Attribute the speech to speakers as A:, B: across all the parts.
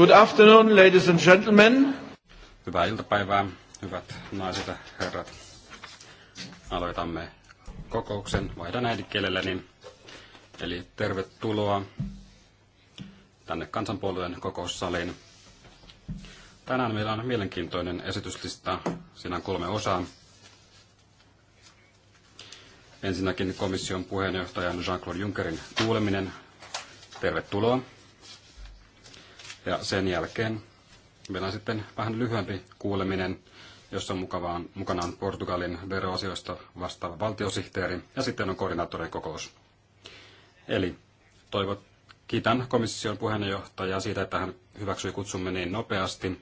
A: Good afternoon, ladies and gentlemen.
B: Hyvää iltapäivää, hyvät naiset ja herrat. Aloitamme kokouksen vaihdan äidinkielelläni. Eli tervetuloa tänne kansanpuolueen kokoussaliin. Tänään meillä on mielenkiintoinen esityslista. Siinä on kolme osaa. Ensinnäkin komission puheenjohtajan Jean-Claude Junckerin kuuleminen. Tervetuloa. Ja sen jälkeen meillä on sitten vähän lyhyempi kuuleminen, jossa mukavaan, mukavaa mukanaan Portugalin veroasioista vastaava valtiosihteeri ja sitten on koordinaattorin kokous. Eli toivot, kiitän komission puheenjohtajaa siitä, että hän hyväksyi kutsumme niin nopeasti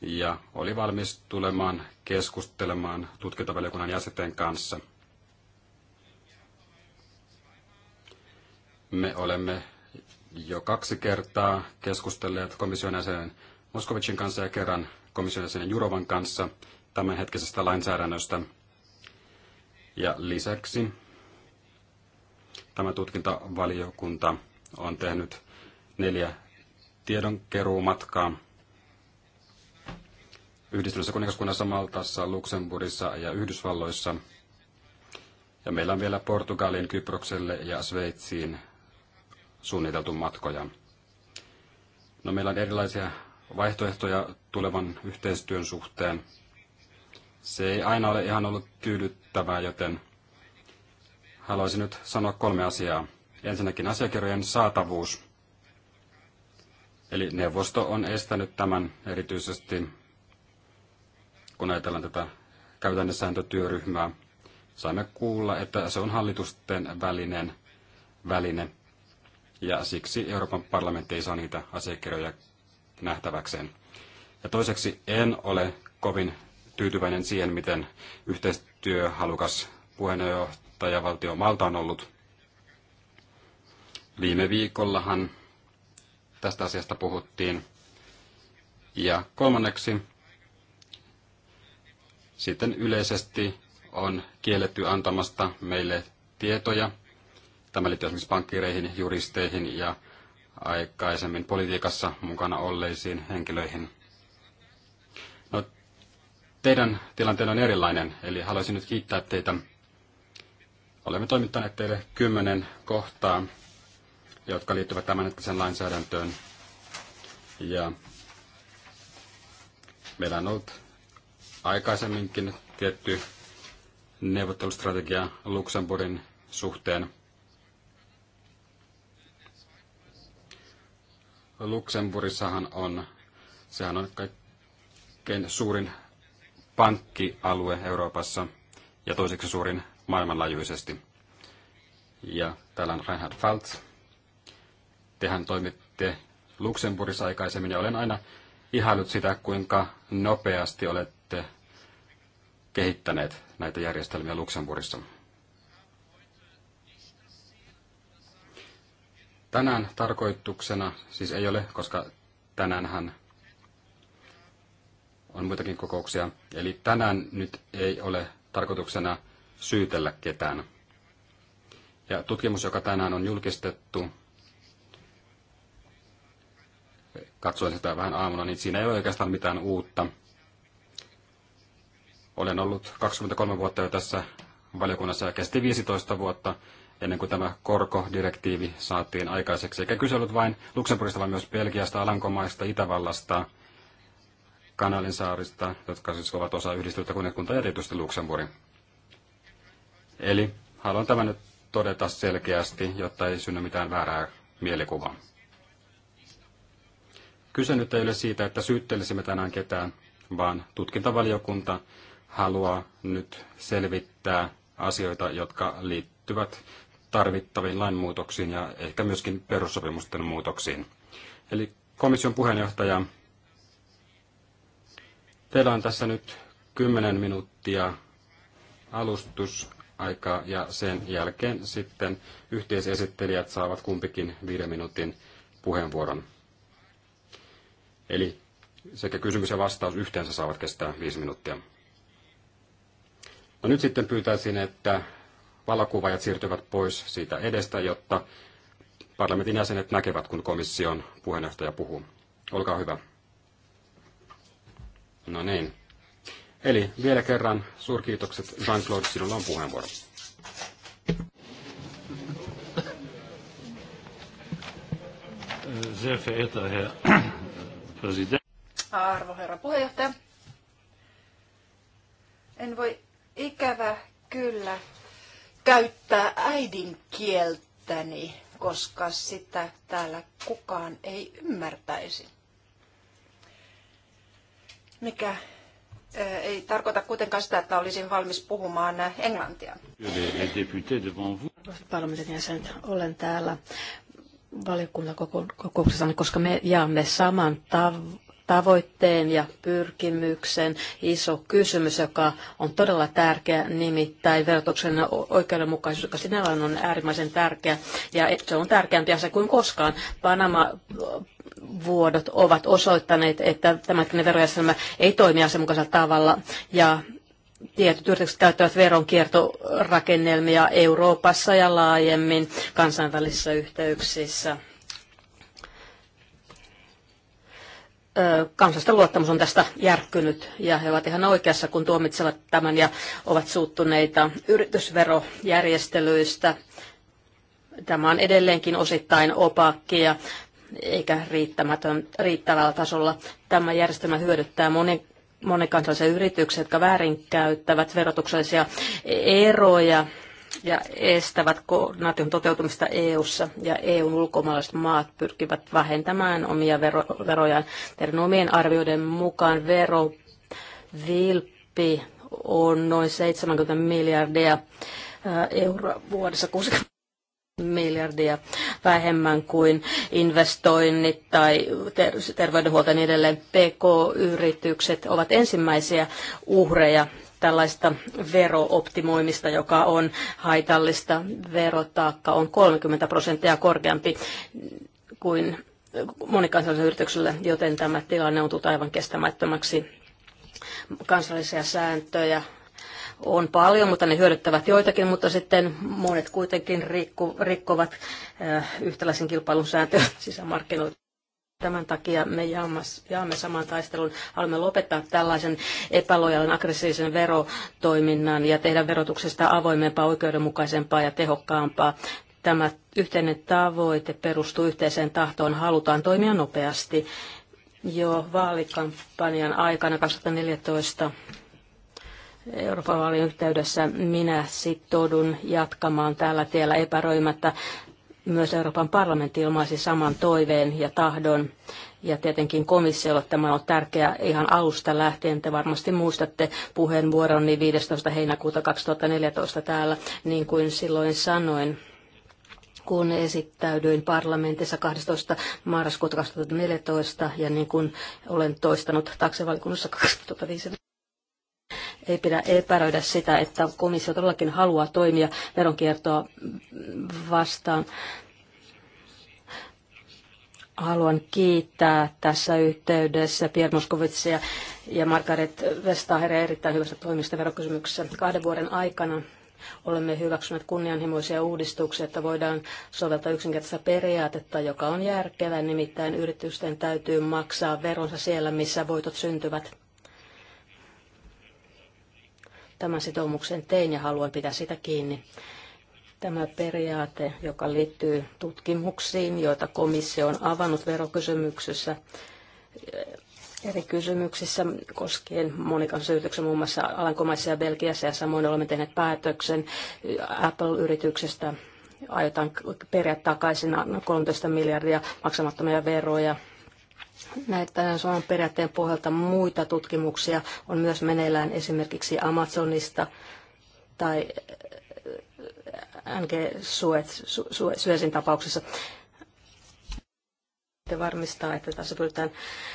B: ja oli valmis tulemaan keskustelemaan tutkintavaliokunnan jäsenten kanssa. Me olemme jo kaksi kertaa keskustelleet komission jäsenen Moskovicin kanssa ja kerran komission jäsenen Jurovan kanssa tämänhetkisestä lainsäädännöstä. Ja lisäksi tämä tutkintavaliokunta on tehnyt neljä tiedonkeruumatkaa Yhdistyneessä kuningaskunnassa, Maltassa, Luxemburgissa ja Yhdysvalloissa. Ja meillä on vielä Portugalin, Kyprokselle ja Sveitsiin suunniteltu matkoja. No, meillä on erilaisia vaihtoehtoja tulevan yhteistyön suhteen. Se ei aina ole ihan ollut tyydyttävää, joten haluaisin nyt sanoa kolme asiaa. Ensinnäkin asiakirjojen saatavuus. Eli neuvosto on estänyt tämän erityisesti, kun ajatellaan tätä käytännössääntötyöryhmää. Saimme kuulla, että se on hallitusten välinen väline, ja siksi Euroopan parlamentti ei saa niitä asiakirjoja nähtäväkseen. Ja toiseksi en ole kovin tyytyväinen siihen, miten yhteistyöhalukas puheenjohtajavaltio Malta on ollut. Viime viikollahan tästä asiasta puhuttiin. Ja kolmanneksi sitten yleisesti on kielletty antamasta meille tietoja Tämä liittyy esimerkiksi pankkireihin, juristeihin ja aikaisemmin politiikassa mukana olleisiin henkilöihin. No, teidän tilanteenne on erilainen, eli haluaisin nyt kiittää teitä. Olemme toimittaneet teille kymmenen kohtaa, jotka liittyvät tämänhetkisen lainsäädäntöön. Ja meillä on ollut aikaisemminkin tietty neuvottelustrategia Luxemburgin suhteen – Luxemburissahan on, sehän on kaikkein suurin pankkialue Euroopassa ja toiseksi suurin maailmanlaajuisesti. Ja täällä on Reinhard Falz. Tehän toimitte Luxemburissa aikaisemmin ja olen aina ihailut sitä, kuinka nopeasti olette kehittäneet näitä järjestelmiä Luxemburissa. Tänään tarkoituksena, siis ei ole, koska tänäänhän on muitakin kokouksia, eli tänään nyt ei ole tarkoituksena syytellä ketään. Ja tutkimus, joka tänään on julkistettu, katsoin sitä vähän aamuna, niin siinä ei ole oikeastaan mitään uutta. Olen ollut 23 vuotta jo tässä valiokunnassa ja kesti 15 vuotta ennen kuin tämä korkodirektiivi saatiin aikaiseksi. Eikä kyse ollut vain Luxemburgista, vaan myös Belgiasta, Alankomaista, Itävallasta, Kanalin saarista, jotka siis ovat osa yhdistettyä kuninkuntaa ja erityisesti Luxemburgi. Eli haluan tämän nyt todeta selkeästi, jotta ei synny mitään väärää mielikuvaa. Kyse nyt ei ole siitä, että syyttelisimme tänään ketään, vaan tutkintavaliokunta haluaa nyt selvittää asioita, jotka liittyvät tarvittaviin lainmuutoksiin ja ehkä myöskin perussopimusten muutoksiin. Eli komission puheenjohtaja, teillä on tässä nyt 10 minuuttia alustusaikaa ja sen jälkeen sitten yhteisesittelijät saavat kumpikin viiden minuutin puheenvuoron. Eli sekä kysymys ja vastaus yhteensä saavat kestää viisi minuuttia. No nyt sitten pyytäisin, että valokuvaajat siirtyvät pois siitä edestä, jotta parlamentin jäsenet näkevät, kun komission puheenjohtaja puhuu. Olkaa hyvä. No niin. Eli vielä kerran suurkiitokset Jean-Claude, sinulla on puheenvuoro.
C: Arvo herra puheenjohtaja. En voi ikävä kyllä käyttää äidinkieltäni, koska sitä täällä kukaan ei ymmärtäisi. Mikä ei tarkoita kuitenkaan sitä, että olisin valmis puhumaan englantia. Parlamentin jäsen,
D: olen täällä valiokuntakokouksessa, koska me jaamme saman tav- tavoitteen ja pyrkimyksen iso kysymys, joka on todella tärkeä, nimittäin verotuksen oikeudenmukaisuus, joka sinällään on äärimmäisen tärkeä, ja se on tärkeämpi asia kuin koskaan. Panama vuodot ovat osoittaneet, että tämäkin verojärjestelmä ei toimi asianmukaisella tavalla, ja tietyt yritykset käyttävät veronkiertorakennelmia Euroopassa ja laajemmin kansainvälisissä yhteyksissä kansallisten luottamus on tästä järkkynyt ja he ovat ihan oikeassa, kun tuomitsevat tämän ja ovat suuttuneita yritysverojärjestelyistä. Tämä on edelleenkin osittain opakki ja eikä riittämätön, riittävällä tasolla. Tämä järjestelmä hyödyttää moni monikansallisia yrityksiä, jotka väärinkäyttävät verotuksellisia eroja ja estävät koordinaation toteutumista EU:ssa ja EUn ulkomaalaiset maat pyrkivät vähentämään omia vero, verojaan. Teidän omien arvioiden mukaan verovilppi on noin 70 miljardia euroa vuodessa, 60 miljardia vähemmän kuin investoinnit tai ter- terveydenhuolto ja niin edelleen. PK-yritykset ovat ensimmäisiä uhreja tällaista verooptimoimista, joka on haitallista. Verotaakka on 30 prosenttia korkeampi kuin monikansalliselle yritykselle, joten tämä tilanne on tullut aivan kestämättömäksi. Kansallisia sääntöjä on paljon, mutta ne hyödyttävät joitakin, mutta sitten monet kuitenkin rikkovat yhtäläisen kilpailun sääntöjä sisämarkkinoilla. Tämän takia me jaamme, jaamme saman taistelun. Haluamme lopettaa tällaisen epälojalan, aggressiivisen verotoiminnan ja tehdä verotuksesta avoimempaa, oikeudenmukaisempaa ja tehokkaampaa. Tämä yhteinen tavoite perustuu yhteiseen tahtoon. Halutaan toimia nopeasti. Jo vaalikampanjan aikana 2014 Euroopan vaalien yhteydessä minä sitoudun jatkamaan tällä tiellä epäröimättä myös Euroopan parlamentti ilmaisi saman toiveen ja tahdon. Ja tietenkin komissiolle tämä on tärkeää ihan alusta lähtien. Te varmasti muistatte puheenvuoroni 15. heinäkuuta 2014 täällä, niin kuin silloin sanoin kun esittäydyin parlamentissa 12. marraskuuta 2014 ja niin kuin olen toistanut taksevalikunnassa 2015. Ei pidä epäröidä sitä, että komissio todellakin haluaa toimia veronkiertoa vastaan. Haluan kiittää tässä yhteydessä Pierre Moskovitsia ja Margaret Vestageria erittäin hyvästä toimista verokysymyksessä kahden vuoden aikana olemme hyväksyneet kunnianhimoisia uudistuksia, että voidaan soveltaa yksinkertaista periaatetta, joka on järkevä, nimittäin yritysten täytyy maksaa veronsa siellä, missä voitot syntyvät. Tämän sitoumuksen tein ja haluan pitää sitä kiinni. Tämä periaate, joka liittyy tutkimuksiin, joita komissio on avannut verokysymyksissä, eri kysymyksissä koskien syytöksen muun muassa Alankomaissa ja Belgiassa ja samoin olemme tehneet päätöksen Apple-yrityksestä aiotaan periä takaisin 13 miljardia maksamattomia veroja näitä saman periaatteen pohjalta muita tutkimuksia on myös meneillään esimerkiksi Amazonista tai äh, NG Suezin tapauksessa. Ja varmistaa, että tässä pyritään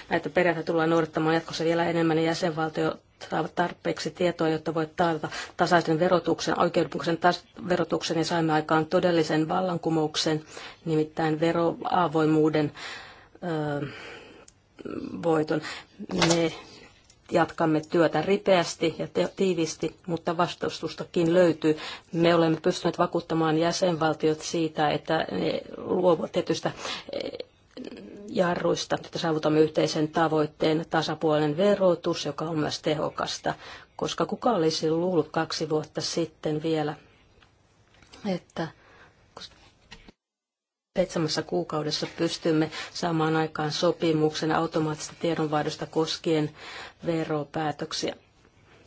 D: näitä periaatteita tullaan noudattamaan jatkossa vielä enemmän ja niin jäsenvaltiot saavat tarpeeksi tietoa, jotta voit taata tasaisen verotuksen, oikeudenmukaisen verotuksen ja saimme aikaan todellisen vallankumouksen, nimittäin veroavoimuuden voiton. Me jatkamme työtä ripeästi ja te- tiivisti, mutta vastustustakin löytyy. Me olemme pystyneet vakuuttamaan jäsenvaltiot siitä, että ne luovat tietystä eh, jarruista, että saavutamme yhteisen tavoitteen tasapuolen verotus, joka on myös tehokasta, koska kuka olisi luullut kaksi vuotta sitten vielä, että seitsemässä kuukaudessa pystymme saamaan aikaan sopimuksen automaattisesta tiedonvaihdosta koskien veropäätöksiä.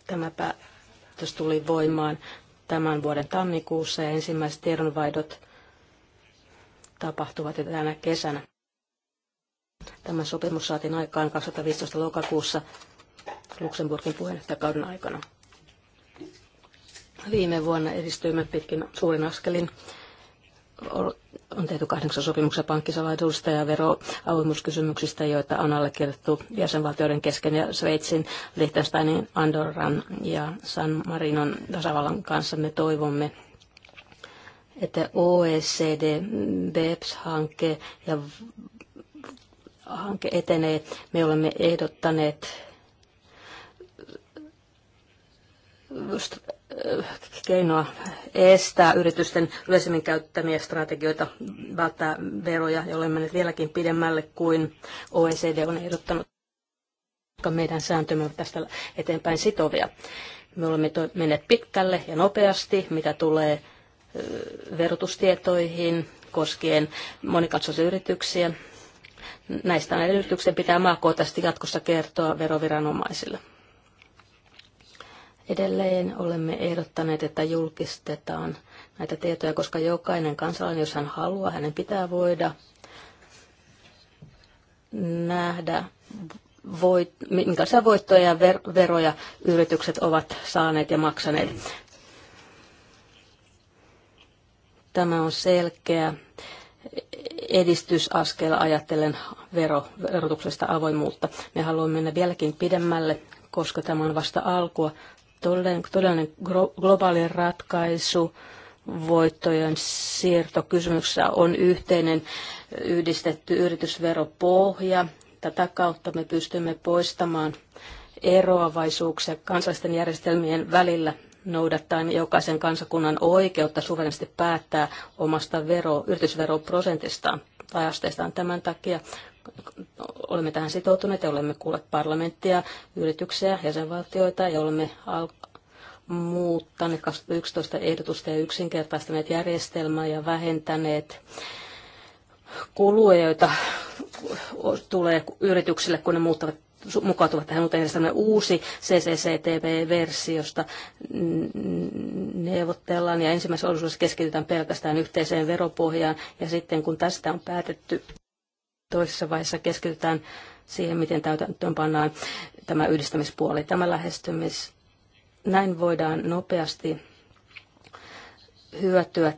D: Tämä päätös tuli voimaan tämän vuoden tammikuussa ja ensimmäiset tiedonvaihdot tapahtuvat jo tänä kesänä. Tämä sopimus saatiin aikaan 2015 lokakuussa Luxemburgin puheenjohtajakauden aikana. Viime vuonna edistyimme pitkin suurin askelin on tehty kahdeksan sopimuksen pankkisalaisuudesta ja veroavoimuuskysymyksistä, joita on allekirjoitettu jäsenvaltioiden kesken ja Sveitsin, Liechtensteinin, Andorran ja San Marinon tasavallan kanssa me toivomme että OECD, BEPS-hanke ja hanke etenee. Me olemme ehdottaneet keinoa estää yritysten yleisemmin käyttämiä strategioita välttää veroja, jolloin mennyt vieläkin pidemmälle kuin OECD on ehdottanut meidän sääntömme tästä eteenpäin sitovia. Me olemme menneet pitkälle ja nopeasti, mitä tulee verotustietoihin koskien monikansallisia yrityksiä. Näistä yrityksen pitää maakohtaisesti jatkossa kertoa veroviranomaisille. Edelleen olemme ehdottaneet, että julkistetaan näitä tietoja, koska jokainen kansalainen, jos hän haluaa, hänen pitää voida nähdä, voit, minkälaisia voittoja ja veroja yritykset ovat saaneet ja maksaneet. Tämä on selkeä edistysaskel ajatellen vero, verotuksesta avoimuutta. Me haluamme mennä vieläkin pidemmälle, koska tämä on vasta alkua todellinen, todellinen globaali ratkaisu voittojen siirtokysymyksessä on yhteinen yhdistetty yritysveropohja. Tätä kautta me pystymme poistamaan eroavaisuuksia kansallisten järjestelmien välillä noudattaen jokaisen kansakunnan oikeutta suverenisti päättää omasta vero, yritysveroprosentistaan tai asteistaan. Tämän takia olemme tähän sitoutuneet ja olemme kuulleet parlamenttia, yrityksiä, jäsenvaltioita ja olemme al- muuttaneet 2011 ehdotusta ja yksinkertaistaneet järjestelmää ja vähentäneet kuluja, joita tulee yrityksille, kun ne muuttavat mukautuvat tähän uuteen järjestelmään uusi CCCTV-versiosta neuvotellaan ja ensimmäisessä osuudessa keskitytään pelkästään yhteiseen veropohjaan ja sitten kun tästä on päätetty toisessa vaiheessa keskitytään siihen, miten täytäntöön pannaan tämä yhdistämispuoli, tämä lähestymis. Näin voidaan nopeasti hyötyä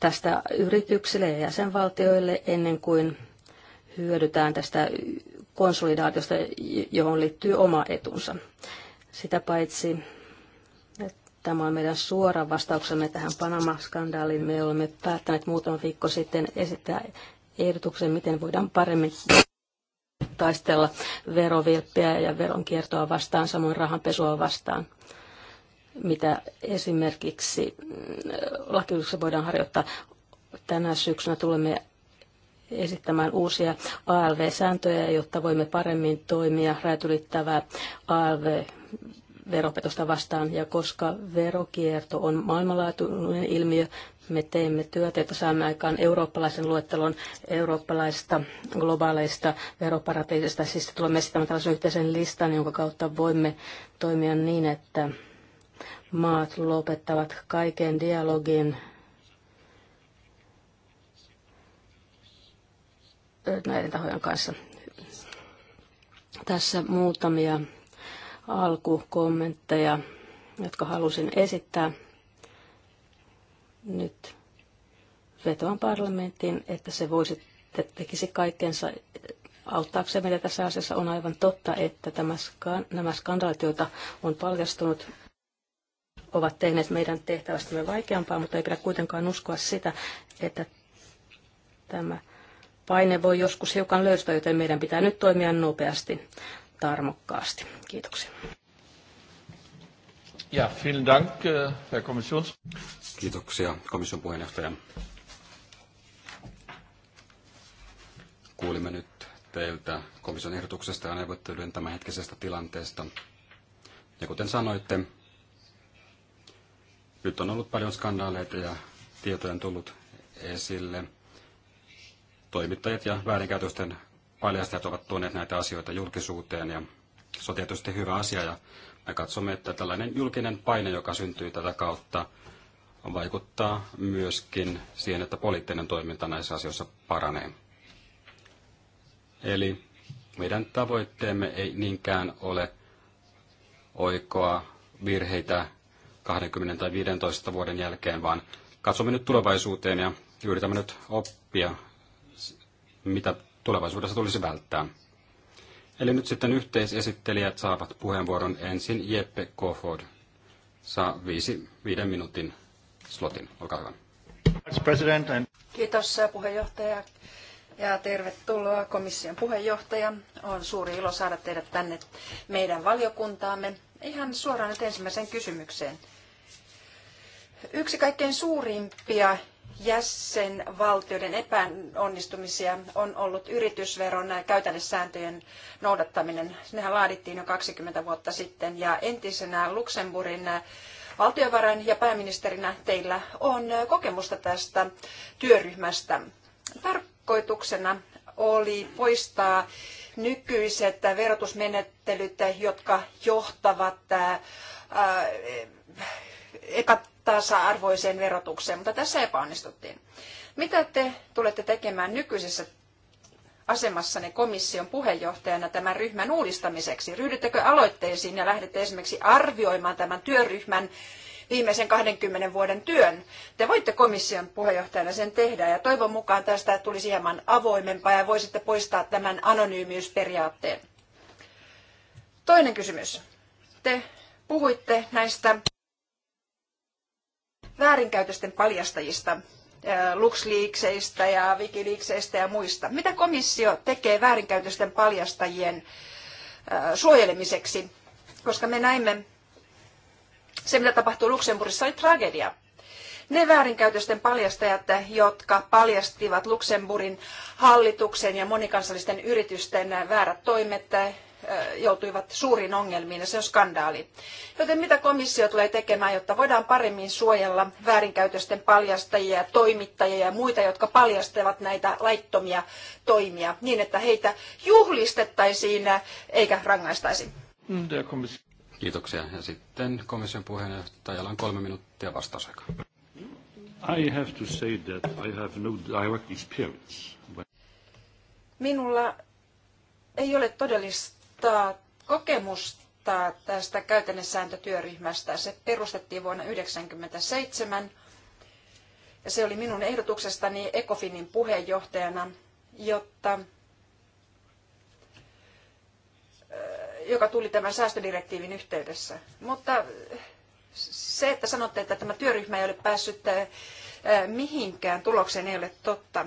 D: tästä yrityksille ja jäsenvaltioille ennen kuin hyödytään tästä konsolidaatiosta, johon liittyy oma etunsa. Sitä paitsi Tämä on meidän suora vastauksemme tähän Panama-skandaaliin. Me olemme päättäneet muutama viikko sitten esittää ehdotuksen, miten voidaan paremmin taistella verovilppiä ja veronkiertoa vastaan, samoin rahanpesua vastaan mitä esimerkiksi mm, lakiutuksessa voidaan harjoittaa. Tänä syksynä tulemme esittämään uusia ALV-sääntöjä, jotta voimme paremmin toimia räätylittävää ALV veropetosta vastaan, ja koska verokierto on maailmanlaatuinen ilmiö, me teemme työtä, että saamme aikaan eurooppalaisen luettelon eurooppalaista globaaleista veroparatiisista. Siis tulemme esittämään tällaisen yhteisen listan, jonka kautta voimme toimia niin, että maat lopettavat kaiken dialogin näiden tahojen kanssa. Tässä muutamia alkukommentteja, jotka halusin esittää. Nyt vetoan parlamenttiin, että se voisi että tekisi kaikkensa auttaakseen meitä tässä asiassa. On aivan totta, että tämä ska- nämä skandaalit, joita on paljastunut, ovat tehneet meidän tehtävästämme vaikeampaa, mutta ei pidä kuitenkaan uskoa sitä, että tämä paine voi joskus hiukan löystää, joten meidän pitää nyt toimia nopeasti, tarmokkaasti. Kiitoksia.
A: Ja,
B: vielen Dank, äh, Herr Kommissions... Kiitoksia, komission puheenjohtaja. Kuulimme nyt teiltä komission ehdotuksesta ja neuvottelujen tämänhetkisestä tilanteesta. Ja kuten sanoitte, nyt on ollut paljon skandaaleita ja tietoja on tullut esille. Toimittajat ja väärinkäytösten paljastajat ovat tuoneet näitä asioita julkisuuteen ja se on tietysti hyvä asia ja me katsomme, että tällainen julkinen paine, joka syntyy tätä kautta, vaikuttaa myöskin siihen, että poliittinen toiminta näissä asioissa paranee. Eli meidän tavoitteemme ei niinkään ole oikoa virheitä 20 tai 15 vuoden jälkeen, vaan katsomme nyt tulevaisuuteen ja yritämme nyt oppia, mitä tulevaisuudessa tulisi välttää. Eli nyt sitten yhteisesittelijät saavat puheenvuoron ensin Jeppe Kofod. Saa viisi, viiden minuutin slotin. Olkaa hyvä.
C: Kiitos puheenjohtaja ja tervetuloa komission puheenjohtaja. On suuri ilo saada teidät tänne meidän valiokuntaamme. Ihan suoraan nyt ensimmäiseen kysymykseen. Yksi kaikkein suurimpia jäsenvaltioiden epäonnistumisia on ollut yritysveron käytännesääntöjen noudattaminen. Nehän laadittiin jo 20 vuotta sitten ja entisenä Luxemburgin valtiovarain ja pääministerinä teillä on kokemusta tästä työryhmästä. Tarkoituksena oli poistaa nykyiset verotusmenettelyt, jotka johtavat äh, epätasa-arvoiseen verotukseen, mutta tässä epäonnistuttiin. Mitä te tulette tekemään nykyisessä asemassanne komission puheenjohtajana tämän ryhmän uudistamiseksi? Ryhdyttekö aloitteisiin ja lähdette esimerkiksi arvioimaan tämän työryhmän viimeisen 20 vuoden työn? Te voitte komission puheenjohtajana sen tehdä ja toivon mukaan tästä tulisi hieman avoimempaa ja voisitte poistaa tämän anonyymiysperiaatteen. Toinen kysymys. Te puhuitte näistä väärinkäytösten paljastajista, LuxLeaksista ja Wikileaksista ja muista. Mitä komissio tekee väärinkäytösten paljastajien suojelemiseksi? Koska me näimme, se mitä tapahtui Luxemburgissa oli tragedia. Ne väärinkäytösten paljastajat, jotka paljastivat Luxemburgin hallituksen ja monikansallisten yritysten väärät toimet, joutuivat suuriin ongelmiin ja se on skandaali. Joten mitä komissio tulee tekemään, jotta voidaan paremmin suojella väärinkäytösten paljastajia ja toimittajia ja muita, jotka paljastavat näitä laittomia toimia niin, että heitä juhlistettaisiin eikä rangaistaisi?
B: Kiitoksia. Ja sitten komission puheenjohtajalla on kolme minuuttia vastausaikaa. I have to say that I have no direct experience.
C: Minulla ei ole todellista kokemusta, kokemusta tästä käytännessääntötyöryhmästä. Se perustettiin vuonna 1997 ja se oli minun ehdotuksestani Ecofinin puheenjohtajana, jotta joka tuli tämän säästödirektiivin yhteydessä. Mutta se, että sanotte, että tämä työryhmä ei ole päässyt mihinkään tulokseen, ei ole totta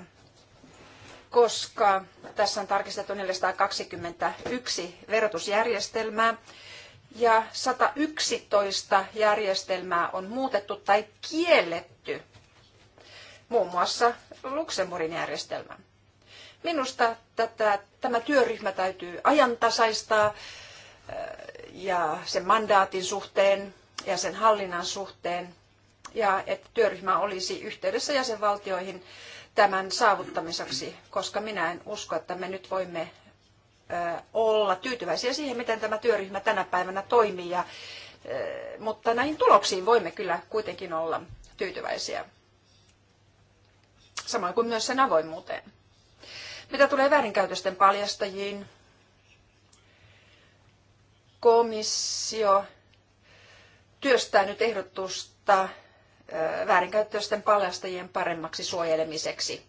C: koska tässä on tarkistettu 421 verotusjärjestelmää ja 111 järjestelmää on muutettu tai kielletty, muun muassa Luxemburgin järjestelmä. Minusta tätä, tämä työryhmä täytyy ajantasaistaa eh, ja sen mandaatin suhteen ja sen hallinnan suhteen ja että työryhmä olisi yhteydessä jäsenvaltioihin tämän saavuttamiseksi, koska minä en usko, että me nyt voimme olla tyytyväisiä siihen, miten tämä työryhmä tänä päivänä toimii. Ja, mutta näihin tuloksiin voimme kyllä kuitenkin olla tyytyväisiä. Samoin kuin myös sen avoimuuteen. Mitä tulee väärinkäytösten paljastajiin, komissio työstää nyt ehdotusta väärinkäyttöisten paljastajien paremmaksi suojelemiseksi.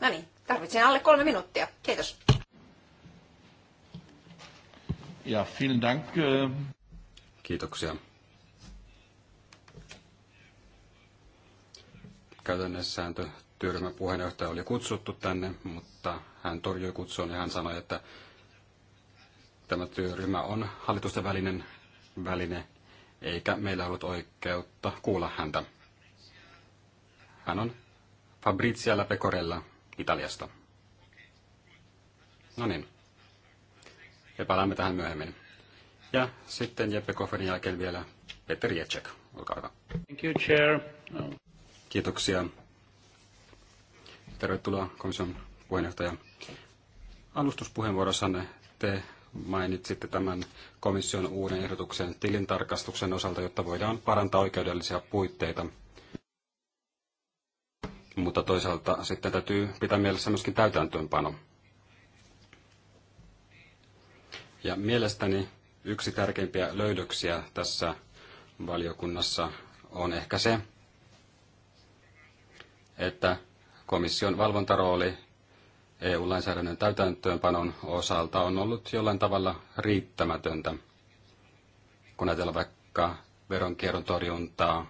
C: No niin, tarvitsen alle kolme minuuttia. Kiitos.
B: Ja, vielen dank. Kiitoksia. sääntö työryhmän puheenjohtaja oli kutsuttu tänne, mutta hän torjui kutsun ja hän sanoi, että tämä työryhmä on hallitusten välinen väline eikä meillä ollut oikeutta kuulla häntä. Hän on Fabrizia Pecorella Italiasta. No niin. Ja palaamme tähän myöhemmin. Ja sitten Jeppe Kofferin jälkeen vielä Petteri Jetsek. Olkaa hyvä.
A: Thank you, chair. No.
B: Kiitoksia. Tervetuloa komission puheenjohtaja. Alustuspuheenvuorossanne te mainitsitte tämän komission uuden ehdotuksen tilintarkastuksen osalta, jotta voidaan parantaa oikeudellisia puitteita. Mutta toisaalta sitten täytyy pitää mielessä myöskin täytäntöönpano. Ja mielestäni yksi tärkeimpiä löydöksiä tässä valiokunnassa on ehkä se, että komission valvontarooli EU-lainsäädännön täytäntöönpanon osalta on ollut jollain tavalla riittämätöntä, kun ajatellaan vaikka veronkierron torjuntaa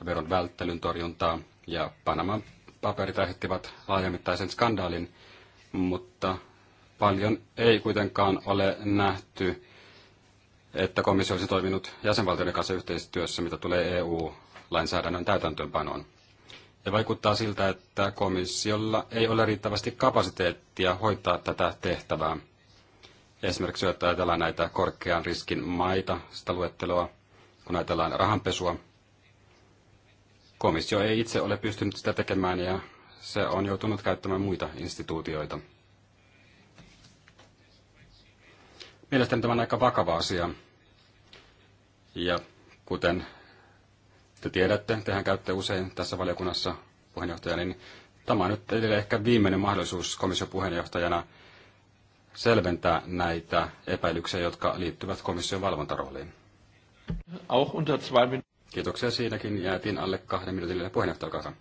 B: ja veron välttelyn torjuntaa. Ja Panaman paperit aiheuttivat laajamittaisen skandaalin, mutta paljon ei kuitenkaan ole nähty, että komissio olisi toiminut jäsenvaltioiden kanssa yhteistyössä, mitä tulee EU-lainsäädännön täytäntöönpanoon. Ja vaikuttaa siltä, että komissiolla ei ole riittävästi kapasiteettia hoitaa tätä tehtävää. Esimerkiksi jos ajatellaan näitä korkean riskin maita, sitä luetteloa, kun ajatellaan rahanpesua. Komissio ei itse ole pystynyt sitä tekemään ja se on joutunut käyttämään muita instituutioita. Mielestäni tämä on aika vakava asia. Ja kuten te tiedätte, tehän käytte usein tässä valiokunnassa puheenjohtaja, niin tämä on nyt teille ehkä viimeinen mahdollisuus komission puheenjohtajana selventää näitä epäilyksiä, jotka liittyvät komission valvontarooliin. Auch unter zwei Kiitoksia siinäkin. Jäätiin alle kahden minuutin kanssa.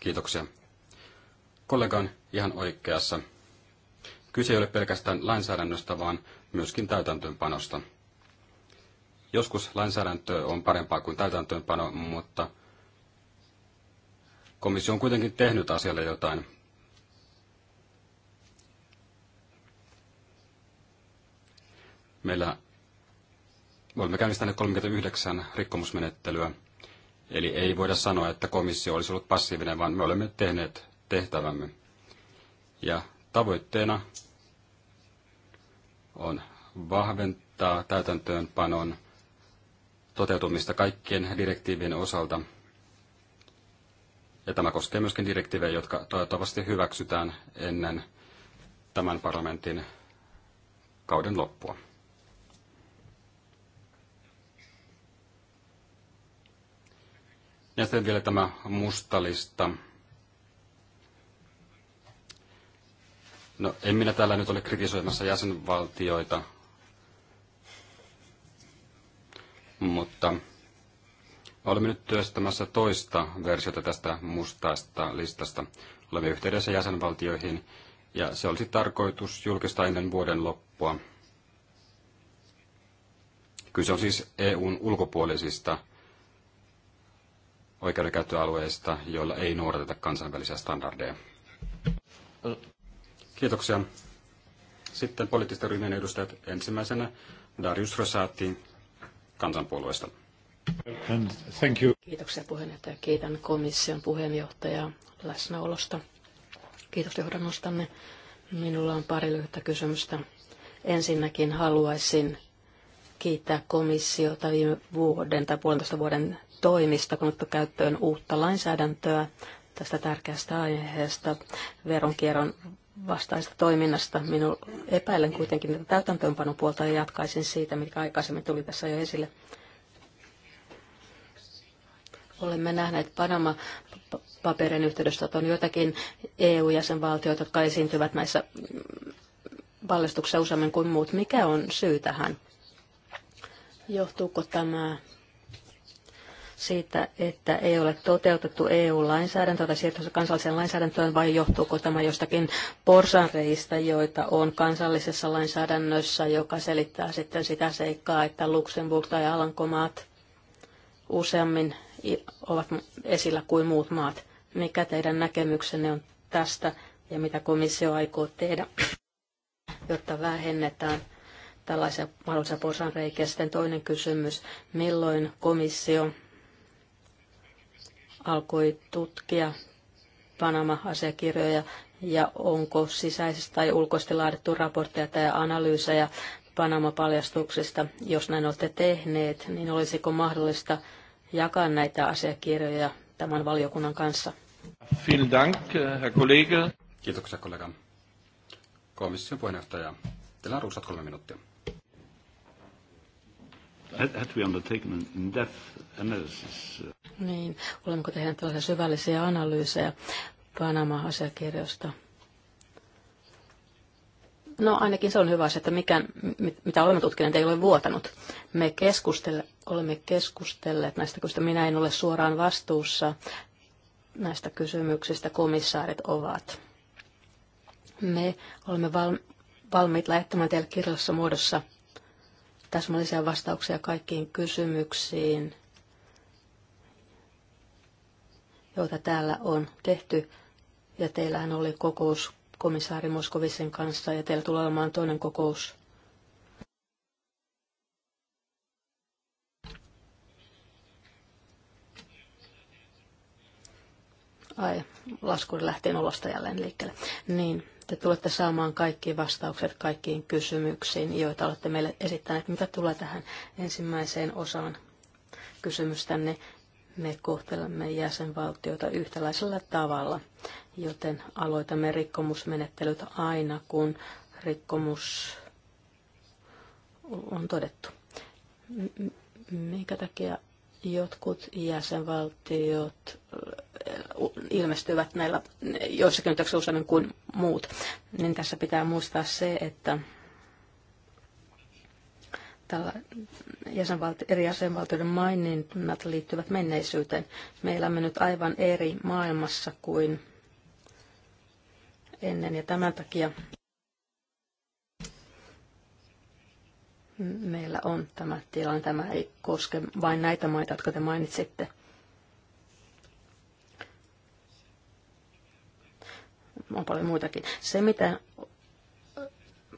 B: Kiitoksia. Kollega on ihan oikeassa. Kyse ei ole pelkästään lainsäädännöstä, vaan myöskin täytäntöönpanosta. Joskus lainsäädäntö on parempaa kuin täytäntöönpano, mutta komissio on kuitenkin tehnyt asialle jotain. Meillä me olemme käynnistäneet 39 rikkomusmenettelyä, eli ei voida sanoa, että komissio olisi ollut passiivinen, vaan me olemme tehneet tehtävämme. Ja tavoitteena on vahventaa täytäntöönpanon toteutumista kaikkien direktiivien osalta. Ja tämä koskee myöskin direktiivejä, jotka toivottavasti hyväksytään ennen tämän parlamentin kauden loppua. Ja sitten vielä tämä mustalista. No en minä täällä nyt ole kritisoimassa jäsenvaltioita, mutta olemme nyt työstämässä toista versiota tästä mustaista listasta. Olemme yhteydessä jäsenvaltioihin ja se olisi tarkoitus julkistaa ennen vuoden loppua. Kyse on siis EUn ulkopuolisista oikeudenkäyttöalueista, joilla ei noudateta kansainvälisiä standardeja. Kiitoksia. Sitten poliittisten ryhmien edustajat ensimmäisenä Darius Rosati kansanpuolueesta.
D: Kiitoksia puheenjohtaja. Kiitän komission puheenjohtajaa läsnäolosta. Kiitos johdannostanne. Minulla on pari lyhyttä kysymystä. Ensinnäkin haluaisin kiittää komissiota viime vuoden tai puolentoista vuoden toimista, kun otettu käyttöön uutta lainsäädäntöä tästä tärkeästä aiheesta, veronkierron vastaista toiminnasta. Minun epäilen kuitenkin, että täytäntöönpanon puolta ja jatkaisin siitä, mikä aikaisemmin tuli tässä jo esille. Olemme nähneet Panama-paperin yhteydessä, että on joitakin EU-jäsenvaltioita, jotka esiintyvät näissä paljastuksissa useammin kuin muut. Mikä on syy tähän? Johtuuko tämä siitä, että ei ole toteutettu EU-lainsäädäntöä tai siirtymässä kansalliseen lainsäädäntöön, vai johtuuko tämä jostakin porsanreistä, joita on kansallisessa lainsäädännössä, joka selittää sitten sitä seikkaa, että Luxemburg tai Alankomaat useammin ovat esillä kuin muut maat. Mikä teidän näkemyksenne on tästä ja mitä komissio aikoo tehdä, jotta vähennetään tällaisia mahdollisia porsanreikiä. Sitten toinen kysymys, milloin komissio alkoi tutkia Panama-asiakirjoja ja onko sisäisesti tai ulkoisesti laadittu raportteja tai analyysejä Panama-paljastuksista. Jos näin olette tehneet, niin olisiko mahdollista jakaa näitä asiakirjoja tämän valiokunnan kanssa?
B: Dank, Herr Kollege. Kiitoksia, kollega. Komission puheenjohtaja, teillä on ruusat kolme minuuttia.
A: Had we undertaken an in-depth analysis? Uh,
D: niin, olemmeko tehneet tällaisia syvällisiä analyysejä Panama-asiakirjoista? No ainakin se on hyvä asia, että mikään, mitä olemme tutkineet, ei ole vuotanut. Me keskustele, olemme keskustelleet näistä, koska minä en ole suoraan vastuussa näistä kysymyksistä, komissaarit ovat. Me olemme val, valmiit lähettämään teille kirjallisessa muodossa täsmällisiä vastauksia kaikkiin kysymyksiin, joita täällä on tehty. Ja teillähän oli kokous komissaari Moskovisen kanssa ja teillä tulee olemaan toinen kokous. Ai, laskuri lähtee nollasta jälleen liikkeelle. Niin, te tulette saamaan kaikki vastaukset kaikkiin kysymyksiin, joita olette meille esittäneet. Mitä tulee tähän ensimmäiseen osaan kysymystänne, me kohtelemme jäsenvaltioita yhtäläisellä tavalla, joten aloitamme rikkomusmenettelyt aina, kun rikkomus on todettu. Minkä takia Jotkut jäsenvaltiot ilmestyvät näillä joissakin yhteyksissä useammin kuin muut. Niin tässä pitää muistaa se, että tällä jäsenvalti- eri jäsenvaltioiden maininnat liittyvät menneisyyteen. Me elämme nyt aivan eri maailmassa kuin ennen ja tämän takia meillä on tämä tilanne. Tämä ei koske vain näitä maita, jotka te mainitsitte. On paljon muitakin. Se, mitä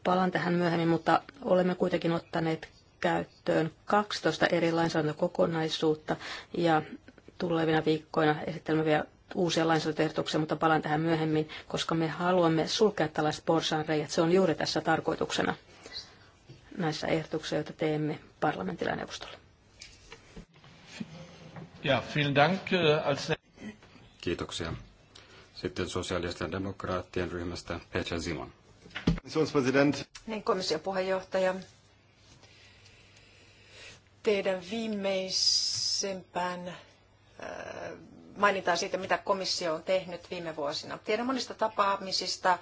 D: palaan tähän myöhemmin, mutta olemme kuitenkin ottaneet käyttöön 12 eri lainsäädäntökokonaisuutta ja tulevina viikkoina esittelemme vielä uusia lainsäädäntöehdotuksia, mutta palaan tähän myöhemmin, koska me haluamme sulkea tällaiset porsaanreijät. Se on juuri tässä tarkoituksena näissä ehdotuksissa, joita teemme parlamentilla neuvostolla.
A: Ja, vielen dank. Äh,
B: Kiitoksia. Sitten sosiaalisten demokraattien ryhmästä Petra Simon.
C: Niin, komission puheenjohtaja. Teidän viimeisempään äh, mainitaan siitä, mitä komissio on tehnyt viime vuosina. Tiedän monista tapaamisista,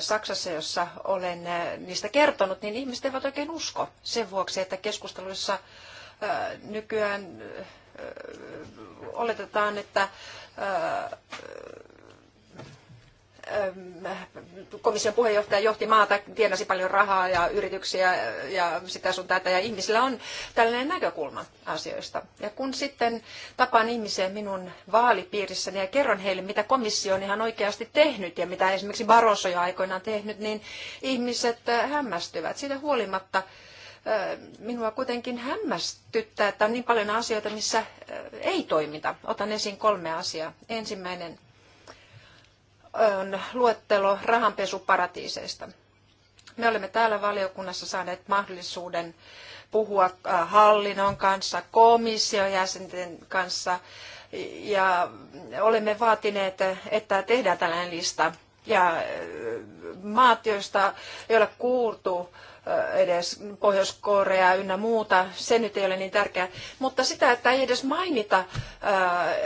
C: Saksassa, jossa olen niistä kertonut, niin ihmiset eivät oikein usko sen vuoksi, että keskusteluissa nykyään oletetaan, että komission puheenjohtaja johti maata, tienasi paljon rahaa ja yrityksiä ja sitä sun tätä. Ja ihmisillä on tällainen näkökulma asioista. Ja kun sitten tapaan ihmisiä minun vaalipiirissäni ja kerron heille, mitä komissio on ihan oikeasti tehnyt ja mitä esimerkiksi Barroso jo aikoinaan tehnyt, niin ihmiset äh, hämmästyvät. Siitä huolimatta äh, minua kuitenkin hämmästyttää, että on niin paljon asioita, missä äh, ei toimita. Otan esiin kolme asiaa. Ensimmäinen on luettelo rahanpesuparatiiseista. Me olemme täällä valiokunnassa saaneet mahdollisuuden puhua äh, hallinnon kanssa, komission jäsenten kanssa ja olemme vaatineet, että tehdään tällainen lista. Ja äh, maat, joista, ole kuultu edes pohjois Korea, ynnä muuta, se nyt ei ole niin tärkeää. Mutta sitä, että ei edes mainita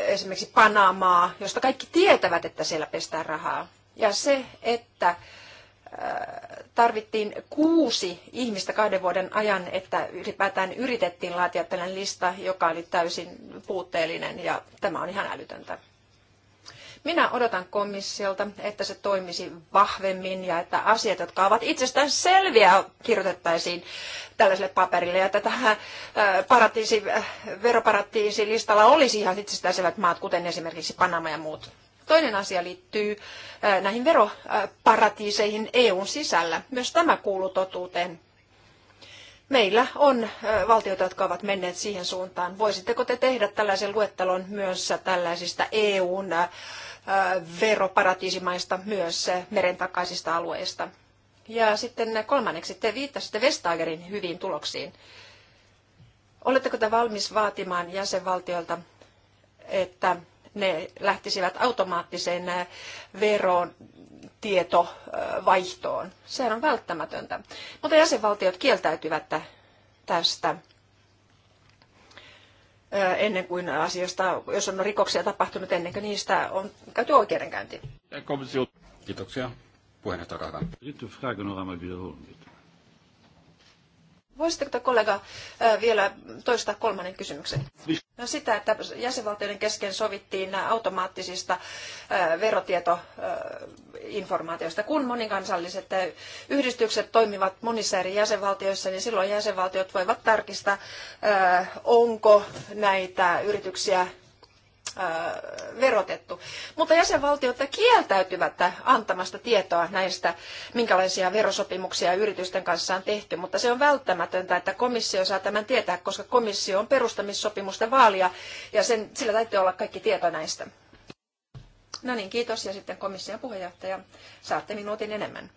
C: esimerkiksi Panamaa, josta kaikki tietävät, että siellä pestään rahaa. Ja se, että tarvittiin kuusi ihmistä kahden vuoden ajan, että ylipäätään yritettiin laatia tällainen lista, joka oli täysin puutteellinen ja tämä on ihan älytöntä. Minä odotan komissiolta, että se toimisi vahvemmin ja että asiat, jotka ovat itsestään selviä, kirjoitettaisiin tällaiselle paperille ja että tähän äh, paratiisi, äh, veroparatiisilistalla olisi ihan selvät maat, kuten esimerkiksi Panama ja muut. Toinen asia liittyy äh, näihin veroparatiiseihin EUn sisällä. Myös tämä kuuluu totuuteen. Meillä on valtioita, jotka ovat menneet siihen suuntaan. Voisitteko te tehdä tällaisen luettelon myös tällaisista EUn veroparatiisimaista myös merentakaisista alueista. Ja sitten kolmanneksi te viittasitte Vestagerin hyviin tuloksiin. Oletteko te valmis vaatimaan jäsenvaltioilta, että ne lähtisivät automaattiseen veroon tietovaihtoon. Sehän on välttämätöntä. Mutta jäsenvaltiot kieltäytyvät tästä ennen kuin asiasta, jos on rikoksia tapahtunut ennen kuin niistä on käyty oikeudenkäynti.
B: Kiitoksia. Puheenjohtaja, olkaa hyvä.
C: Voisitteko te kollega vielä toistaa kolmannen kysymyksen? No sitä, että jäsenvaltioiden kesken sovittiin automaattisista verotietoinformaatioista. Kun monikansalliset yhdistykset toimivat monissa eri jäsenvaltioissa, niin silloin jäsenvaltiot voivat tarkistaa, onko näitä yrityksiä Äh, verotettu. Mutta jäsenvaltiot kieltäytyvät antamasta tietoa näistä, minkälaisia verosopimuksia yritysten kanssa on tehty, mutta se on välttämätöntä, että komissio saa tämän tietää, koska komissio on perustamissopimusten vaalia ja sen, sillä täytyy olla kaikki tieto näistä. No niin, kiitos. Ja sitten komission puheenjohtaja, saatte minuutin enemmän.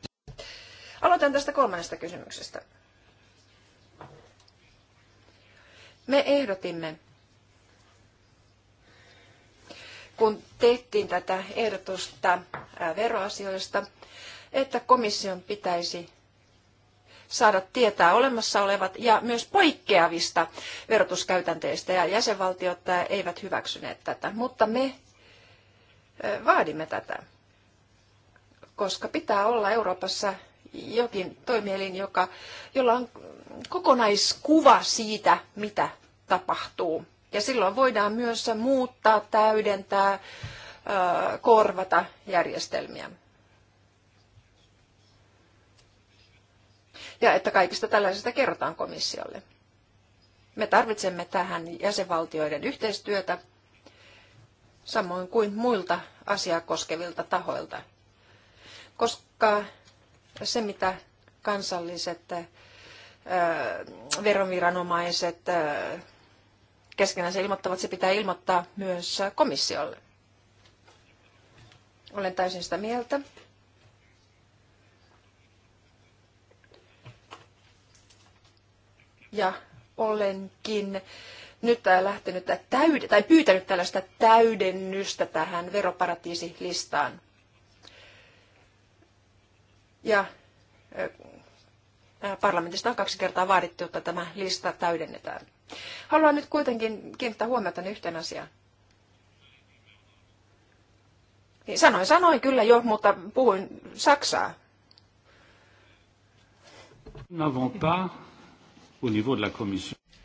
C: Aloitan tästä kolmannesta kysymyksestä. Me ehdotimme kun tehtiin tätä ehdotusta veroasioista, että komission pitäisi saada tietää olemassa olevat ja myös poikkeavista verotuskäytänteistä ja jäsenvaltiot eivät hyväksyneet tätä, mutta me vaadimme tätä, koska pitää olla Euroopassa jokin toimielin, joka, jolla on kokonaiskuva siitä, mitä tapahtuu ja silloin voidaan myös muuttaa, täydentää, korvata järjestelmiä. Ja että kaikista tällaisista kerrotaan komissiolle. Me tarvitsemme tähän jäsenvaltioiden yhteistyötä, samoin kuin muilta asiaa koskevilta tahoilta. Koska se, mitä kansalliset veronviranomaiset keskenänsä ilmoittavat, se pitää ilmoittaa myös komissiolle. Olen täysin sitä mieltä. Ja olenkin nyt lähtenyt täyd- tai pyytänyt tällaista täydennystä tähän veroparatiisilistaan. Ja parlamentista on kaksi kertaa vaadittu, että tämä lista täydennetään. Haluan nyt kuitenkin kiinnittää huomiota yhteen asiaan. Niin sanoin, sanoin kyllä jo, mutta puhuin saksaa.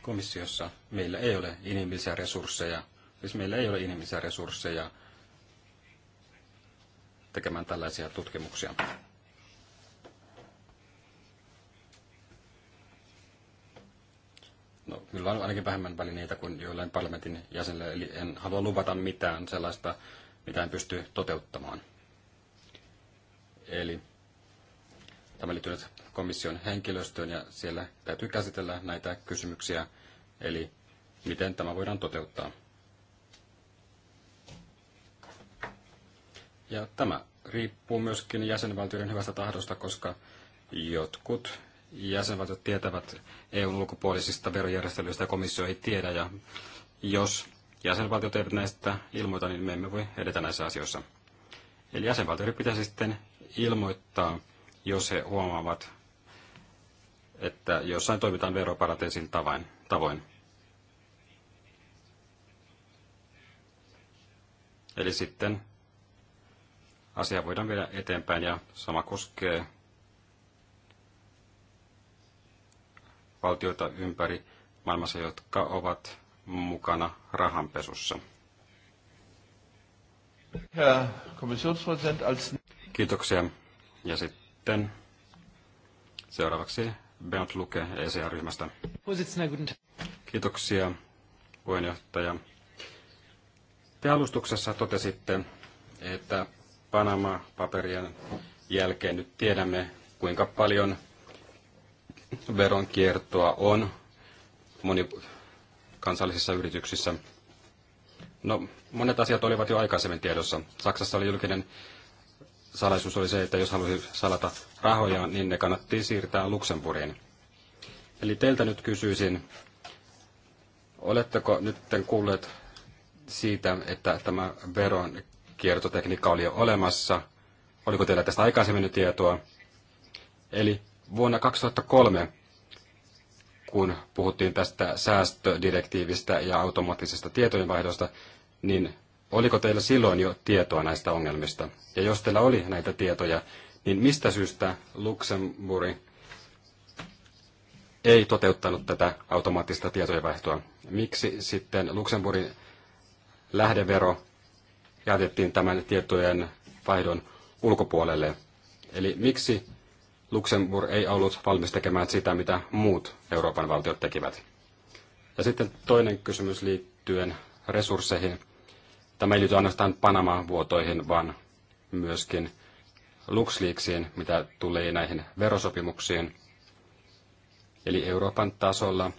B: Komissiossa meillä ei ole inhimillisiä resursseja, siis meillä ei ole inhimillisiä resursseja tekemään tällaisia tutkimuksia. No, kyllä on ainakin vähemmän välineitä kuin joillain parlamentin jäsenillä, eli en halua luvata mitään sellaista, mitä en pysty toteuttamaan. Eli tämä liittyy nyt komission henkilöstöön ja siellä täytyy käsitellä näitä kysymyksiä, eli miten tämä voidaan toteuttaa. Ja tämä riippuu myöskin jäsenvaltioiden hyvästä tahdosta, koska jotkut jäsenvaltiot tietävät EUn ulkopuolisista verojärjestelyistä ja komissio ei tiedä. Ja jos jäsenvaltiot eivät näistä ilmoita, niin me emme voi edetä näissä asioissa. Eli jäsenvaltioiden pitäisi sitten ilmoittaa, jos he huomaavat, että jossain toimitaan veroparateisin tavoin. tavoin. Eli sitten asia voidaan viedä eteenpäin ja sama koskee valtioita ympäri maailmassa, jotka ovat mukana rahanpesussa. Kiitoksia. Ja sitten seuraavaksi Bernd Luke ECR-ryhmästä. Kiitoksia, puheenjohtaja. Te alustuksessa totesitte, että Panama-paperien jälkeen nyt tiedämme, kuinka paljon veronkiertoa on monikansallisissa yrityksissä. No, monet asiat olivat jo aikaisemmin tiedossa. Saksassa oli julkinen salaisuus oli se, että jos halusi salata rahoja, niin ne kannatti siirtää Luxemburgiin. Eli teiltä nyt kysyisin, oletteko nyt kuulleet siitä, että tämä veron kiertotekniikka oli jo olemassa? Oliko teillä tästä aikaisemmin tietoa? Eli vuonna 2003, kun puhuttiin tästä säästödirektiivistä ja automaattisesta tietojenvaihdosta, niin oliko teillä silloin jo tietoa näistä ongelmista? Ja jos teillä oli näitä tietoja, niin mistä syystä Luxemburg ei toteuttanut tätä automaattista tietojenvaihtoa? Miksi sitten Luxemburgin lähdevero jätettiin tämän tietojen vaihdon ulkopuolelle? Eli miksi Luxemburg ei ollut valmis tekemään sitä, mitä muut Euroopan valtiot tekivät. Ja sitten toinen kysymys liittyen resursseihin. Tämä ei liity ainoastaan Panama vuotoihin, vaan myöskin LuxLeaksiin, mitä tulee näihin verosopimuksiin. Eli Euroopan tasolla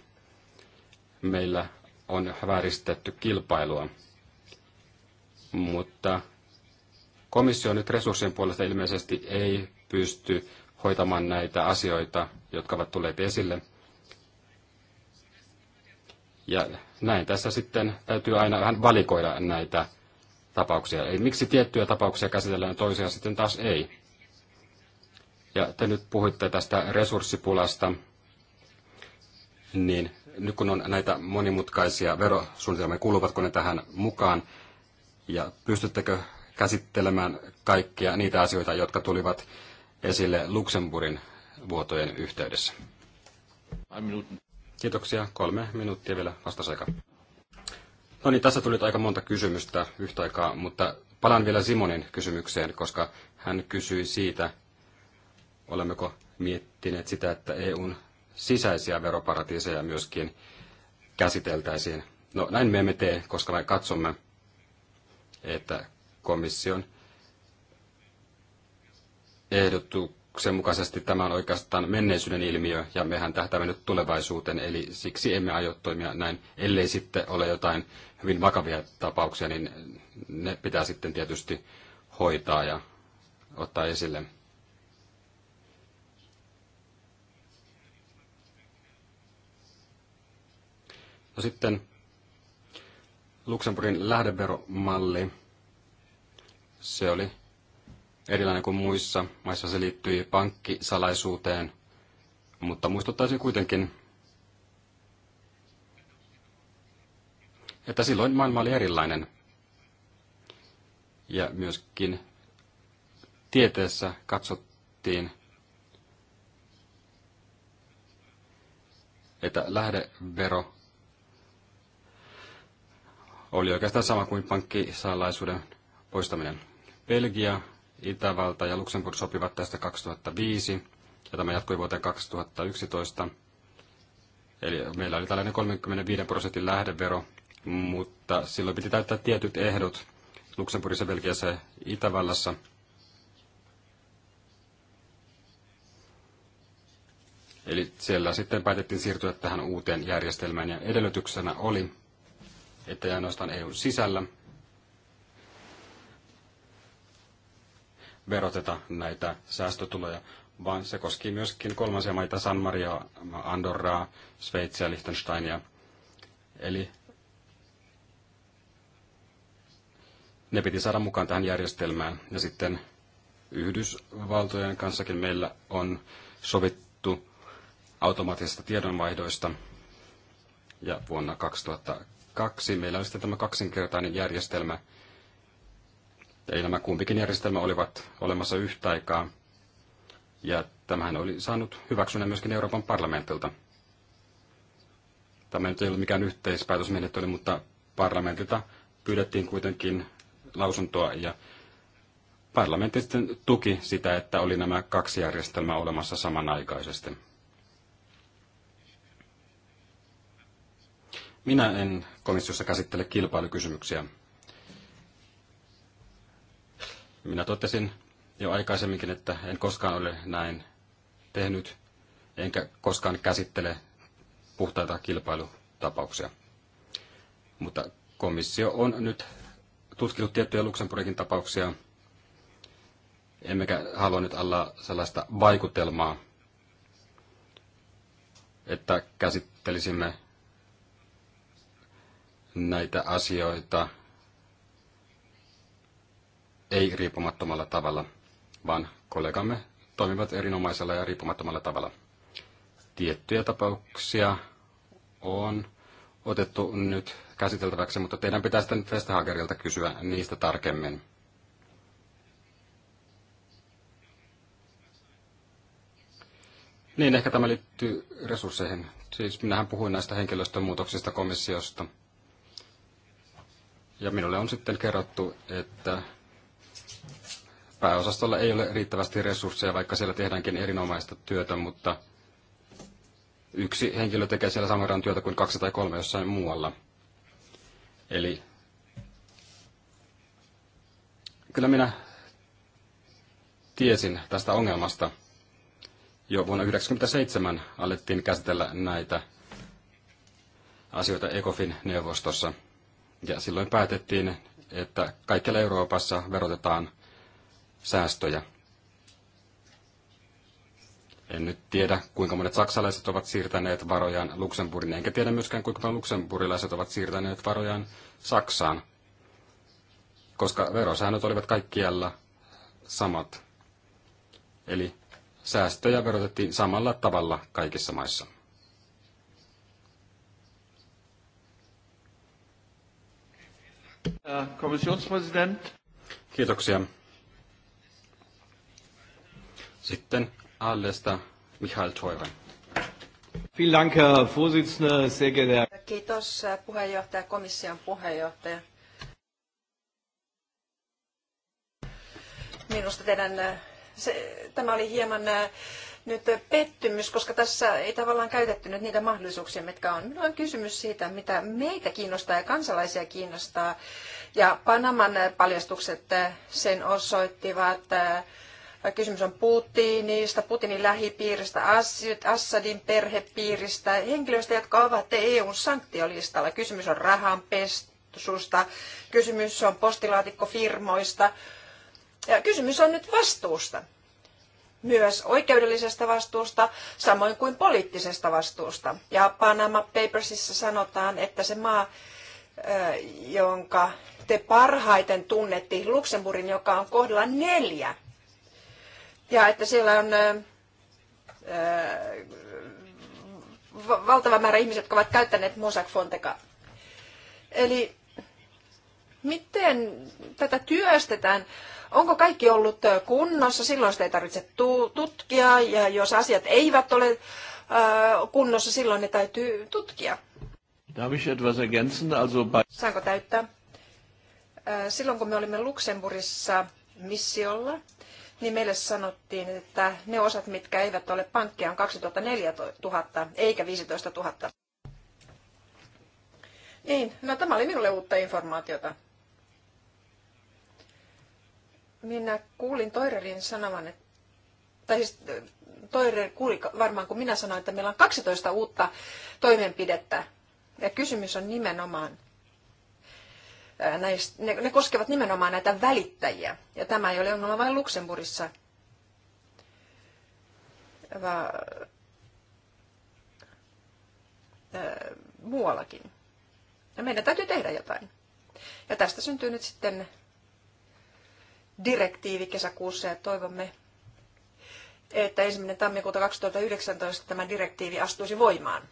B: meillä on vääristetty kilpailua. Mutta komissio nyt resurssien puolesta ilmeisesti ei pysty hoitamaan näitä asioita, jotka ovat tulleet esille. Ja näin tässä sitten täytyy aina vähän valikoida näitä tapauksia. Eli miksi tiettyjä tapauksia käsitellään toisia sitten taas ei? Ja te nyt puhuitte tästä resurssipulasta, niin nyt kun on näitä monimutkaisia verosuunnitelmia, kuuluvatko ne tähän mukaan ja pystyttekö käsittelemään kaikkia niitä asioita, jotka tulivat esille Luxemburgin vuotojen yhteydessä. Kiitoksia. Kolme minuuttia vielä vastasaika. No niin, tässä tuli aika monta kysymystä yhtä aikaa, mutta palaan vielä Simonin kysymykseen, koska hän kysyi siitä, olemmeko miettineet sitä, että EUn sisäisiä veroparatiiseja myöskin käsiteltäisiin. No näin me emme tee, koska me katsomme, että komission ehdotuksen mukaisesti tämä on oikeastaan menneisyyden ilmiö, ja mehän tähtäämme nyt tulevaisuuteen, eli siksi emme aio toimia näin, ellei sitten ole jotain hyvin vakavia tapauksia, niin ne pitää sitten tietysti hoitaa ja ottaa esille. No sitten Luxemburgin lähdeveromalli, se oli erilainen kuin muissa maissa. Se liittyi pankkisalaisuuteen, mutta muistuttaisin kuitenkin, että silloin maailma oli erilainen. Ja myöskin tieteessä katsottiin, että lähdevero oli oikeastaan sama kuin pankkisalaisuuden poistaminen. Belgia Itävalta ja Luxemburg sopivat tästä 2005, ja tämä jatkui vuoteen 2011. Eli meillä oli tällainen 35 prosentin lähdevero, mutta silloin piti täyttää tietyt ehdot Luxemburgissa, Belgiassa ja Itävallassa. Eli siellä sitten päätettiin siirtyä tähän uuteen järjestelmään ja edellytyksenä oli, että ei ainoastaan eu sisällä, veroteta näitä säästötuloja, vaan se koski myöskin kolmansia maita, San Maria, Andorraa, Sveitsiä, Liechtensteinia. Eli ne piti saada mukaan tähän järjestelmään. Ja sitten Yhdysvaltojen kanssakin meillä on sovittu automaattisista tiedonvaihdoista. Ja vuonna 2002 meillä oli sitten tämä kaksinkertainen järjestelmä, Eli nämä kumpikin järjestelmä olivat olemassa yhtä aikaa. Ja tämähän oli saanut hyväksynnän myöskin Euroopan parlamentilta. Tämä nyt ei ollut mikään yhteispäätösmenettely, mutta parlamentilta pyydettiin kuitenkin lausuntoa ja parlamentti sitten tuki sitä, että oli nämä kaksi järjestelmää olemassa samanaikaisesti. Minä en komissiossa käsittele kilpailukysymyksiä. Minä totesin jo aikaisemminkin, että en koskaan ole näin tehnyt, enkä koskaan käsittele puhtaita kilpailutapauksia. Mutta komissio on nyt tutkinut tiettyjä Luxemburgin tapauksia, emmekä halua nyt alla sellaista vaikutelmaa, että käsittelisimme näitä asioita ei riippumattomalla tavalla, vaan kollegamme toimivat erinomaisella ja riippumattomalla tavalla. Tiettyjä tapauksia on otettu nyt käsiteltäväksi, mutta teidän pitää sitten Vestahagerilta kysyä niistä tarkemmin. Niin, ehkä tämä liittyy resursseihin. Siis minähän puhuin näistä henkilöstön muutoksista komissiosta. Ja minulle on sitten kerrottu, että pääosastolla ei ole riittävästi resursseja, vaikka siellä tehdäänkin erinomaista työtä, mutta yksi henkilö tekee siellä saman verran työtä kuin kaksi tai kolme jossain muualla. Eli kyllä minä tiesin tästä ongelmasta. Jo vuonna 1997 alettiin käsitellä näitä asioita ECOFIN neuvostossa. Ja silloin päätettiin, että kaikkialla Euroopassa verotetaan – säästöjä. En nyt tiedä, kuinka monet saksalaiset ovat siirtäneet varojaan Luxemburgin, enkä tiedä myöskään, kuinka paljon luksemburilaiset ovat siirtäneet varojaan Saksaan, koska verosäännöt olivat kaikkialla samat. Eli säästöjä verotettiin samalla tavalla kaikissa maissa. Kommissionspräsident. Kiitoksia. Sitten Alesta Michael Teuren.
C: Kiitos äh, puheenjohtaja, komission puheenjohtaja. Minusta teidän, äh, se, tämä oli hieman äh, nyt pettymys, koska tässä ei tavallaan käytetty nyt niitä mahdollisuuksia, mitkä on. Minulla on kysymys siitä, mitä meitä kiinnostaa ja kansalaisia kiinnostaa. Ja Panaman paljastukset sen osoittivat Kysymys on Putinista, Putinin lähipiiristä, Assadin perhepiiristä, henkilöistä, jotka ovat EUn sanktiolistalla. Kysymys on rahanpesusta, kysymys on postilaatikkofirmoista ja kysymys on nyt vastuusta. Myös oikeudellisesta vastuusta, samoin kuin poliittisesta vastuusta. Ja Panama Papersissa sanotaan, että se maa, jonka te parhaiten tunnette, Luxemburgin, joka on kohdalla neljä ja että siellä on valtava määrä ihmisiä, jotka ovat käyttäneet Mossack Fonteca. Eli miten tätä työstetään? Onko kaikki ollut kunnossa? Silloin sitä ei tarvitse tutkia ja jos asiat eivät ole kunnossa, silloin ne täytyy tutkia.
A: Darf ich etwas ergänzen? Also bei
C: Saanko täyttää? Silloin kun me olimme Luxemburgissa missiolla, niin meille sanottiin, että ne osat, mitkä eivät ole pankkeja, on 2004 000 eikä 15 000. Niin, no tämä oli minulle uutta informaatiota. Minä kuulin Toirerin sanovan, että, tai siis Toirer kuuli varmaan, kun minä sanoin, että meillä on 12 uutta toimenpidettä. Ja kysymys on nimenomaan näistä, ne, ne koskevat nimenomaan näitä välittäjiä. Ja tämä ei ole ongelma vain Luxemburgissa, vaan muuallakin. Ja meidän täytyy tehdä jotain. Ja tästä syntyy nyt sitten direktiivi kesäkuussa ja toivomme, että ensimmäinen tammikuuta 2019 tämä direktiivi astuisi voimaan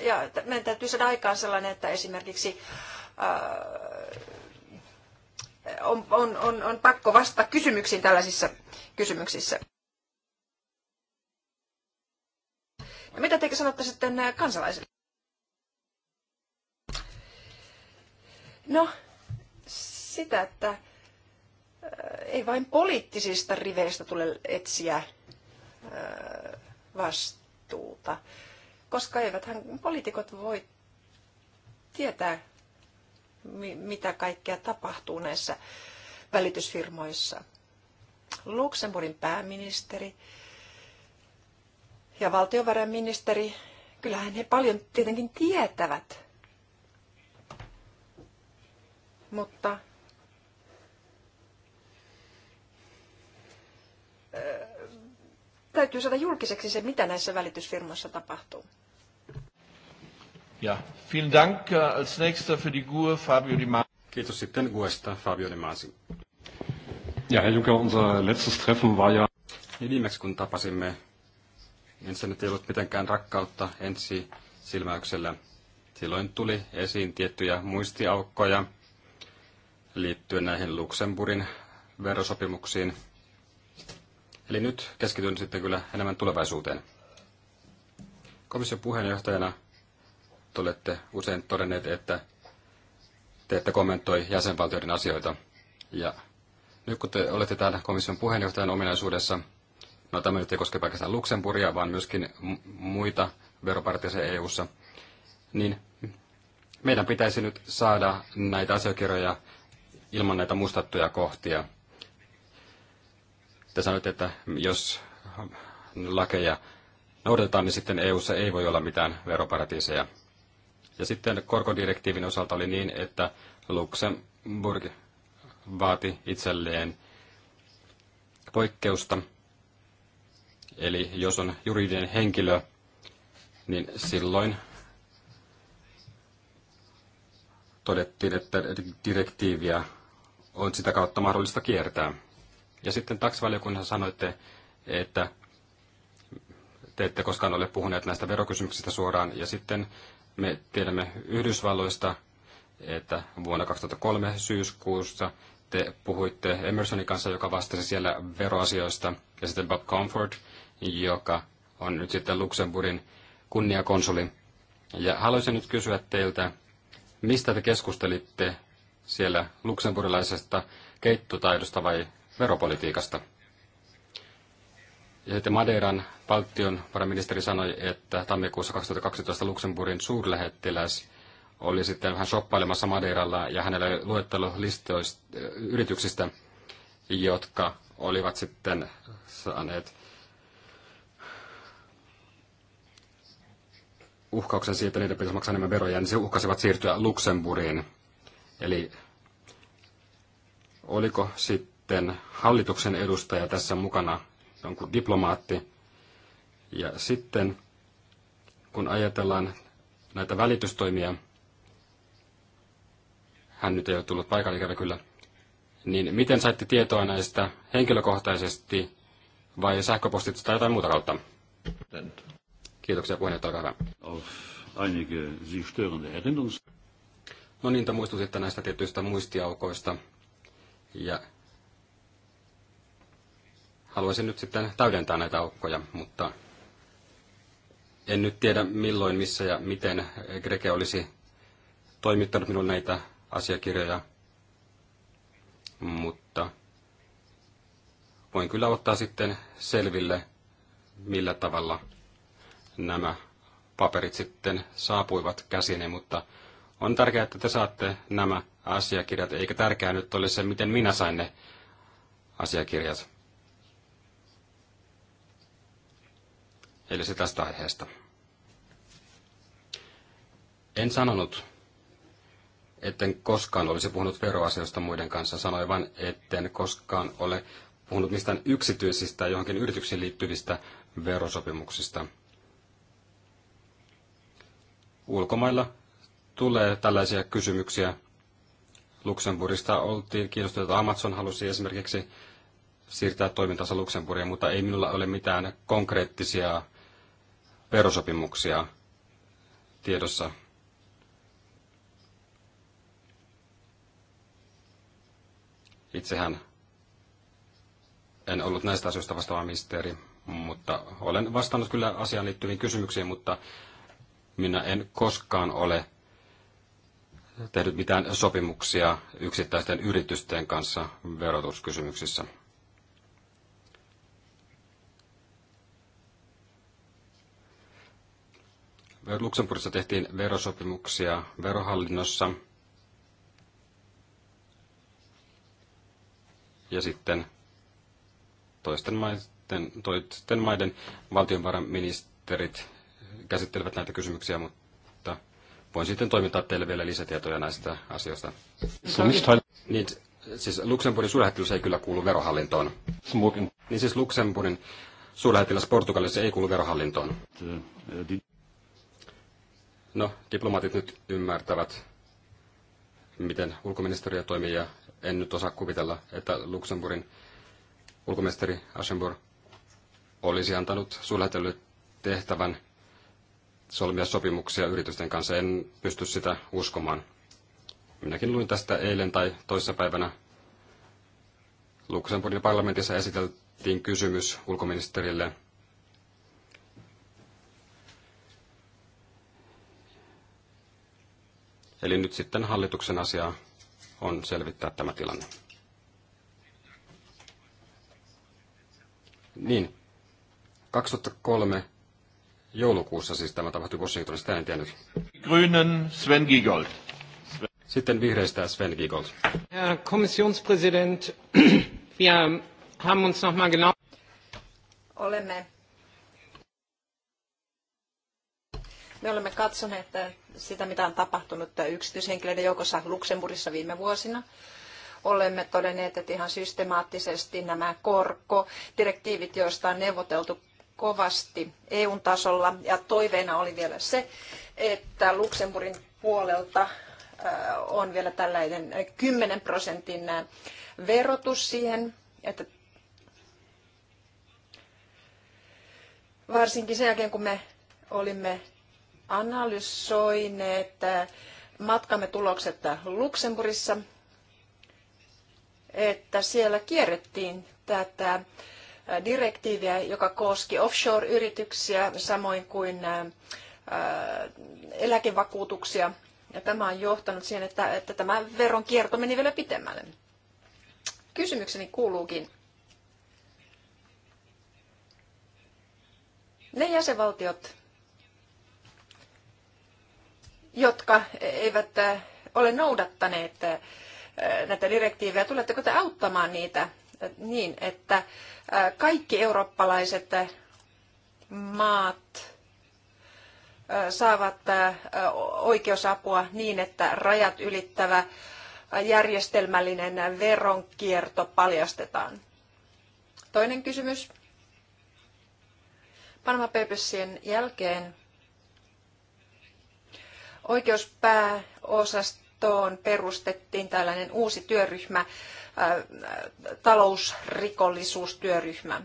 C: ja meidän täytyy saada aikaan sellainen, että esimerkiksi äh, on, on, on, on pakko vastata kysymyksiin tällaisissa kysymyksissä. Ja no mitä te sanotte sitten äh, kansalaisille? No, sitä, että äh, ei vain poliittisista riveistä tule etsiä vastuuta koska hän poliitikot voi tietää, mitä kaikkea tapahtuu näissä välitysfirmoissa. Luxemburgin pääministeri ja valtiovarainministeri, kyllähän he paljon tietenkin tietävät, mutta täytyy saada julkiseksi se, mitä näissä välitysfirmoissa tapahtuu.
B: Ja, vielen Dank. Äh, als nächster für die GUE Fabio Di Masi. Kiitos sitten GUEsta Fabio Di Masi. Ja, Herr Juncker, unser letztes Treffen war ja... Niin viimeksi kun tapasimme, ensin ei ollut mitenkään rakkautta ensi silmäyksellä. Silloin tuli esiin tiettyjä muistiaukkoja liittyen näihin Luxemburgin verosopimuksiin. Eli nyt keskityn sitten kyllä enemmän tulevaisuuteen. Komission puheenjohtajana te olette usein todenneet, että te ette kommentoi jäsenvaltioiden asioita. Ja nyt kun te olette täällä komission puheenjohtajan ominaisuudessa, no tämä nyt ei koske pelkästään Luxemburgia, vaan myöskin muita veropartioita EU-ssa, niin meidän pitäisi nyt saada näitä asiakirjoja ilman näitä mustattuja kohtia. Te sanoitte, että jos lakeja noudatetaan, niin sitten EU:ssa ei voi olla mitään veroparatiiseja. Ja sitten korkodirektiivin osalta oli niin, että Luxemburg vaati itselleen poikkeusta. Eli jos on juridinen henkilö, niin silloin todettiin, että direktiiviä on sitä kautta mahdollista kiertää. Ja sitten taksivaliokunnassa sanoitte, että te ette koskaan ole puhuneet näistä verokysymyksistä suoraan, ja sitten me tiedämme Yhdysvalloista, että vuonna 2003 syyskuussa te puhuitte Emersonin kanssa, joka vastasi siellä veroasioista, ja sitten Bob Comfort, joka on nyt sitten Luxemburgin kunniakonsuli. Ja haluaisin nyt kysyä teiltä, mistä te keskustelitte siellä luksemburilaisesta keittotaidosta vai veropolitiikasta? Ja sitten Madeiran valtion paraministeri sanoi, että tammikuussa 2012 Luxemburgin suurlähettiläs oli sitten vähän shoppailemassa Madeiralla ja hänellä oli luettelo yrityksistä, jotka olivat sitten saaneet uhkauksen siitä, että niitä pitäisi maksaa enemmän veroja, niin se uhkasivat siirtyä Luxemburgiin. Eli oliko sitten hallituksen edustaja tässä mukana jonkun diplomaatti. Ja sitten kun ajatellaan näitä välitystoimia, hän nyt ei ole tullut paikalle ikävä kyllä, niin miten saitte tietoa näistä henkilökohtaisesti vai sähköpostitse tai jotain muuta kautta? Kiitoksia puheenjohtaja, olkaa hyvä. No niin, muistutitte näistä tietyistä muistiaukoista ja haluaisin nyt sitten täydentää näitä aukkoja, mutta en nyt tiedä milloin, missä ja miten Greke olisi toimittanut minulle näitä asiakirjoja, mutta voin kyllä ottaa sitten selville, millä tavalla nämä paperit sitten saapuivat käsiin, mutta on tärkeää, että te saatte nämä asiakirjat, eikä tärkeää nyt ole se, miten minä sain ne asiakirjat. Eli se tästä aiheesta. En sanonut, etten koskaan olisi puhunut veroasioista muiden kanssa. Sanoin vain, etten koskaan ole puhunut mistään yksityisistä johonkin yrityksiin liittyvistä verosopimuksista. Ulkomailla tulee tällaisia kysymyksiä. Luxemburgista oltiin kiinnostuneita. Amazon halusi esimerkiksi siirtää toimintansa Luxemburgiin, mutta ei minulla ole mitään konkreettisia perusopimuksia tiedossa. Itsehän en ollut näistä asioista vastaava ministeri, mutta olen vastannut kyllä asiaan liittyviin kysymyksiin, mutta minä en koskaan ole tehnyt mitään sopimuksia yksittäisten yritysten kanssa verotuskysymyksissä. Luxemburgissa tehtiin verosopimuksia verohallinnossa. Ja sitten toisten maiden, toisten maiden valtionvarainministerit käsittelevät näitä kysymyksiä, mutta voin sitten toimittaa teille vielä lisätietoja näistä asioista. Niin, siis Luxemburgin suurlähettiläs ei kyllä kuulu verohallintoon. Niin siis Luxemburgin suurlähettiläs Portugalissa ei kuulu verohallintoon. Äh, äh, No, diplomaatit nyt ymmärtävät, miten ulkoministeriö toimii, ja en nyt osaa kuvitella, että Luxemburgin ulkoministeri Aschenburg olisi antanut sulhetellyt tehtävän solmia sopimuksia yritysten kanssa. En pysty sitä uskomaan. Minäkin luin tästä eilen tai toissapäivänä. Luxemburgin parlamentissa esiteltiin kysymys ulkoministerille Eli nyt sitten hallituksen asia on selvittää tämä tilanne. Niin, 2003 joulukuussa siis tämä tapahtui Washingtonissa, sitä en tiennyt. Grünen Sven Giegold. Sitten vihreistä Sven Giegold. Herr Kommissionspräsident,
A: wir haben uns mal genau...
C: Olemme Me olemme katsoneet äh, sitä, mitä on tapahtunut äh, yksityishenkilöiden joukossa Luxemburgissa viime vuosina. Olemme todenneet, että ihan systemaattisesti nämä korkodirektiivit, joista on neuvoteltu kovasti eu tasolla, ja toiveena oli vielä se, että Luxemburgin puolelta äh, on vielä tällainen 10 prosentin verotus siihen, että varsinkin sen jälkeen, kun me olimme analysoineet äh, matkamme tulokset Luxemburissa, että siellä kierrettiin tätä äh, direktiiviä, joka koski offshore-yrityksiä, samoin kuin äh, eläkevakuutuksia. Ja tämä on johtanut siihen, että, että tämä veronkierto meni vielä pitemmälle. Kysymykseni kuuluukin, ne jäsenvaltiot, jotka eivät eh, ole noudattaneet eh, näitä direktiivejä. Tuletteko te auttamaan niitä eh, niin, että kaikki eurooppalaiset maat saavat oikeusapua niin, että rajat ylittävä järjestelmällinen veronkierto paljastetaan? Toinen kysymys. Panama Papersien jälkeen Oikeuspääosastoon perustettiin tällainen uusi työryhmä, äh, talousrikollisuustyöryhmä.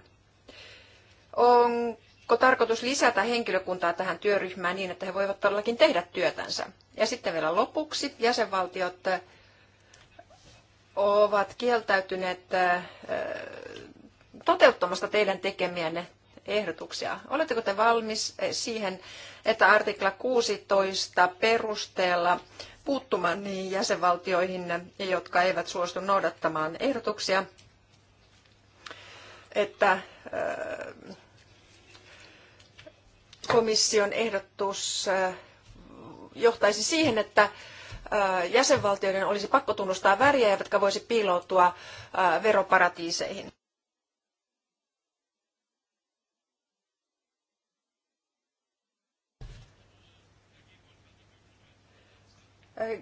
C: Onko tarkoitus lisätä henkilökuntaa tähän työryhmään niin, että he voivat todellakin tehdä työtänsä? Ja sitten vielä lopuksi jäsenvaltiot äh, ovat kieltäytyneet äh, toteuttamasta teidän tekemiänne ehdotuksia. Oletteko te valmis eh, siihen, että artikla 16 perusteella puuttumaan niihin jäsenvaltioihin, jotka eivät suostu noudattamaan ehdotuksia, että eh, komission ehdotus eh, johtaisi siihen, että jäsenvaltioiden olisi pakko tunnustaa väriä, eivätkä voisi piiloutua veroparatiiseihin. Äh,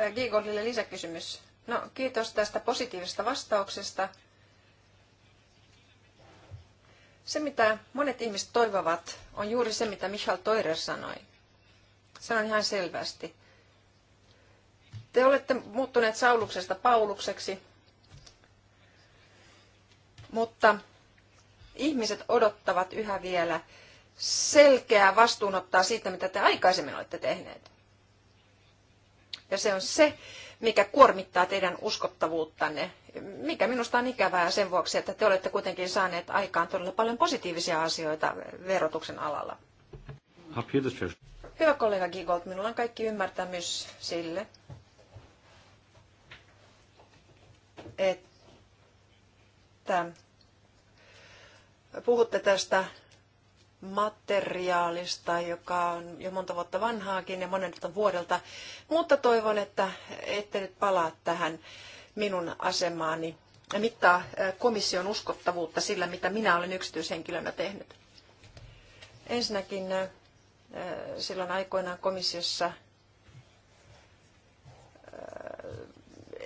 C: äh, Giegoldille lisäkysymys. No, kiitos tästä positiivisesta vastauksesta. Se, mitä monet ihmiset toivovat, on juuri se, mitä Michal Toirer sanoi. Se on ihan selvästi. Te olette muuttuneet Sauluksesta Paulukseksi, mutta ihmiset odottavat yhä vielä selkeää vastuunottaa siitä, mitä te aikaisemmin olette tehneet. Ja se on se, mikä kuormittaa teidän uskottavuuttanne, mikä minusta on ikävää sen vuoksi, että te olette kuitenkin saaneet aikaan todella paljon positiivisia asioita verotuksen alalla. Hyvä kollega Gigold, minulla on kaikki ymmärtämys sille, että puhutte tästä materiaalista, joka on jo monta vuotta vanhaakin ja monen vuodelta. Mutta toivon, että ette nyt palaa tähän minun asemaani ja mittaa komission uskottavuutta sillä, mitä minä olen yksityishenkilönä tehnyt. Ensinnäkin silloin aikoinaan komissiossa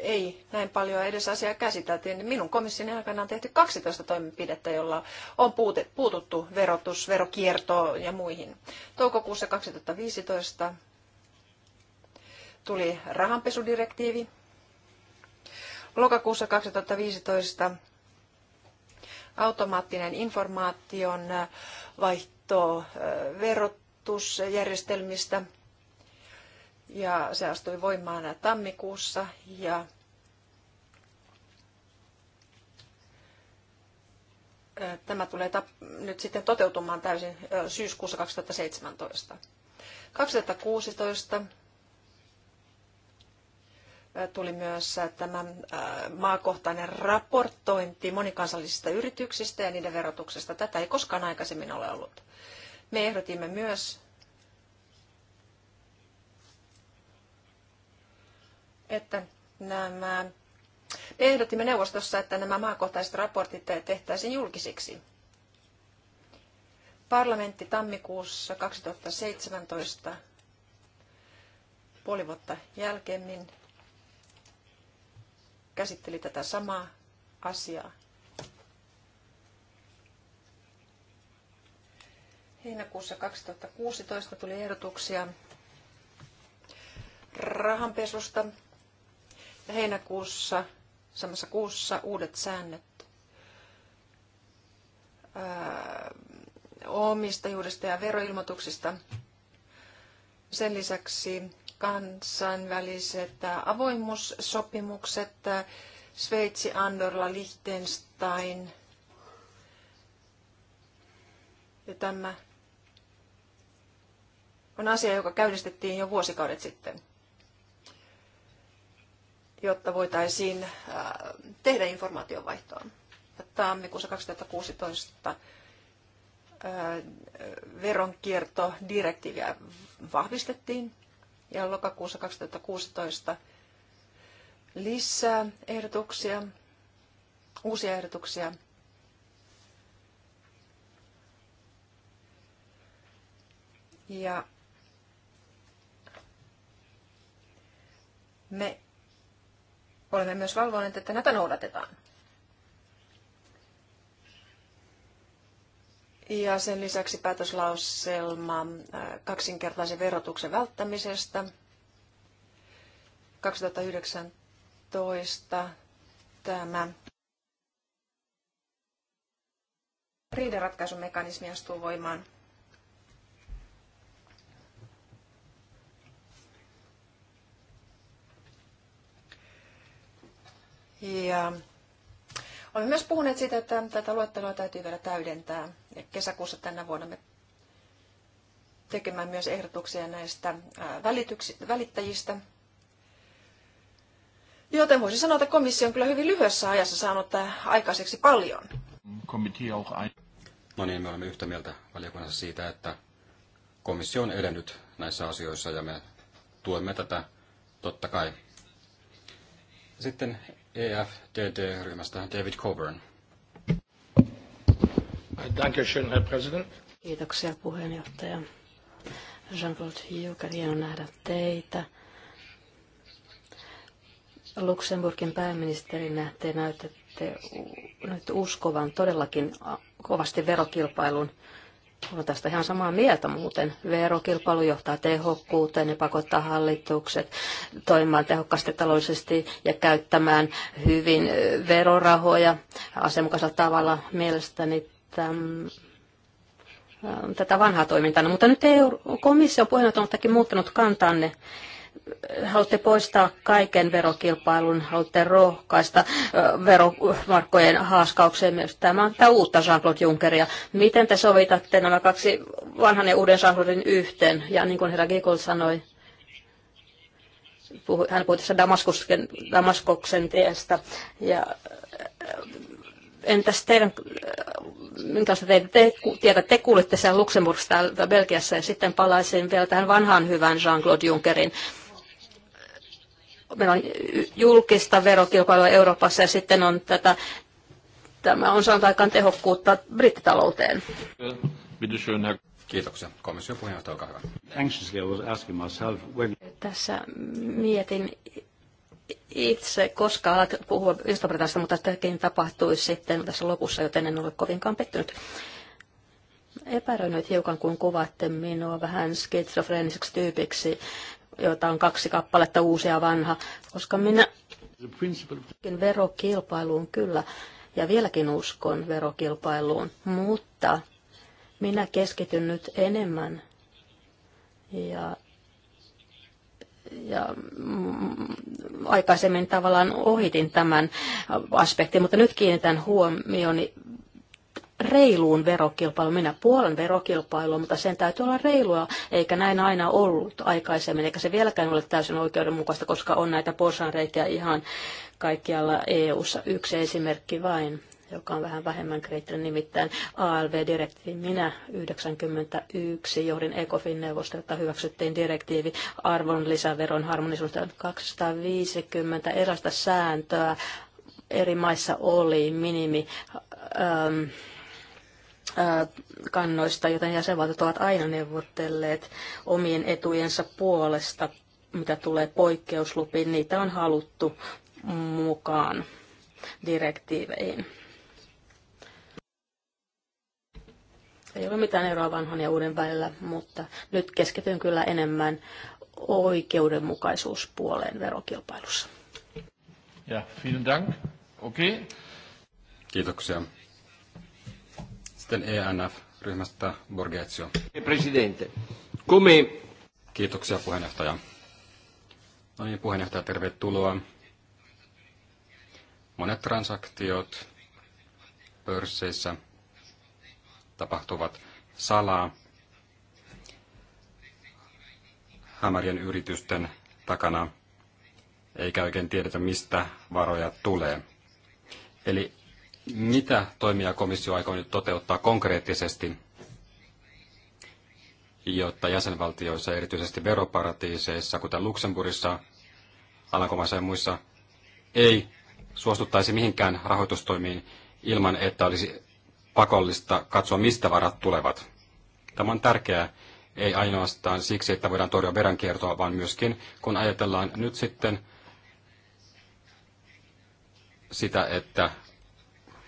C: ei näin paljon edes asiaa käsiteltiin. Minun komissioni aikana on tehty 12 toimenpidettä, jolla on puututtu verotus, verokiertoon ja muihin. Toukokuussa 2015 tuli rahanpesudirektiivi. Lokakuussa 2015 automaattinen informaation vaihto verotusjärjestelmistä – ja se astui voimaan tammikuussa ja tämä tulee nyt sitten toteutumaan täysin syyskuussa 2017. 2016 tuli myös äh, tämä äh, maakohtainen raportointi monikansallisista yrityksistä ja niiden verotuksesta. Tätä ei koskaan aikaisemmin ole ollut. Me ehdotimme myös että nämä, me ehdotimme neuvostossa, että nämä maakohtaiset raportit tehtäisiin julkisiksi. Parlamentti tammikuussa 2017 puoli vuotta jälkeen, käsitteli tätä samaa asiaa. Heinäkuussa 2016 tuli ehdotuksia rahanpesusta heinäkuussa, samassa kuussa uudet säännöt omista omistajuudesta ja veroilmoituksista. Sen lisäksi kansainväliset avoimuussopimukset, Sveitsi, Andorla, Liechtenstein ja tämä on asia, joka käynnistettiin jo vuosikaudet sitten jotta voitaisiin äh, tehdä informaatiovaihtoa. Tammikuussa 2016 äh, veronkiertodirektiiviä vahvistettiin ja lokakuussa 2016 lisää ehdotuksia, uusia ehdotuksia. Ja me olemme myös valvoneet, että näitä noudatetaan. Ja sen lisäksi päätöslauselma äh, kaksinkertaisen verotuksen välttämisestä 2019 tämä riideratkaisumekanismi astuu voimaan Ja olemme myös puhuneet siitä, että tätä luetteloa täytyy vielä täydentää. Ja kesäkuussa tänä vuonna me tekemään myös ehdotuksia näistä välittäjistä. Joten voisi sanoa, että komissio on kyllä hyvin lyhyessä ajassa saanut aikaiseksi paljon.
B: No niin, me olemme yhtä mieltä valiokunnassa siitä, että komissio on edennyt näissä asioissa ja me tuemme tätä totta kai. Sitten EFDD-ryhmästä David Coburn. Dankeschön, Herr President.
D: Kiitoksia puheenjohtaja. Jean-Claude Juncker, hieno nähdä teitä. Luxemburgin pääministerinä te näytätte nyt uskovan todellakin kovasti verokilpailun olen tästä ihan samaa mieltä muuten. Verokilpailu johtaa tehokkuuteen ja pakottaa hallitukset toimimaan tehokkaasti taloudellisesti ja käyttämään hyvin verorahoja asemukasalla tavalla. Mielestäni tämän tätä vanhaa toimintaa, mutta nyt EU-komissio puheenjohtaja on muuttanut kantanne haluatte poistaa kaiken verokilpailun, haluatte rohkaista veromarkkojen haaskaukseen myös. Tämä on tämä uutta Jean-Claude Junckeria. Miten te sovitatte nämä kaksi vanhan ja uuden jean claudein yhteen? Ja niin kuin herra Gikol sanoi, hän puhui tässä Damaskoksen, Damaskoksen tiestä. Ja, entäs teidän, minkälaista te, te, tietä te kuulitte siellä Luxemburgissa Belgiassa ja sitten palaisin vielä tähän vanhaan hyvään Jean-Claude Junckerin meillä on julkista verokilpailua Euroopassa ja sitten on tätä, tämä on saanut aikaan tehokkuutta brittitalouteen.
B: Kiitoksia. Komission puheenjohtaja, olkaa hyvä.
D: Tässä mietin itse, koska alat puhua iso mutta tämäkin tapahtui sitten tässä lopussa, joten en ole kovinkaan pettynyt. Epäröinyt hiukan, kun kuvatte minua vähän skitsofreeniseksi tyypiksi joita on kaksi kappaletta uusia vanha, koska minä verokilpailuun kyllä ja vieläkin uskon verokilpailuun, mutta minä keskityn nyt enemmän ja, ja mm, aikaisemmin tavallaan ohitin tämän aspektin, mutta nyt kiinnitän huomioni reiluun verokilpailuun. Minä puolen verokilpailua, mutta sen täytyy olla reilua, eikä näin aina ollut aikaisemmin, eikä se vieläkään ole täysin oikeudenmukaista, koska on näitä porsanreikiä ihan kaikkialla EU-ssa. Yksi esimerkki vain joka on vähän vähemmän kriittinen, nimittäin ALV-direktiivi. Minä 1991 johdin ecofin neuvostelta että hyväksyttiin direktiivi arvonlisäveron harmonisuudesta 250 erästä sääntöä eri maissa oli minimi ähm, kannoista, joten jäsenvaltiot ovat aina neuvotelleet omien etujensa puolesta, mitä tulee poikkeuslupiin. Niitä on haluttu mukaan direktiiveihin. Ei ole mitään eroa vanhan ja uuden välillä, mutta nyt keskityn kyllä enemmän oikeudenmukaisuuspuoleen verokilpailussa.
B: Ja, vielen dank. Okei. Okay. Kiitoksia. Sitten ENF-ryhmästä Borgezio. Presidente. Come... Kiitoksia puheenjohtaja. No niin, puheenjohtaja, tervetuloa. Monet transaktiot pörsseissä tapahtuvat salaa hämärien yritysten takana, eikä oikein tiedetä, mistä varoja tulee. Eli mitä toimia komissio aikoo nyt toteuttaa konkreettisesti, jotta jäsenvaltioissa, erityisesti veroparatiiseissa, kuten Luxemburgissa, Alankomaissa ja muissa, ei suostuttaisi mihinkään rahoitustoimiin ilman, että olisi pakollista katsoa, mistä varat tulevat. Tämä on tärkeää, ei ainoastaan siksi, että voidaan torjua veronkiertoa, vaan myöskin kun ajatellaan nyt sitten sitä, että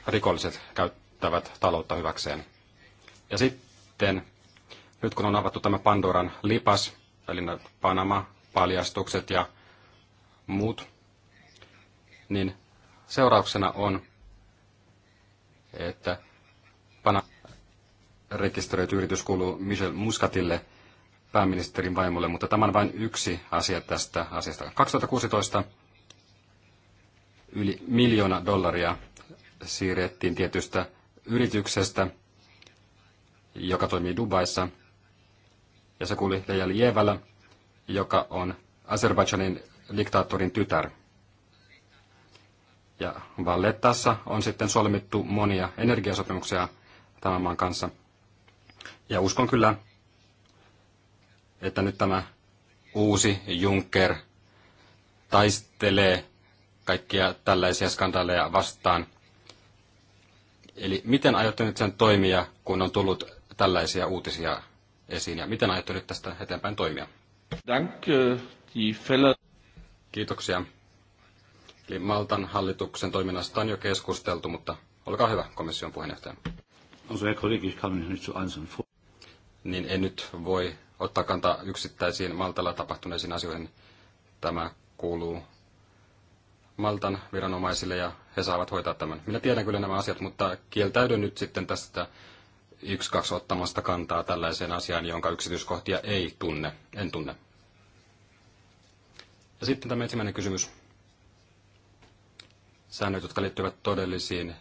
B: rikolliset käyttävät taloutta hyväkseen. Ja sitten, nyt kun on avattu tämä Pandoran lipas, eli Panama-paljastukset ja muut, niin seurauksena on, että Panama rekisteröity yritys kuuluu Michel Muscatille, pääministerin vaimolle, mutta tämä on vain yksi asia tästä asiasta. 2016 yli miljoona dollaria siirrettiin tietystä yrityksestä, joka toimii Dubaissa, ja se kuuli Leijali Jevällä, joka on Azerbaidžanin diktaattorin tytär. Ja Vallettassa on sitten solmittu monia energiasopimuksia tämän maan kanssa. Ja uskon kyllä, että nyt tämä uusi Juncker taistelee kaikkia tällaisia skandaaleja vastaan – Eli miten aiotte nyt sen toimia, kun on tullut tällaisia uutisia esiin, ja miten aiotte nyt tästä eteenpäin toimia? Äh, Kiitoksia. Eli Maltan hallituksen toiminnasta on jo keskusteltu, mutta olkaa hyvä, komission puheenjohtaja. Niin en nyt voi ottaa kantaa yksittäisiin Maltalla tapahtuneisiin asioihin. Tämä kuuluu Maltan viranomaisille ja he saavat hoitaa tämän. Minä tiedän kyllä nämä asiat, mutta kieltäydyn nyt sitten tästä yksi kaksi ottamasta kantaa tällaiseen asiaan, jonka yksityiskohtia ei tunne, en tunne. Ja sitten tämä ensimmäinen kysymys. Säännöt, jotka liittyvät todellisiin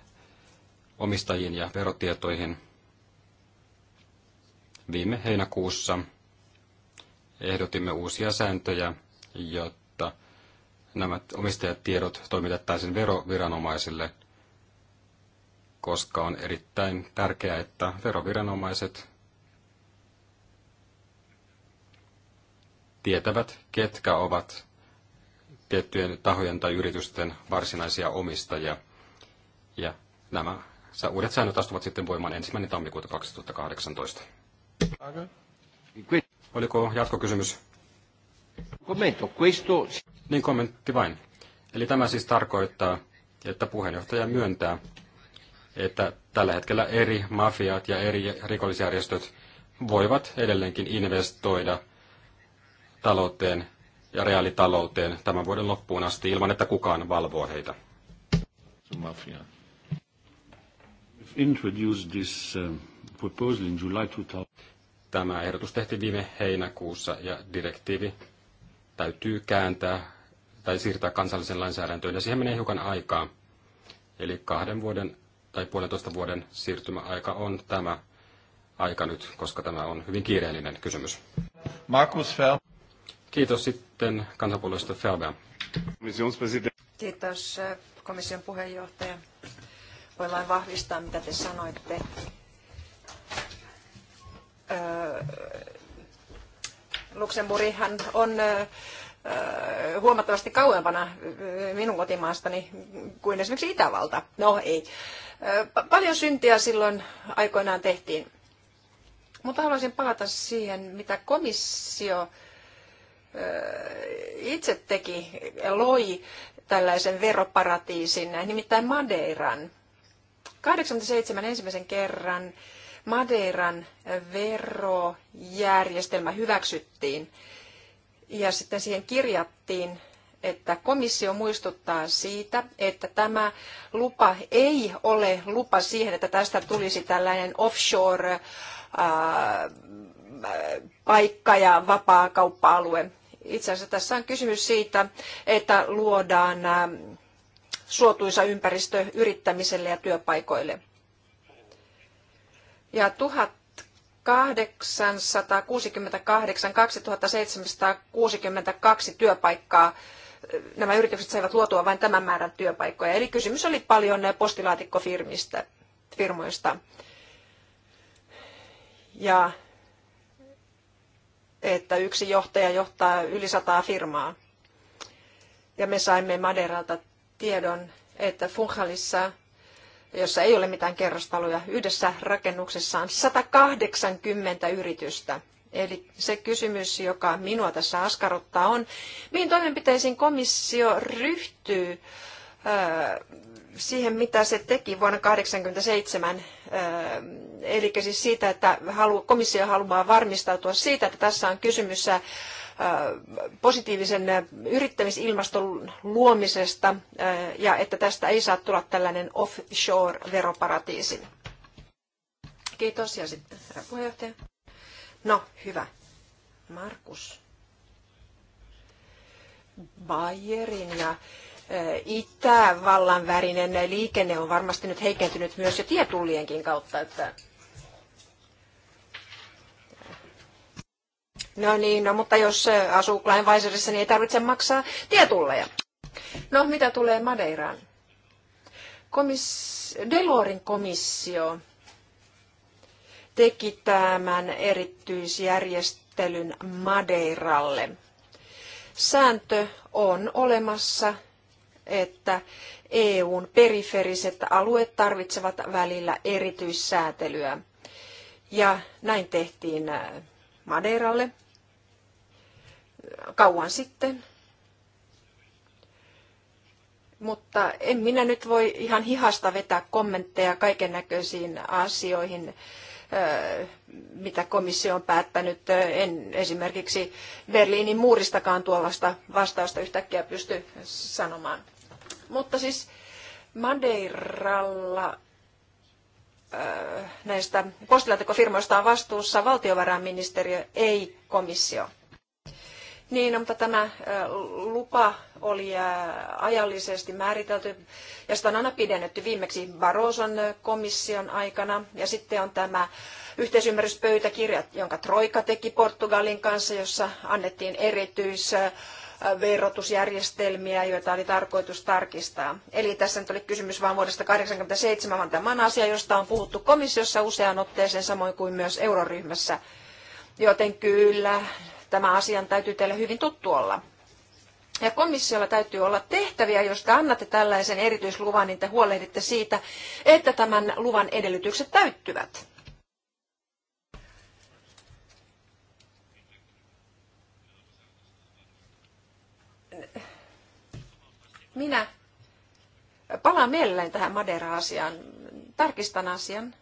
B: omistajiin ja verotietoihin. Viime heinäkuussa ehdotimme uusia sääntöjä, jotta – nämä omistajatiedot toimitettaisiin veroviranomaisille, koska on erittäin tärkeää, että veroviranomaiset tietävät, ketkä ovat tiettyjen tahojen tai yritysten varsinaisia omistajia. Ja nämä uudet säännöt astuvat sitten voimaan ensimmäinen tammikuuta 2018. Oliko jatkokysymys? Commento, questo... Niin kommentti vain. Eli tämä siis tarkoittaa, että puheenjohtaja myöntää, että tällä hetkellä eri mafiat ja eri rikollisjärjestöt voivat edelleenkin investoida talouteen ja reaalitalouteen tämän vuoden loppuun asti ilman, että kukaan valvoo heitä. Mafia. Uh, tämä ehdotus tehtiin viime heinäkuussa ja direktiivi täytyy kääntää tai siirtää kansalliseen lainsäädäntöön, ja siihen menee hiukan aikaa. Eli kahden vuoden tai puolentoista vuoden siirtymäaika on tämä aika nyt, koska tämä on hyvin kiireellinen kysymys. Markus Fel. Kiitos sitten kansanpuolueesta Felbea.
C: Kiitos komission puheenjohtaja. Voin vain vahvistaa, mitä te sanoitte. Öö, Luxemburghan on huomattavasti kauempana minun kotimaastani kuin esimerkiksi Itävalta. No ei. Paljon syntiä silloin aikoinaan tehtiin. Mutta haluaisin palata siihen, mitä komissio itse teki ja loi tällaisen veroparatiisin, nimittäin Madeiran. 87 ensimmäisen kerran Madeiran verojärjestelmä hyväksyttiin ja sitten siihen kirjattiin, että komissio muistuttaa siitä, että tämä lupa ei ole lupa siihen, että tästä tulisi tällainen offshore äh, paikka ja vapaa kauppa-alue. Itse asiassa tässä on kysymys siitä, että luodaan äh, suotuisa ympäristö yrittämiselle ja työpaikoille. Ja tuhat 868 2762 työpaikkaa. Nämä yritykset saivat luotua vain tämän määrän työpaikkoja. Eli kysymys oli paljon postilaatikkofirmistä, firmoista. Ja että yksi johtaja johtaa yli sataa firmaa. Ja me saimme Maderalta tiedon, että Funchalissa jossa ei ole mitään kerrostaloja. Yhdessä rakennuksessa on 180 yritystä. Eli se kysymys, joka minua tässä askarruttaa, on, mihin toimenpiteisiin komissio ryhtyy siihen, mitä se teki vuonna 1987, eli siis siitä, että komissio haluaa varmistautua siitä, että tässä on kysymys positiivisen yrittämisilmaston luomisesta ja että tästä ei saa tulla tällainen offshore-veroparatiisi. Kiitos ja sitten herra puheenjohtaja. No, hyvä. Markus. Bayerin ja Itävallan värinen liikenne on varmasti nyt heikentynyt myös jo tietullienkin kautta, että No niin, no mutta jos äh, asuu Kleinweiserissä, niin ei tarvitse maksaa tietulleja. No mitä tulee Madeiraan? Komis- Delorin komissio teki tämän erityisjärjestelyn Madeiralle. Sääntö on olemassa, että EUn periferiset alueet tarvitsevat välillä erityissäätelyä. Ja näin tehtiin äh, Madeiralle kauan sitten. Mutta en minä nyt voi ihan hihasta vetää kommentteja kaiken näköisiin asioihin, mitä komissio on päättänyt. En esimerkiksi Berliinin muuristakaan tuollaista vastausta yhtäkkiä pysty sanomaan. Mutta siis Madeiralla näistä postilaatikkofirmoista on vastuussa valtiovarainministeriö, ei komissio. Niin, mutta tämä lupa oli ajallisesti määritelty ja sitä on aina pidennetty viimeksi Barroson komission aikana. Ja sitten on tämä yhteisymmärryspöytäkirja, jonka Troika teki Portugalin kanssa, jossa annettiin erityisverotusjärjestelmiä, joita oli tarkoitus tarkistaa. Eli tässä nyt oli kysymys vain vuodesta 1987, vaan tämä on asia, josta on puhuttu komissiossa useaan otteeseen, samoin kuin myös euroryhmässä. Joten kyllä, Tämä asian täytyy teille hyvin tuttu olla. Ja komissiolla täytyy olla tehtäviä, jos te annatte tällaisen erityisluvan, niin te huolehditte siitä, että tämän luvan edellytykset täyttyvät. Minä palaan mielelläni tähän Madera-asiaan. Tarkistan asian.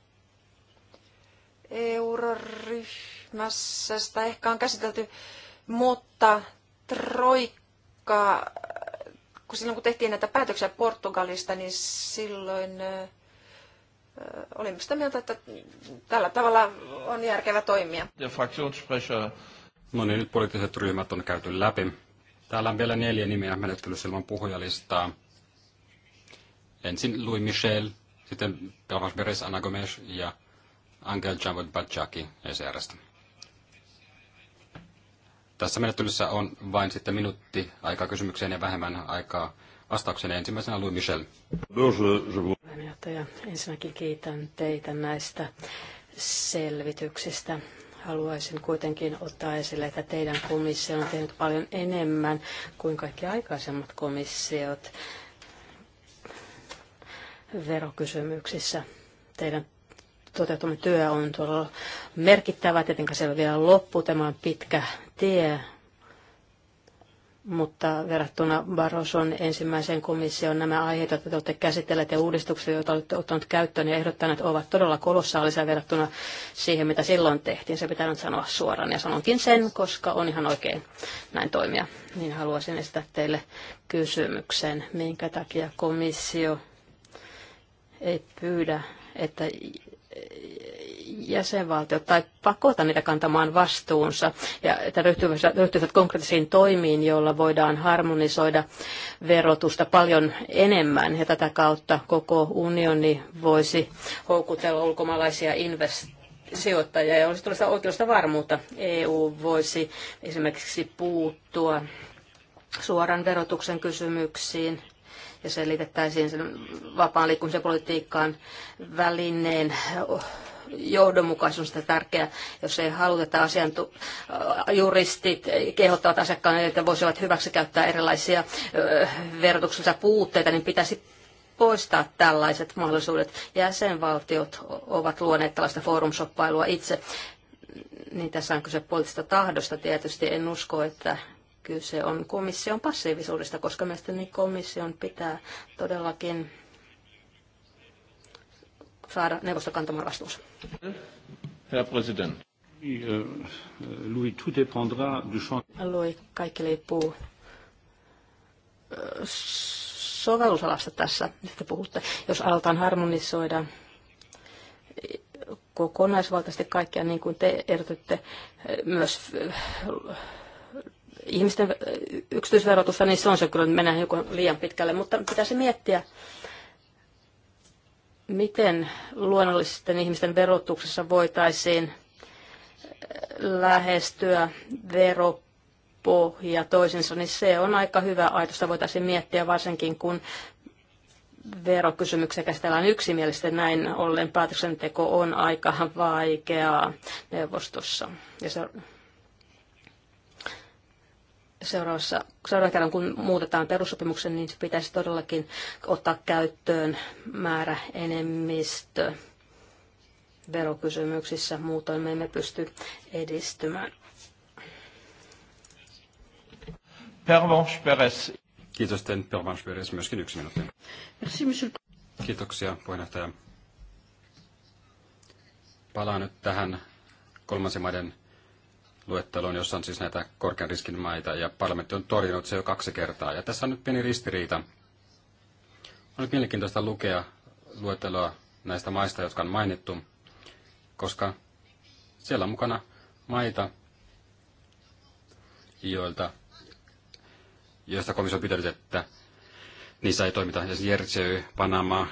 C: Euroryhmä ryhmässä ehkä on käsitelty, mutta troikka, kun silloin kun tehtiin näitä päätöksiä Portugalista, niin silloin olimme sitä mieltä, että tällä tavalla on järkevä toimia.
B: No niin, nyt poliittiset ryhmät on käyty läpi. Täällä on vielä neljä nimeä menettelyssä ilman puhujalistaa. Ensin Louis Michel, sitten Pervas Beres, Ana Gomes ja Angel Jambon Bajaki ECRstä. Tässä menettelyssä on vain sitten minuutti aikaa kysymykseen ja vähemmän aikaa vastaukseen. Ensimmäisenä Louis Michel.
A: Puheenjohtaja,
D: ensinnäkin kiitän teitä näistä selvityksistä. Haluaisin kuitenkin ottaa esille, että teidän komissio on tehnyt paljon enemmän kuin kaikki aikaisemmat komissiot verokysymyksissä. Teidän toteutunut työ on todella merkittävä. Tietenkin se vielä loppu, tämä on pitkä tie, mutta verrattuna Barroson ensimmäiseen komissioon nämä aiheet, joita te olette käsitelleet ja uudistukset, joita olette ottanut käyttöön ja ehdottaneet, ovat todella kolossaalisia verrattuna siihen, mitä silloin tehtiin. Se pitää nyt sanoa suoraan ja sanonkin sen, koska on ihan oikein näin toimia. Niin haluaisin esittää teille kysymyksen, minkä takia komissio ei pyydä, että jäsenvaltiot tai pakota niitä kantamaan vastuunsa ja että ryhtyvät, ryhtyvät konkreettisiin toimiin, joilla voidaan harmonisoida verotusta paljon enemmän ja tätä kautta koko unioni voisi houkutella ulkomaalaisia investointeja sijoittajia ja olisi tuollaista oikeusta varmuutta. EU voisi esimerkiksi puuttua suoran verotuksen kysymyksiin ja selitettäisiin sen vapaan liikkumisen politiikkaan välineen johdonmukaisuus on tärkeää, jos ei haluta, että asiantu- äh, juristit kehottavat asiakkaan, että voisivat hyväksikäyttää erilaisia äh, verotuksellisia puutteita, niin pitäisi poistaa tällaiset mahdollisuudet. Jäsenvaltiot ovat luoneet tällaista forumshoppailua itse. Niin tässä on kyse poliittisesta tahdosta tietysti. En usko, että kyse on komission passiivisuudesta, koska mielestäni komission pitää todellakin saada neuvosto kantamaan vastuunsa.
A: Herra president. Euh, euh,
D: Louis, kaikki liippuu sovellusalasta tässä, mistä puhutte. Jos aletaan harmonisoida kokonaisvaltaisesti kaikkia, niin kuin te ehdotitte, myös ihmisten yksityisverotusta, niin se on se kyllä, mennään joku liian pitkälle, mutta pitäisi miettiä, miten luonnollisten ihmisten verotuksessa voitaisiin lähestyä veropohja toisensa, niin se on aika hyvä ajatus, voitaisiin miettiä varsinkin, kun verokysymyksiä käsitellään yksimielisesti, näin ollen päätöksenteko on aika vaikeaa neuvostossa. Ja se seuraavassa, seuraavan kerran, kun muutetaan perussopimuksen, niin se pitäisi todellakin ottaa käyttöön määrä enemmistö verokysymyksissä, muutoin me emme pysty edistymään.
B: Kiitos teidän Pervanche Perez, myöskin yksi minuutti. Kiitoksia puheenjohtaja. Palaan nyt tähän kolmansien maiden luetteloon, jossa on siis näitä korkean riskin maita, ja parlamentti on torjunut se jo kaksi kertaa. Ja tässä on nyt pieni ristiriita. On nyt mielenkiintoista lukea luetteloa näistä maista, jotka on mainittu, koska siellä on mukana maita, joilta, joista komissio on pitänyt, että niissä ei toimita. Esimerkiksi Jersey, Panama,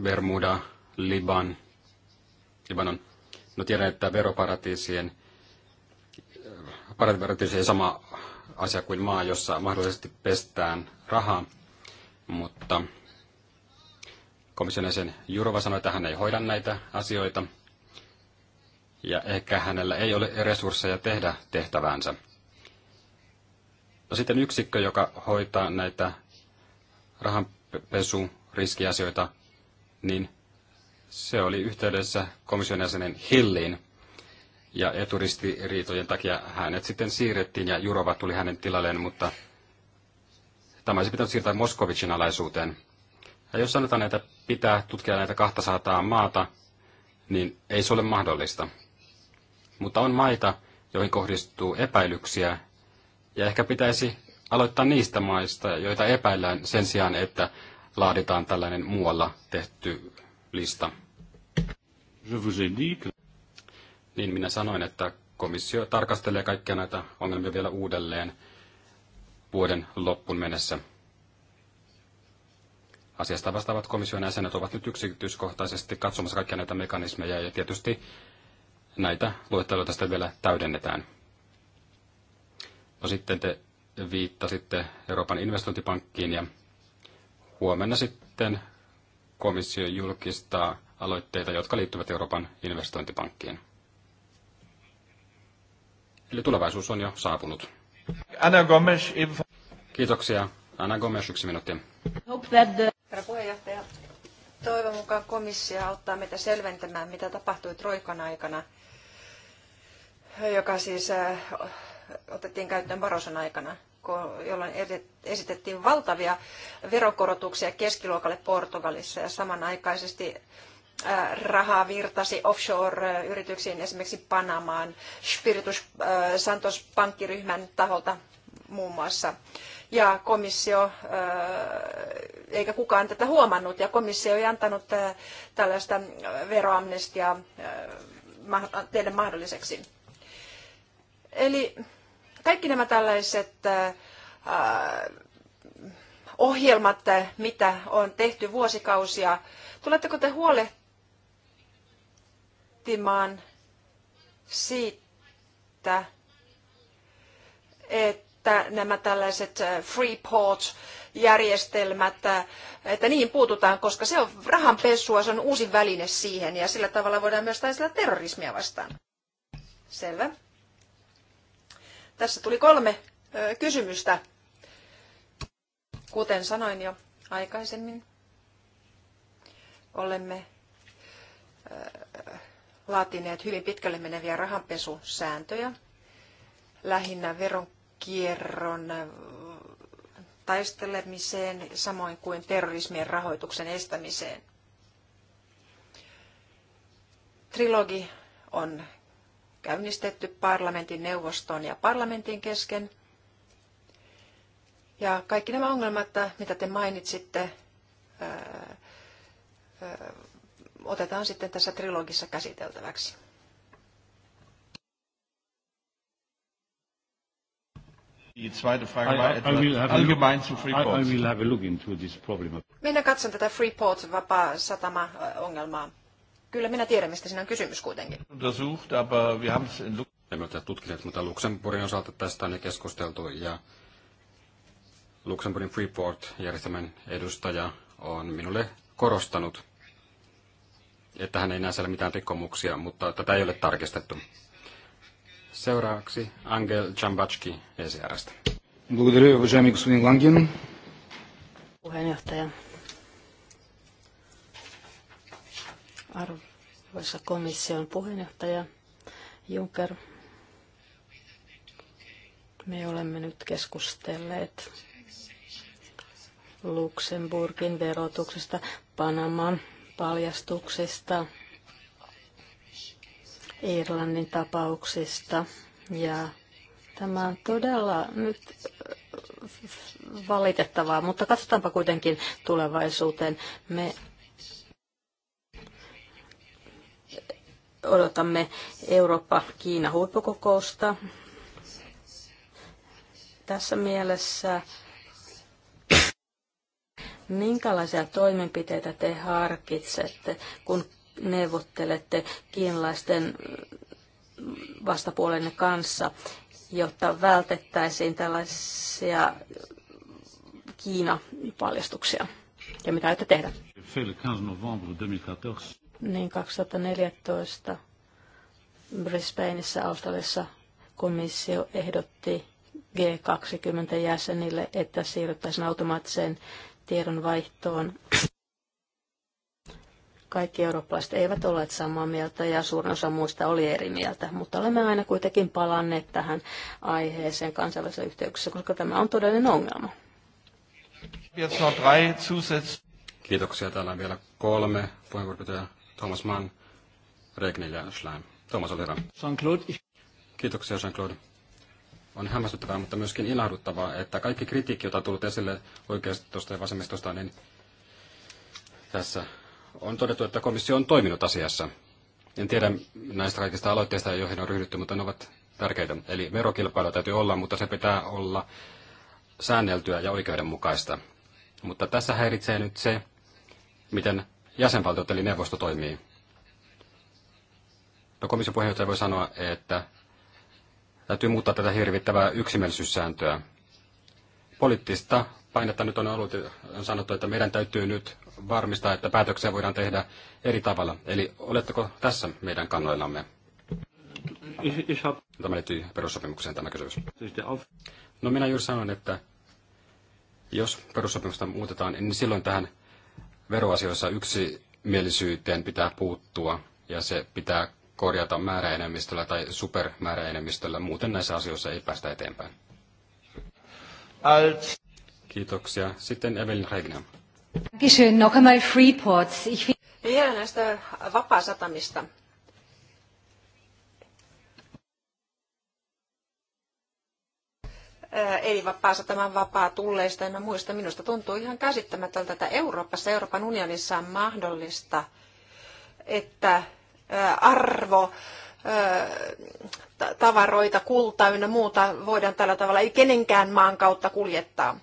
B: Bermuda, Liban, Libanon. No tiedän, että veroparatiisien parempi erityisesti sama asia kuin maa, jossa mahdollisesti pestään rahaa, mutta komission jäsen Jurova sanoi, että hän ei hoida näitä asioita ja ehkä hänellä ei ole resursseja tehdä tehtäväänsä. No sitten yksikkö, joka hoitaa näitä rahanpesuriskiasioita, riskiasioita, niin se oli yhteydessä komission jäsenen Hilliin ja eturistiriitojen takia hänet sitten siirrettiin ja Jurova tuli hänen tilalleen, mutta tämä olisi pitänyt siirtää Moskovicin alaisuuteen. Ja jos sanotaan, että pitää tutkia näitä 200 maata, niin ei se ole mahdollista. Mutta on maita, joihin kohdistuu epäilyksiä, ja ehkä pitäisi aloittaa niistä maista, joita epäillään sen sijaan, että laaditaan tällainen muualla tehty lista. Je vous ai dit que niin minä sanoin, että komissio tarkastelee kaikkia näitä ongelmia vielä uudelleen vuoden loppuun mennessä. Asiasta vastaavat komission jäsenet ovat nyt yksityiskohtaisesti katsomassa kaikkia näitä mekanismeja ja tietysti näitä luetteloita sitten vielä täydennetään. No sitten te viittasitte Euroopan investointipankkiin ja huomenna sitten komissio julkistaa aloitteita, jotka liittyvät Euroopan investointipankkiin. Eli tulevaisuus on jo saapunut. Anna Gomes, Kiitoksia. Anna Gomes, yksi minuutti.
C: Herra puheenjohtaja, toivon mukaan komissio auttaa meitä selventämään, mitä tapahtui Troikan aikana, joka siis otettiin käyttöön varosan aikana, jolloin esitettiin valtavia verokorotuksia keskiluokalle Portugalissa ja samanaikaisesti rahaa virtasi offshore-yrityksiin, esimerkiksi Panamaan, Spiritus Santos pankkiryhmän taholta muun muassa. Ja komissio, eikä kukaan tätä huomannut, ja komissio ei antanut tällaista veroamnestiaa teille mahdolliseksi. Eli kaikki nämä tällaiset ohjelmat, mitä on tehty vuosikausia, tuletteko te huolehtimaan, pohtimaan siitä, että nämä tällaiset äh, freeport järjestelmät, äh, että niihin puututaan, koska se on rahanpesua, se on uusi väline siihen ja sillä tavalla voidaan myös taistella terrorismia vastaan. Selvä. Tässä tuli kolme kysymystä, kuten sanoin jo aikaisemmin. Olemme laatineet hyvin pitkälle meneviä rahanpesusääntöjä, lähinnä veronkierron taistelemiseen, samoin kuin terrorismien rahoituksen estämiseen. Trilogi on käynnistetty parlamentin, neuvoston ja parlamentin kesken. Ja kaikki nämä ongelmat, mitä te mainitsitte, otetaan sitten tässä trilogissa käsiteltäväksi. Minä katson tätä Freeport vapaa satama ongelmaa. Kyllä minä tiedän, mistä siinä on kysymys kuitenkin.
B: Emme ole tutkineet, mutta Luxemburgin osalta tästä on jo keskusteltu ja Luxemburgin Freeport-järjestelmän edustaja on minulle korostanut, että hän ei näe siellä mitään rikkomuksia, mutta tätä ei ole tarkistettu. Seuraavaksi Angel Jambatski ECRstä.
D: Puheenjohtaja. Arvoisa komission puheenjohtaja Juncker, me olemme nyt keskustelleet Luxemburgin verotuksesta Panaman paljastuksesta, Irlannin tapauksista ja Tämä on todella nyt äh, valitettavaa, mutta katsotaanpa kuitenkin tulevaisuuteen. Me odotamme Eurooppa-Kiina huippukokousta. Tässä mielessä Minkälaisia toimenpiteitä te harkitsette, kun neuvottelette kiinalaisten vastapuolenne kanssa, jotta vältettäisiin tällaisia Kiina-paljastuksia? Ja mitä aiotte tehdä? Niin 2014 Brisbaneissa Australiassa komissio ehdotti G20-jäsenille, että siirryttäisiin automaattiseen tiedonvaihtoon. Kaikki eurooppalaiset eivät olleet samaa mieltä ja suurin osa muista oli eri mieltä, mutta olemme aina kuitenkin palanneet tähän aiheeseen kansainvälisessä yhteyksessä, koska tämä on todellinen ongelma.
B: Kiitoksia. Täällä on vielä kolme puheenvuoropitoja. Thomas Mann, Regnil ja Schleim. Thomas, ole hyvä. Jean-Claude. Kiitoksia, Jean-Claude on hämmästyttävää, mutta myöskin ilahduttavaa, että kaikki kritiikki, jota on tullut esille oikeistosta ja vasemmistosta, niin tässä on todettu, että komissio on toiminut asiassa. En tiedä näistä kaikista aloitteista, joihin on ryhdytty, mutta ne ovat tärkeitä. Eli verokilpailu täytyy olla, mutta se pitää olla säänneltyä ja oikeudenmukaista. Mutta tässä häiritsee nyt se, miten jäsenvaltiot eli neuvosto toimii. No komission puheenjohtaja voi sanoa, että täytyy muuttaa tätä hirvittävää yksimielisyyssääntöä. Poliittista painetta nyt on ollut on sanottu, että meidän täytyy nyt varmistaa, että päätöksiä voidaan tehdä eri tavalla. Eli oletteko tässä meidän kannoillamme? Tämä liittyy perussopimukseen tämä kysymys. No minä juuri sanoin, että jos perussopimusta muutetaan, niin silloin tähän veroasioissa yksimielisyyteen pitää puuttua ja se pitää korjata määräenemmistöllä tai supermääräenemmistöllä, muuten näissä asioissa ei päästä eteenpäin. Alt. Kiitoksia. Sitten Evelyn Regner.
D: Dankeschön. Noch einmal Freeports. Ich
C: Vielä näistä vapaasatamista. Äh, eli vapaa tämän vapaa tulleista ja muista. Minusta tuntuu ihan käsittämätöntä, että Euroopassa, Euroopan unionissa on mahdollista, että arvo, tavaroita, kultaa ynnä muuta voidaan tällä tavalla ei kenenkään maan kautta kuljettaa.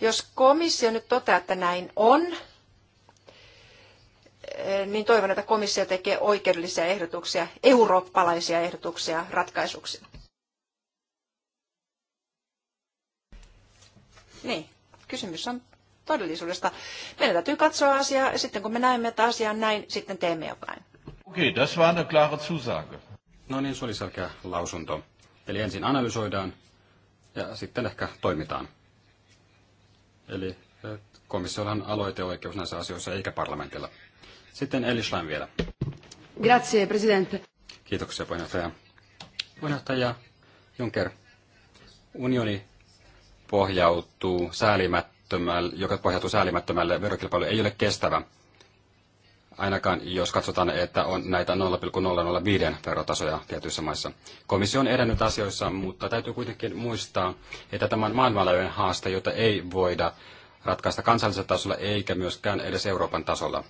C: Jos komissio nyt toteaa, että näin on, niin toivon, että komissio tekee oikeudellisia ehdotuksia, eurooppalaisia ehdotuksia ratkaisuksi. Niin, kysymys on todellisuudesta. Meidän täytyy katsoa asiaa ja sitten kun me näemme, että asia on näin, sitten teemme jotain.
B: Okei, okay, das war eine klare Zusage. No niin, se oli selkeä lausunto. Eli ensin analysoidaan ja sitten ehkä toimitaan. Eli eh, komissiolla on aloiteoikeus näissä asioissa eikä parlamentilla. Sitten Elislain vielä.
E: Grazie, presidente.
B: Kiitoksia, puheenjohtaja. Puheenjohtaja Juncker, unioni pohjautuu säälimättä säälimättömälle, joka pohjautuu säälimättömälle verokilpailu ei ole kestävä, ainakaan jos katsotaan, että on näitä 0,005 verotasoja tietyissä maissa. Komissio on edennyt asioissa, mutta täytyy kuitenkin muistaa, että tämä on maailmanlaajuinen haaste, jota ei voida ratkaista kansallisella tasolla eikä myöskään edes Euroopan tasolla.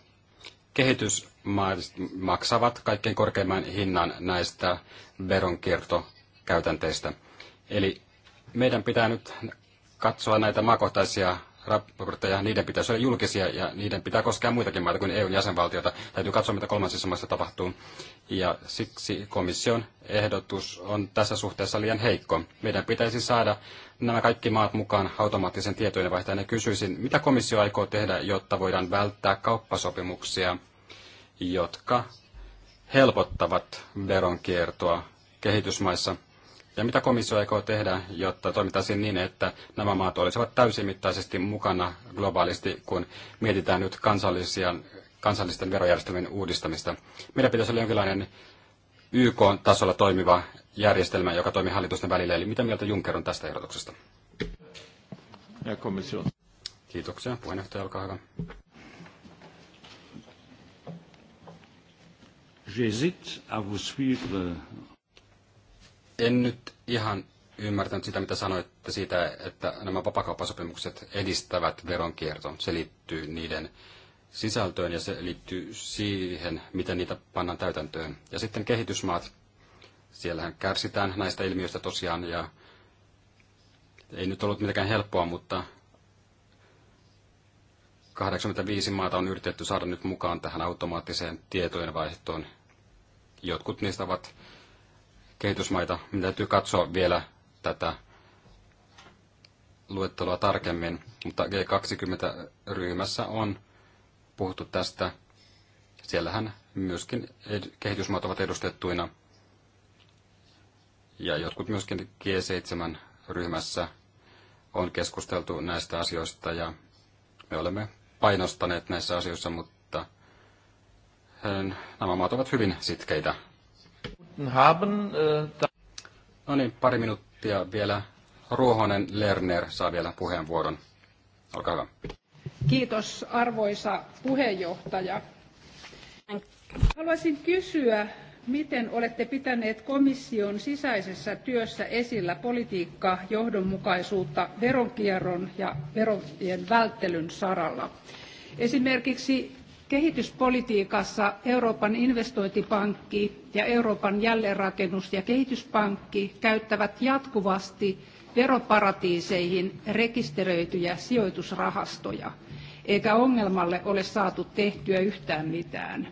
B: Kehitysmaat maksavat kaikkein korkeimman hinnan näistä veronkiertokäytänteistä. Eli meidän pitää nyt katsoa näitä maakohtaisia raportteja, niiden pitäisi olla julkisia ja niiden pitää koskea muitakin maita kuin EUn jäsenvaltiota. Täytyy katsoa, mitä kolmansissa maissa tapahtuu. Ja siksi komission ehdotus on tässä suhteessa liian heikko. Meidän pitäisi saada nämä kaikki maat mukaan automaattisen tietojen ja kysyisin, mitä komissio aikoo tehdä, jotta voidaan välttää kauppasopimuksia, jotka helpottavat veronkiertoa kehitysmaissa – ja mitä komissio aikoo tehdä, jotta toimittaisiin niin, että nämä maat olisivat täysimittaisesti mukana globaalisti, kun mietitään nyt kansallisia, kansallisten verojärjestelmien uudistamista? Meidän pitäisi olla jonkinlainen YK-tasolla toimiva järjestelmä, joka toimii hallitusten välillä. Eli mitä mieltä Juncker on tästä ehdotuksesta? Ja komissio. Kiitoksia. Puheenjohtaja, olkaa hyvä. J'hésite à vous suivre en nyt ihan ymmärtänyt sitä, mitä sanoitte siitä, että nämä vapakauppasopimukset edistävät veronkiertoon. Se liittyy niiden sisältöön ja se liittyy siihen, miten niitä pannaan täytäntöön. Ja sitten kehitysmaat, siellähän kärsitään näistä ilmiöistä tosiaan ja ei nyt ollut mitenkään helppoa, mutta 85 maata on yritetty saada nyt mukaan tähän automaattiseen tietojenvaihtoon. Jotkut niistä ovat kehitysmaita. Minä täytyy katsoa vielä tätä luetteloa tarkemmin, mutta G20-ryhmässä on puhuttu tästä. Siellähän myöskin kehitysmaat ovat edustettuina. Ja jotkut myöskin G7-ryhmässä on keskusteltu näistä asioista ja me olemme painostaneet näissä asioissa, mutta nämä maat ovat hyvin sitkeitä haben. Äh, no niin, pari minuuttia vielä. Ruohonen Lerner saa vielä puheenvuoron. Olkaa hyvä.
E: Kiitos arvoisa puheenjohtaja. Haluaisin kysyä, miten olette pitäneet komission sisäisessä työssä esillä politiikkaa johdonmukaisuutta veronkierron ja verojen välttelyn saralla. Esimerkiksi Kehityspolitiikassa Euroopan investointipankki ja Euroopan jälleenrakennus- ja kehityspankki käyttävät jatkuvasti veroparatiiseihin rekisteröityjä sijoitusrahastoja, eikä ongelmalle ole saatu tehtyä yhtään mitään.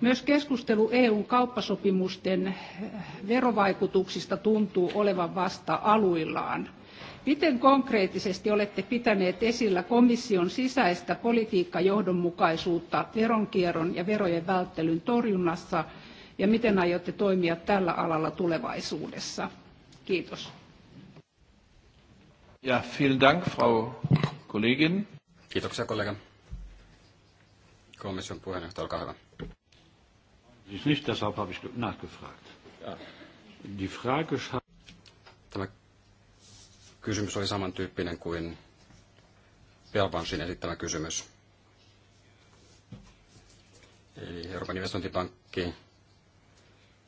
E: Myös keskustelu EUn kauppasopimusten verovaikutuksista tuntuu olevan vasta aluillaan. Miten konkreettisesti olette pitäneet esillä komission sisäistä politiikkajohdonmukaisuutta veronkierron ja verojen välttelyn torjunnassa ja miten aiotte toimia tällä alalla tulevaisuudessa? Kiitos.
B: Ja, vielen Dank, Frau Kollegin. Kiitoksia, kollega. Komission puheenjohtaja, olkaa hyvä. Siis nicht, deshalb habe ich nachgefragt. Ja. Die Frage Tämä kysymys oli samantyyppinen kuin Pelvansin esittämä kysymys. Eli Euroopan investointipankki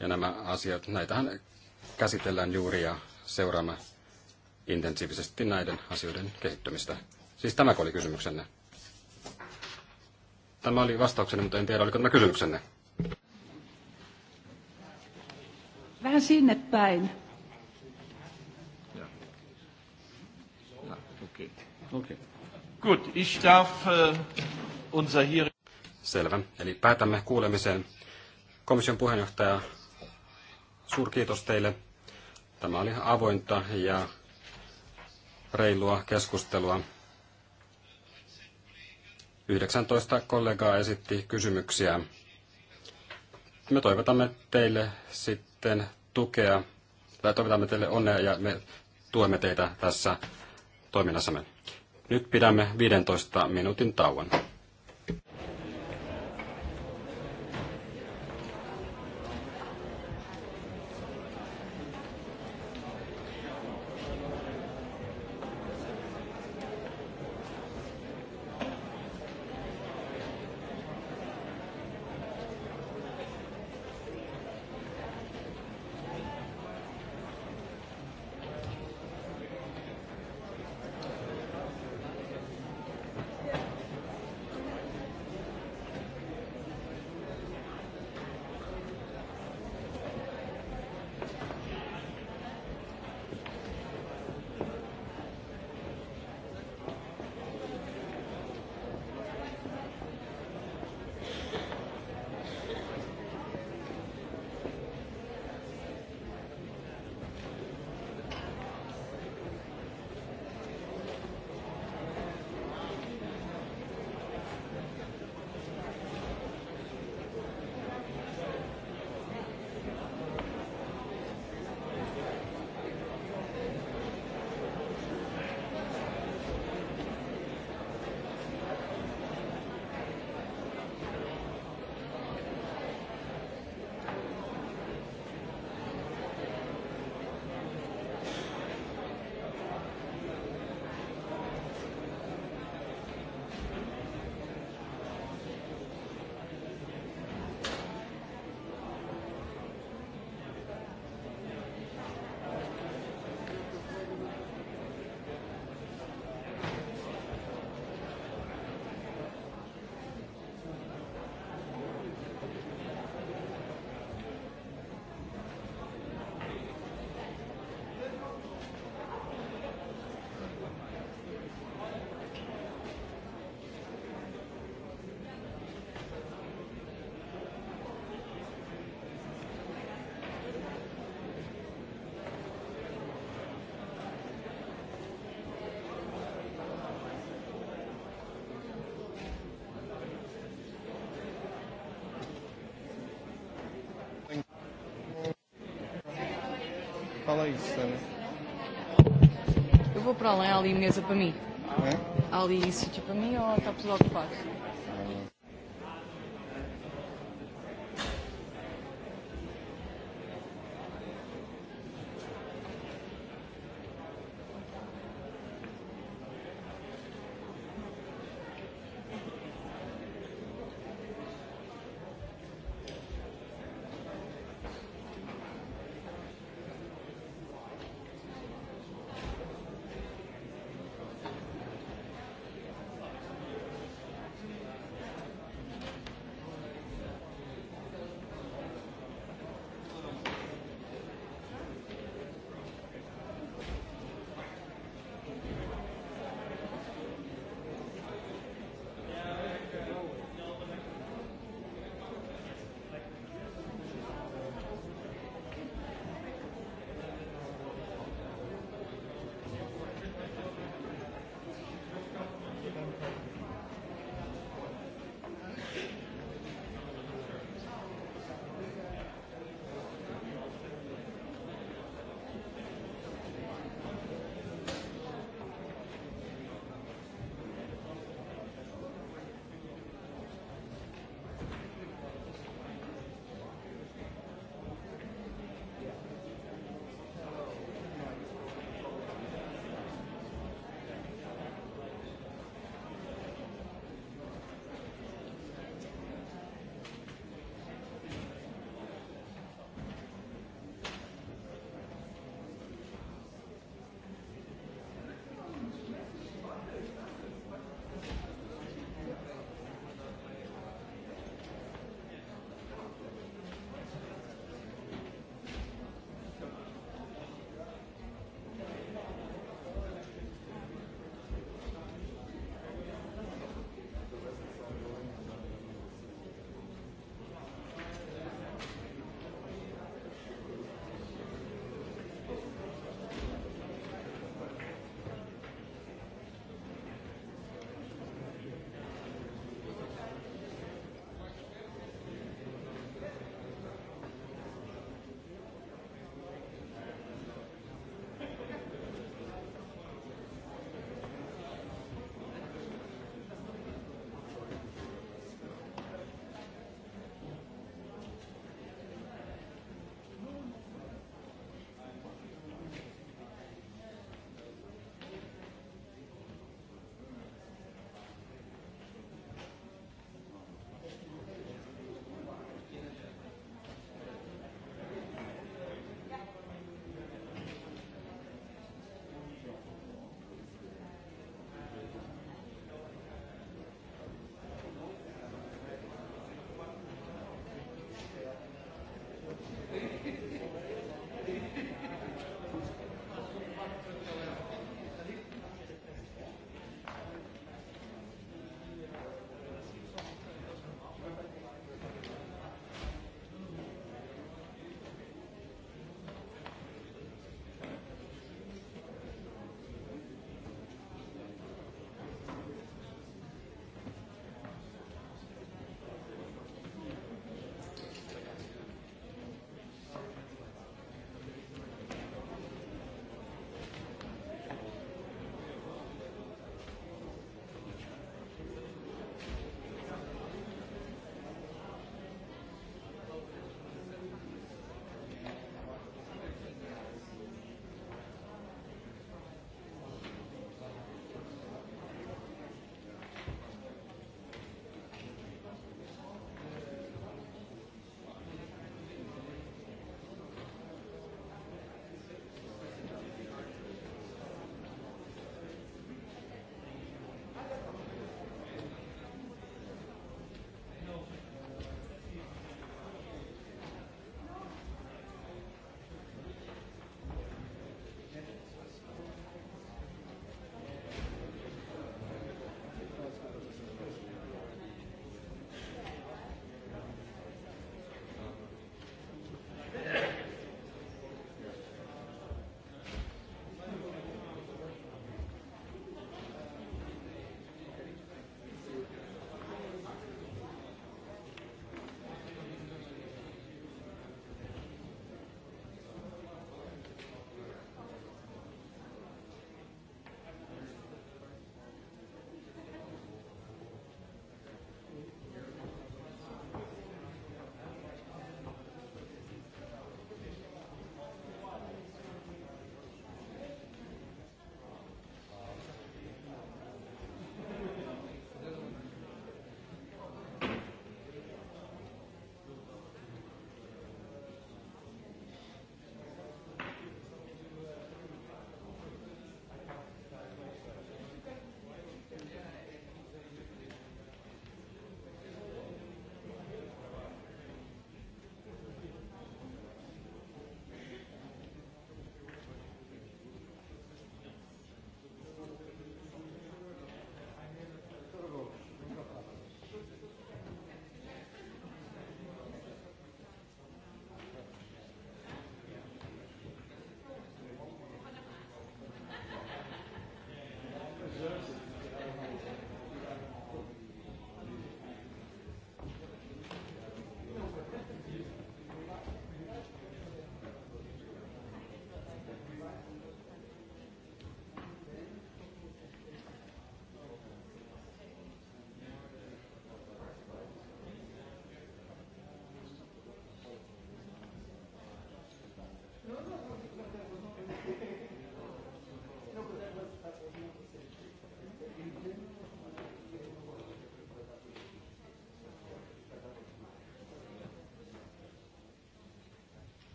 B: ja nämä asiat, näitähän käsitellään juuri ja seuraamme intensiivisesti näiden asioiden kehittymistä. Siis tämä oli kysymyksenne. Tämä oli vastauksenne, mutta en tiedä, oliko tämä kysymyksenne.
A: Vähän
E: sinne päin.
B: Okay. Good. ich darf äh, unser hier... Selvä. Eli päätämme kuulemiseen. Komission puheenjohtaja, suurkiitos teille. Tämä oli avointa ja reilua keskustelua. 19 kollegaa esitti kysymyksiä. Me toivotamme teille sitten tukea, tai toivotamme teille onnea ja me tuemme teitä tässä toiminnassamme. Nyt pidämme 15 minuutin tauon.
A: é? ali mesa para mim. É? Há ali sítio para mim ou está tudo ocupado?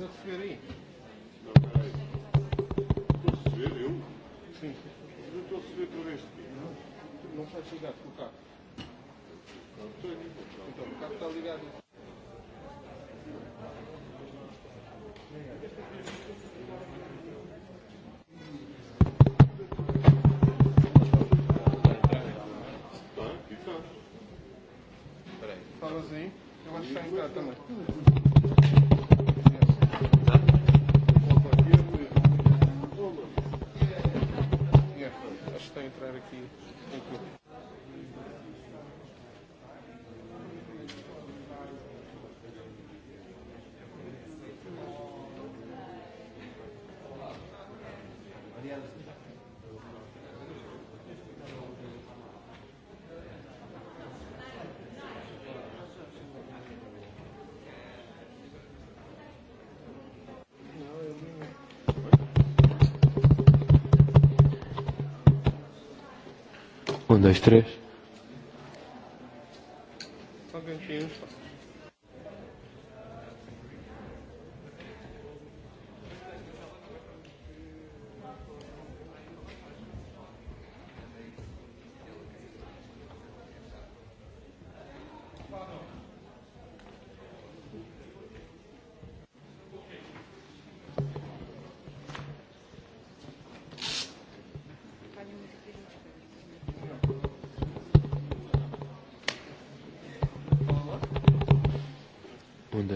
A: Presidente Figueiredo. Não, peraí. Estou a receber, está ligado. 1, 2, 3.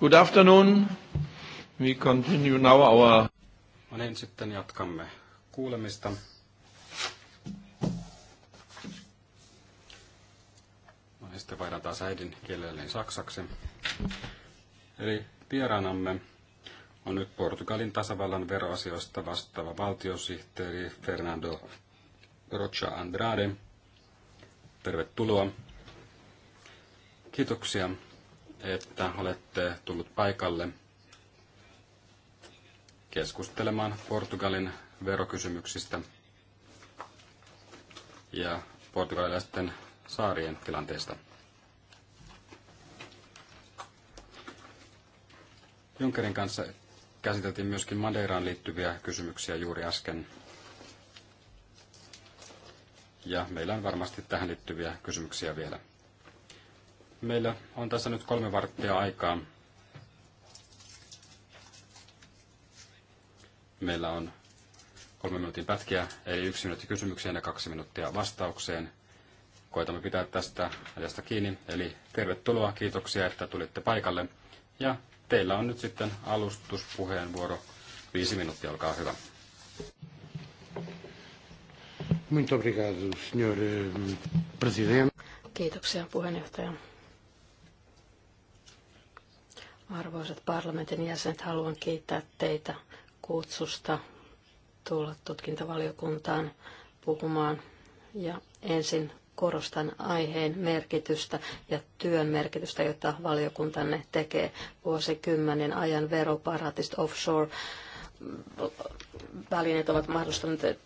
B: Good afternoon. We continue now our... No niin, sitten jatkamme kuulemista. No niin, sitten vaihdan taas äidin kielelleen saksaksi. Eli vieraanamme on nyt Portugalin tasavallan veroasioista vastaava valtiosihteeri Fernando Rocha Andrade. Tervetuloa. Kiitoksia että olette tullut paikalle keskustelemaan Portugalin verokysymyksistä ja portugalilaisten saarien tilanteesta. Junkerin kanssa käsiteltiin myöskin Madeiraan liittyviä kysymyksiä juuri äsken. Ja meillä on varmasti tähän liittyviä kysymyksiä vielä. Meillä on tässä nyt kolme varttia aikaa. Meillä on kolme minuutin pätkiä, eli yksi minuutti kysymykseen ja kaksi minuuttia vastaukseen. Koitamme pitää tästä ajasta kiinni, eli tervetuloa, kiitoksia, että tulitte paikalle. Ja teillä on nyt sitten alustuspuheenvuoro. Viisi minuuttia, olkaa hyvä.
A: Muito obrigado, senhor eh, presidente.
D: Kiitoksia puheenjohtaja. Arvoisat parlamentin jäsenet, haluan kiittää teitä kutsusta tulla tutkintavaliokuntaan puhumaan. Ja ensin korostan aiheen merkitystä ja työn merkitystä, jota valiokuntanne tekee vuosikymmenen ajan veroparatiisit offshore välineet ovat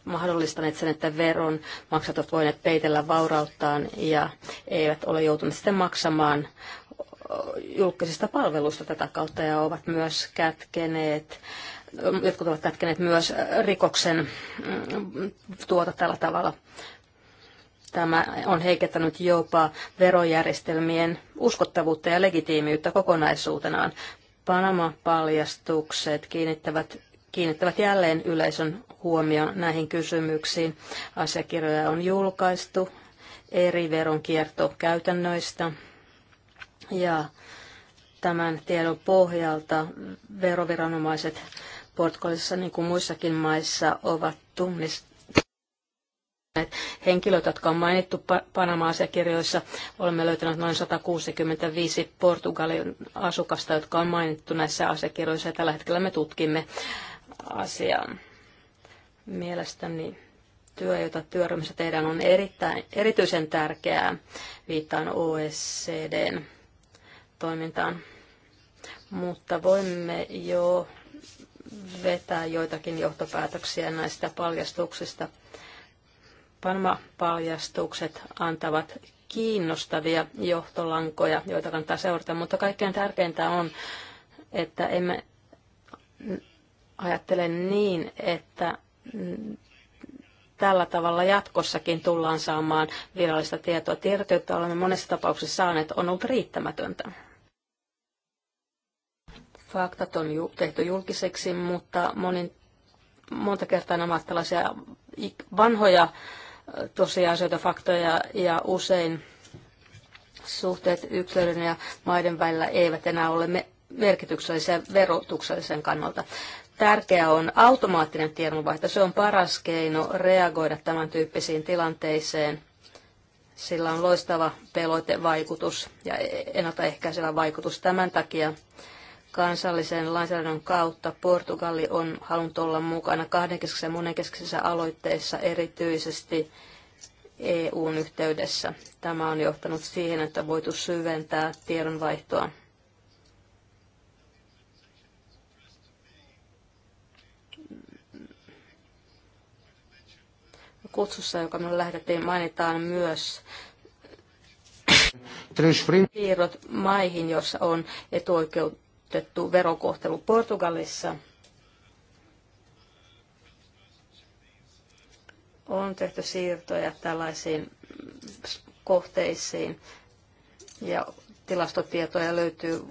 D: mahdollistaneet sen, että veron maksat ovat voineet peitellä vaurauttaan ja eivät ole joutuneet sitten maksamaan julkisesta palvelusta tätä kautta ja ovat myös kätkeneet jotkut ovat kätkeneet myös rikoksen mm, tuota tällä tavalla. Tämä on heikentänyt jopa verojärjestelmien uskottavuutta ja legitiimiyttä kokonaisuutenaan. Panama-paljastukset kiinnittävät, kiinnittävät jälleen yleisön huomion näihin kysymyksiin. Asiakirjoja on julkaistu eri veronkiertokäytännöistä ja tämän tiedon pohjalta veroviranomaiset Portugalissa niin kuin muissakin maissa ovat tunnistaneet henkilöt, jotka on mainittu Panama-asiakirjoissa. Olemme löytäneet noin 165 Portugalin asukasta, jotka on mainittu näissä asiakirjoissa ja tällä hetkellä me tutkimme asiaa. Mielestäni työ, jota työryhmässä tehdään, on erittäin, erityisen tärkeää. Viittaan OECDn toimintaan. Mutta voimme jo vetää joitakin johtopäätöksiä näistä paljastuksista. panama paljastukset antavat kiinnostavia johtolankoja, joita kannattaa seurata, mutta kaikkein tärkeintä on, että emme ajattele niin, että tällä tavalla jatkossakin tullaan saamaan virallista tietoa. Tiedot, joita olemme monessa tapauksessa saaneet, on ollut riittämätöntä. Faktat on ju, tehty julkiseksi, mutta monin, monta kertaa nämä ovat tällaisia vanhoja tosiasioita, faktoja ja usein suhteet yksilöiden ja maiden välillä eivät enää ole merkityksellisiä verotuksellisen kannalta. Tärkeää on automaattinen tiedonvaihto. Se on paras keino reagoida tämän tyyppisiin tilanteisiin. Sillä on loistava pelotevaikutus ja e-, ennaltaehkäisevä vaikutus. Tämän takia kansallisen lainsäädännön kautta Portugali on halunnut olla mukana kahdenkeskisissä ja monenkeskisissä aloitteissa erityisesti EUn yhteydessä. Tämä on johtanut siihen, että voitu syventää tiedonvaihtoa. Kutsussa, joka me lähetettiin, mainitaan myös siirrot maihin, jossa on etuoikeutta oikeutettu verokohtelu Portugalissa. On tehty siirtoja tällaisiin kohteisiin ja tilastotietoja löytyy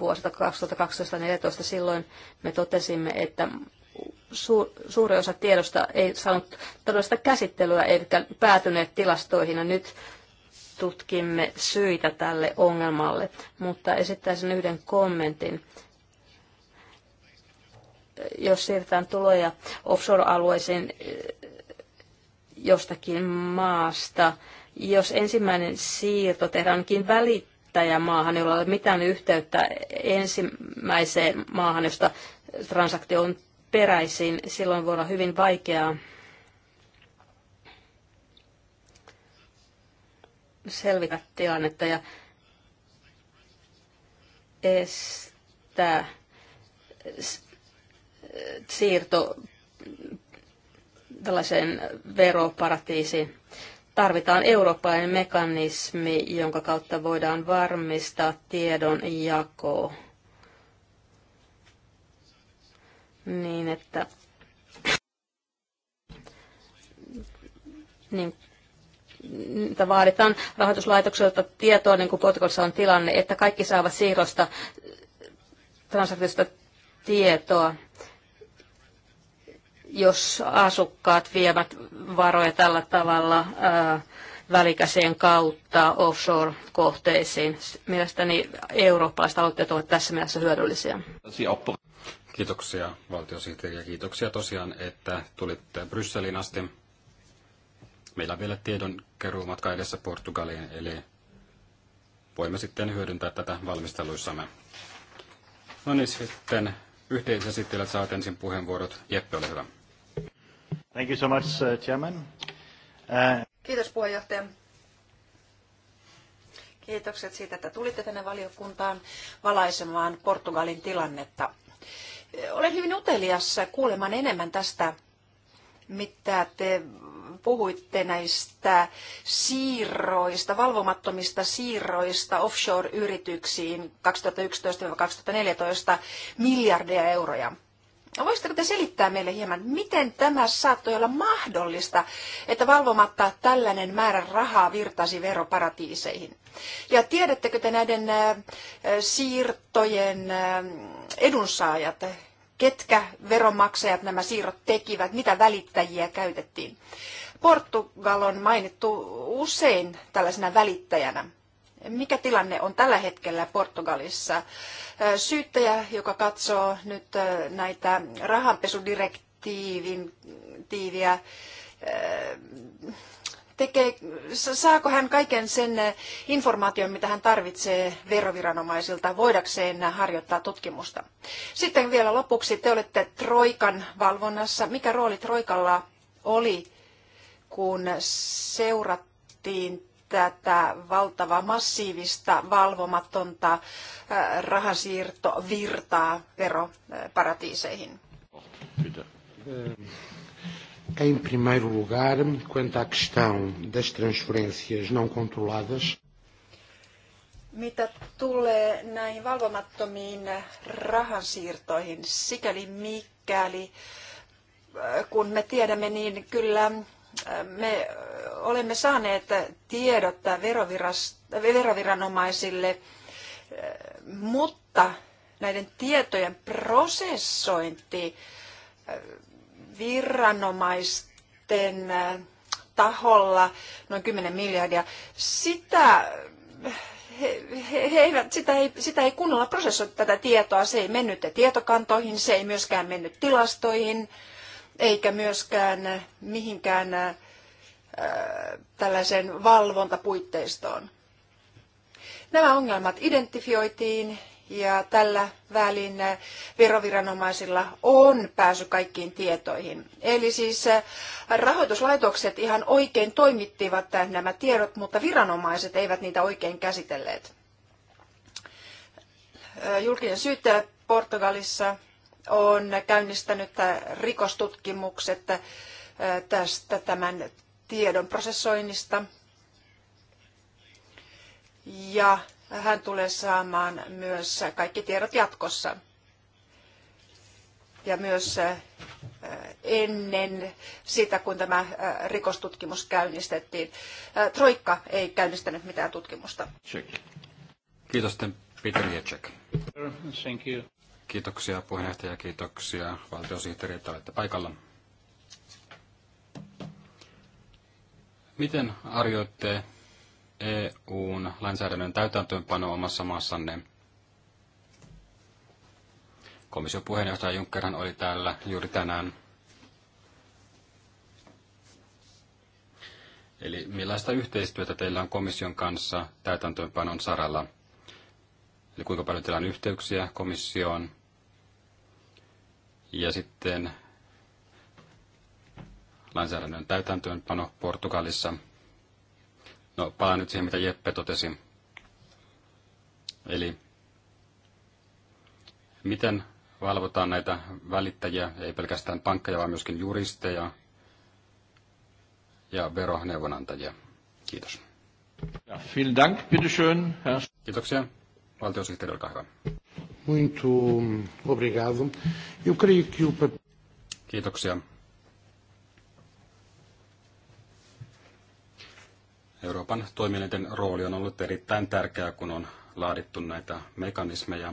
D: vuosilta 2012-2014. Silloin me totesimme, että suuri osa tiedosta ei saanut todellista käsittelyä eikä päätyneet tilastoihin. Ja nyt tutkimme syitä tälle ongelmalle, mutta esittäisin yhden kommentin. Jos siirretään tuloja offshore-alueisiin eh, jostakin maasta, jos ensimmäinen siirto tehdäänkin välittäjämaahan, jolla ei ole mitään yhteyttä ensimmäiseen maahan, josta transaktio on peräisin, silloin voi olla hyvin vaikeaa selvitä tilannetta ja estää siirto tällaiseen veroparatiisiin. Tarvitaan eurooppalainen mekanismi, jonka kautta voidaan varmistaa tiedon jako niin, että niin että vaaditaan rahoituslaitokselta tietoa, niin kuin Portugalissa on tilanne, että kaikki saavat siirrosta transaktiosta tietoa, jos asukkaat vievät varoja tällä tavalla ää, välikäsien kautta offshore-kohteisiin. Mielestäni eurooppalaiset aloitteet ovat tässä mielessä hyödyllisiä.
B: Kiitoksia valtiosihteeri ja kiitoksia tosiaan, että tulitte Brysseliin asti. Meillä on vielä tiedon keruumatka edessä Portugaliin, eli voimme sitten hyödyntää tätä valmisteluissamme. No niin, sitten yhteisesittelijät saavat ensin puheenvuorot. Jeppe, ole hyvä. Thank you so much, uh, Chairman. Uh...
C: Kiitos puheenjohtaja. Kiitokset siitä, että tulitte tänne valiokuntaan valaisemaan Portugalin tilannetta. Olen hyvin uteliassa kuulemaan enemmän tästä, mitä te puhuitte näistä siirroista, valvomattomista siirroista offshore-yrityksiin 2011-2014 miljardia euroja. Voisitteko te selittää meille hieman, miten tämä saattoi olla mahdollista, että valvomatta tällainen määrä rahaa virtasi veroparatiiseihin? Ja tiedättekö te näiden äh, siirtojen äh, edunsaajat, ketkä veronmaksajat nämä siirrot tekivät, mitä välittäjiä käytettiin? Portugal on mainittu usein tällaisena välittäjänä. Mikä tilanne on tällä hetkellä Portugalissa? Syyttäjä, joka katsoo nyt näitä rahanpesudirektiivin tiiviä, tekee, saako hän kaiken sen informaation, mitä hän tarvitsee veroviranomaisilta voidakseen harjoittaa tutkimusta. Sitten vielä lopuksi, te olette Troikan valvonnassa. Mikä rooli Troikalla oli kun seurattiin tätä valtavaa massiivista valvomatonta äh, rahansiirtovirtaa veroparatiiseihin?
A: Em primeiro lugar, quanto à questão das transferências não controladas.
C: Mitä tulee näihin valvomattomiin rahansiirtoihin, sikäli mikäli, äh, kun me tiedämme, niin kyllä me olemme saaneet tiedottaa veroviranomaisille, mutta näiden tietojen prosessointi viranomaisten taholla noin 10 miljardia, sitä he, he, he eivät, sitä, ei, sitä ei kunnolla prosessoitu tätä tietoa. Se ei mennyt tietokantoihin, se ei myöskään mennyt tilastoihin eikä myöskään eh, mihinkään eh, tällaiseen valvontapuitteistoon. Nämä ongelmat identifioitiin ja tällä välin eh, veroviranomaisilla on pääsy kaikkiin tietoihin. Eli siis rahoituslaitokset ihan oikein toimittivat nämä tiedot, mutta viranomaiset eivät niitä oikein käsitelleet. Julkinen syyttäjä Portugalissa on käynnistänyt rikostutkimukset äh, tästä tämän tiedon prosessoinnista. Ja hän tulee saamaan myös kaikki tiedot jatkossa. Ja myös äh, ennen sitä, kun tämä äh, rikostutkimus käynnistettiin. Troikka ei käynnistänyt mitään tutkimusta.
B: Check. Kiitos, Peter Jacek. Thank you. Kiitoksia puheenjohtaja, kiitoksia valtiosihteeri, että olette paikalla. Miten arvioitte EUn lainsäädännön täytäntöönpano omassa maassanne? Komission puheenjohtaja Junckerhan oli täällä juuri tänään. Eli millaista yhteistyötä teillä on komission kanssa täytäntöönpanon saralla? Eli kuinka paljon teillä on yhteyksiä komissioon? Ja sitten lainsäädännön täytäntöönpano Portugalissa. No, palaan nyt siihen, mitä Jeppe totesi. Eli miten valvotaan näitä välittäjiä, ei pelkästään pankkeja, vaan myöskin juristeja ja veroneuvonantajia. Kiitos. Ja, vielen Dank, schön, Herr... Kiitoksia. Valtiosihteeri, olkaa hyvä.
A: Muito obrigado. Eu creio que o...
B: Kiitoksia. Euroopan toimielinten rooli on ollut erittäin tärkeä, kun on laadittu näitä mekanismeja,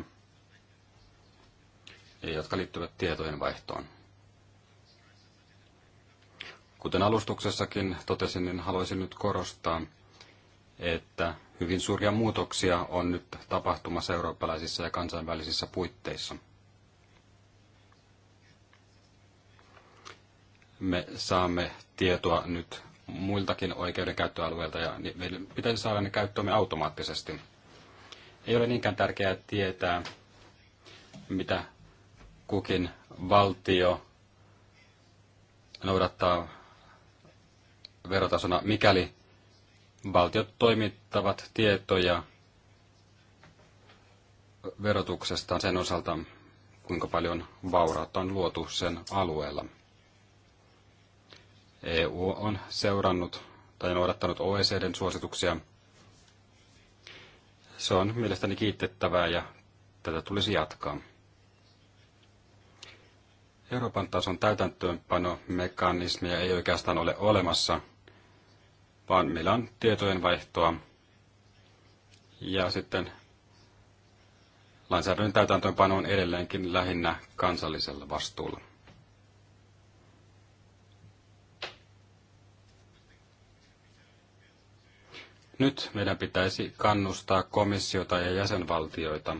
B: jotka liittyvät tietojen vaihtoon. Kuten alustuksessakin totesin, niin haluaisin nyt korostaa, että hyvin suuria muutoksia on nyt tapahtumassa eurooppalaisissa ja kansainvälisissä puitteissa. Me saamme tietoa nyt muiltakin oikeudenkäyttöalueilta ja meidän pitäisi saada ne käyttöömme automaattisesti. Ei ole niinkään tärkeää tietää, mitä kukin valtio noudattaa verotasona, mikäli valtiot toimittavat tietoja verotuksesta sen osalta, kuinka paljon vaurautta on luotu sen alueella. EU on seurannut tai noudattanut OECDn suosituksia. Se on mielestäni kiitettävää ja tätä tulisi jatkaa. Euroopan tason täytäntöönpanomekanismia ei oikeastaan ole olemassa – vaan meillä on tietojen vaihtoa ja sitten lainsäädännön täytäntöönpano on edelleenkin lähinnä kansallisella vastuulla. Nyt meidän pitäisi kannustaa komissiota ja jäsenvaltioita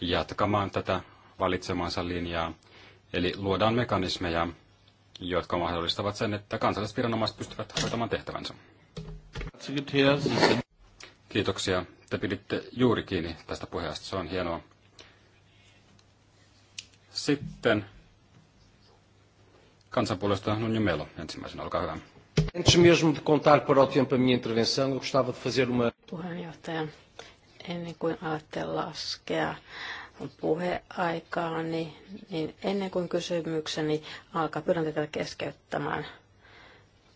B: jatkamaan tätä valitsemansa linjaa, eli luodaan mekanismeja, jotka mahdollistavat sen, että kansalliset viranomaiset pystyvät hoitamaan tehtävänsä. Kiitoksia. Te piditte juuri kiinni tästä puheesta. Se on hienoa. Sitten kansanpuolesta Nuno Melo ensimmäisenä. Olkaa hyvä. Antes mesmo de contar para o tempo a minha intervenção, eu gostava de fazer uma...
D: Puheenjohtaja, ennen kuin alatte laskea puheaikaani, niin ennen kuin kysymykseni alkaa, pyydän tätä keskeyttämään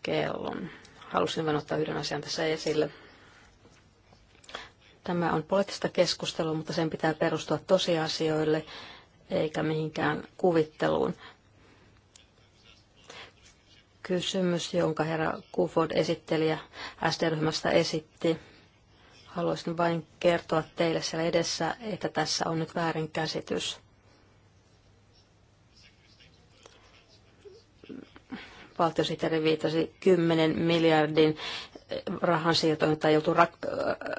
D: kellon. Halusin vain ottaa yhden asian tässä esille. Tämä on poliittista keskustelua, mutta sen pitää perustua tosiasioille eikä mihinkään kuvitteluun. Kysymys, jonka herra Kufod esittelijä SD-ryhmästä esitti Haluaisin vain kertoa teille siellä edessä, että tässä on nyt väärinkäsitys. Valtiosihteeri viitasi 10 miljardin eh, rahansiirtoon, jota joutuu oltu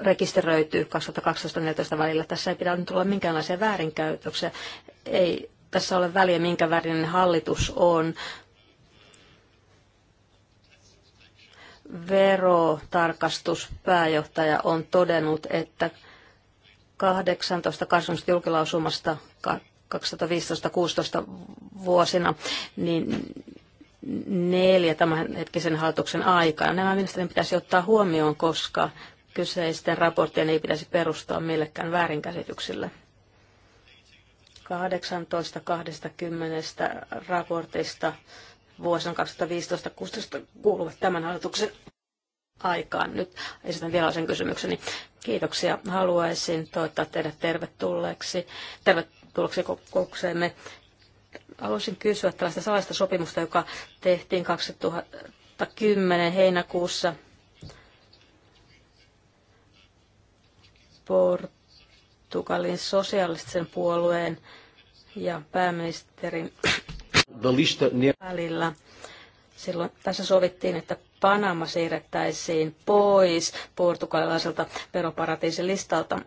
D: rekisteröity 2012-2014 välillä. Tässä ei pidä nyt olla minkäänlaisia väärinkäytöksiä. Ei tässä ole väliä, minkä värinen hallitus on. verotarkastuspääjohtaja on todennut, että 18 kansallisesta julkilausumasta 2015-2016 vuosina, niin neljä tämän hetkisen hallituksen aikana. Nämä ministerin pitäisi ottaa huomioon, koska kyseisten raporttien ei pitäisi perustua millekään väärinkäsityksille. 18-20 raportista vuosina 2015-2016 kuuluvat tämän hallituksen aikaan. Nyt esitän vielä sen kysymykseni. Kiitoksia. Haluaisin toivottaa teidät tervetulleeksi, tervetulleeksi kokoukseemme. Haluaisin kysyä tällaista salaista sopimusta, joka tehtiin 2010 heinäkuussa Portugalin sosiaalisten puolueen ja pääministerin välillä. Silloin tässä sovittiin, että Panama siirrettäisiin pois portugalilaiselta veroparatiisin listalta.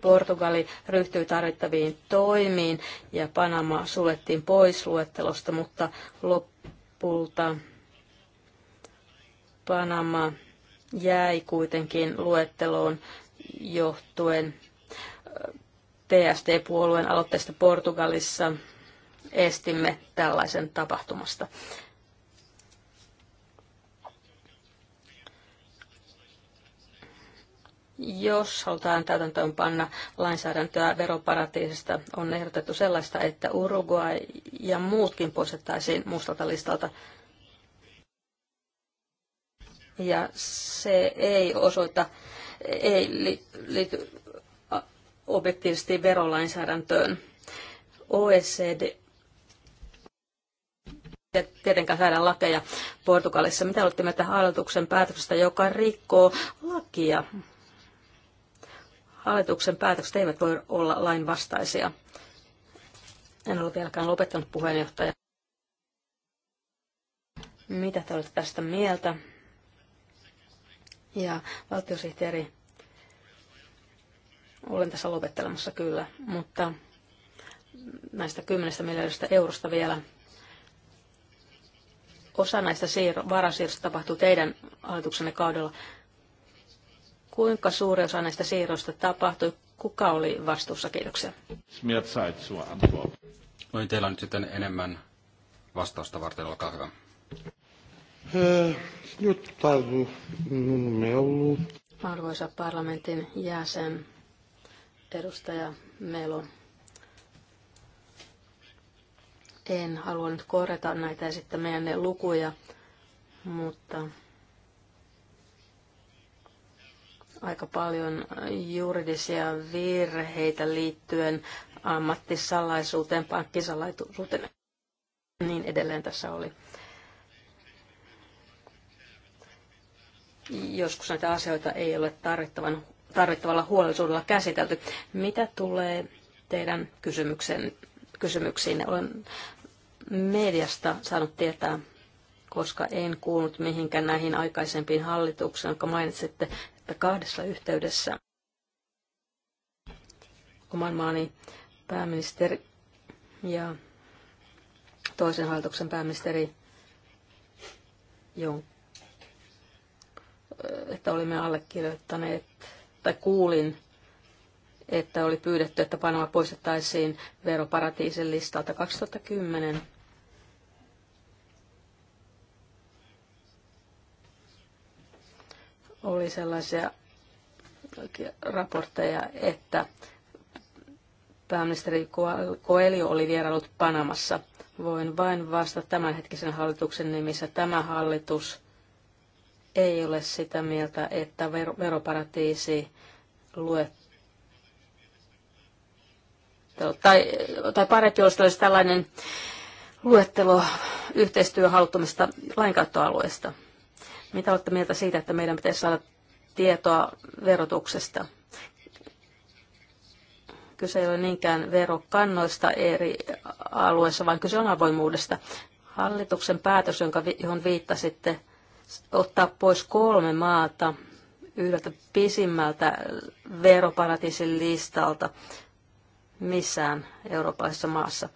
D: Portugali ryhtyi tarvittaviin toimiin ja Panama suljettiin pois luettelosta, mutta lopulta Panama jäi kuitenkin luetteloon johtuen tst äh, puolueen aloitteesta Portugalissa – estimme tällaisen tapahtumasta. Jos halutaan täytäntöön panna lainsäädäntöä veroparatiisista, on ehdotettu sellaista, että Uruguay ja muutkin poistettaisiin mustalta listalta. Ja se ei osoita, ei liity objektiivisesti verolainsäädäntöön. OECD, tietenkään säädä lakeja Portugalissa. Mitä olette mieltä hallituksen päätöksestä, joka rikkoo lakia? Hallituksen päätökset eivät voi olla lainvastaisia. En ole vieläkään lopettanut puheenjohtaja. Mitä te olette tästä mieltä? Ja valtiosihteeri, olen tässä lopettelemassa kyllä, mutta näistä kymmenestä miljardista eurosta vielä osa näistä siirro, varasiirroista tapahtuu teidän hallituksenne kaudella. Kuinka suuri osa näistä siirroista tapahtui? Kuka oli vastuussa? Kiitoksia.
B: No teillä on nyt sitten enemmän vastausta varten, olkaa hyvä.
A: Äh,
D: Arvoisa parlamentin jäsen, edustaja Melo. En halua nyt korjata näitä ne lukuja, mutta aika paljon juridisia virheitä liittyen ammattisalaisuuteen, pankkisalaisuuteen niin edelleen tässä oli. Joskus näitä asioita ei ole tarvittavan, tarvittavalla huolellisuudella käsitelty. Mitä tulee teidän kysymykseen, kysymyksiin? Olen mediasta saanut tietää, koska en kuullut mihinkään näihin aikaisempiin hallituksiin, jotka mainitsitte, että kahdessa yhteydessä oman maani pääministeri ja toisen hallituksen pääministeri, jon, että olimme allekirjoittaneet, tai kuulin, että oli pyydetty, että Panama poistettaisiin veroparatiisin listalta 2010 oli sellaisia raportteja, että pääministeri Koelio oli vierailut Panamassa. Voin vain vastata tämänhetkisen hallituksen nimissä. Tämä hallitus ei ole sitä mieltä, että veroparatiisi luet tai, tai parempi olisi, olisi tällainen luettelo yhteistyöhaluttomista lainkäyttöalueista. Mitä olette mieltä siitä, että meidän pitäisi saada tietoa verotuksesta? Kyse ei ole niinkään verokannoista eri alueissa, vaan kyse on avoimuudesta. Hallituksen päätös, jonka, johon viittasitte, ottaa pois kolme maata yhdeltä pisimmältä veroparatiisin listalta missään eurooppalaisessa maassa.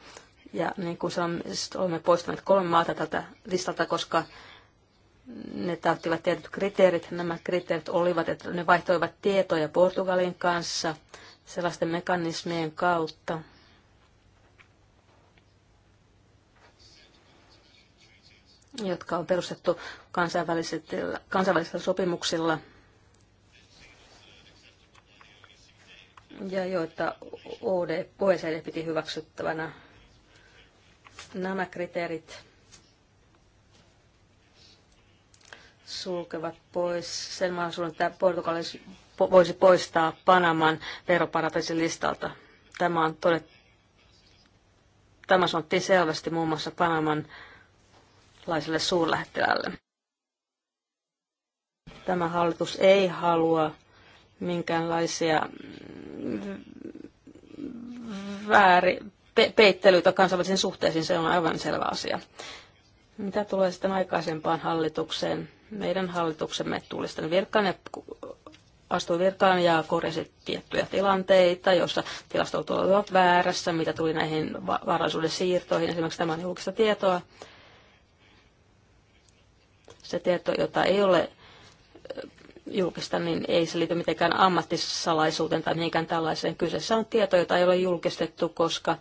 D: Ja niin kuin sanoin, olemme poistaneet kolme maata tältä listalta, koska ne täyttivät tietyt kriteerit. Nämä kriteerit olivat, että ne vaihtoivat tietoja Portugalin kanssa sellaisten mekanismien kautta, jotka on perustettu kansainvälisillä, kansainvälisillä sopimuksilla ja joita OECD e piti hyväksyttävänä. Nämä kriteerit sulkevat pois sen mahdollisuuden, että Portugali voisi poistaa Panaman veroparatiisin listalta. Tämä on todet... Tämä sanottiin selvästi muun muassa Panaman laiselle suurlähettilälle. Tämä hallitus ei halua minkäänlaisia väärin pe- peittelyitä kansainvälisiin suhteisiin, se on aivan selvä asia. Mitä tulee sitten aikaisempaan hallitukseen? meidän hallituksemme tuli sitten virkaan ja astui virkaan ja korjasi tiettyjä tilanteita, joissa tilastot olivat väärässä, mitä tuli näihin varallisuuden siirtoihin, esimerkiksi tämän julkista tietoa. Se tieto, jota ei ole julkista, niin ei se liity mitenkään ammattisalaisuuteen tai mihinkään tällaiseen. Kyseessä on tieto, jota ei ole julkistettu, koska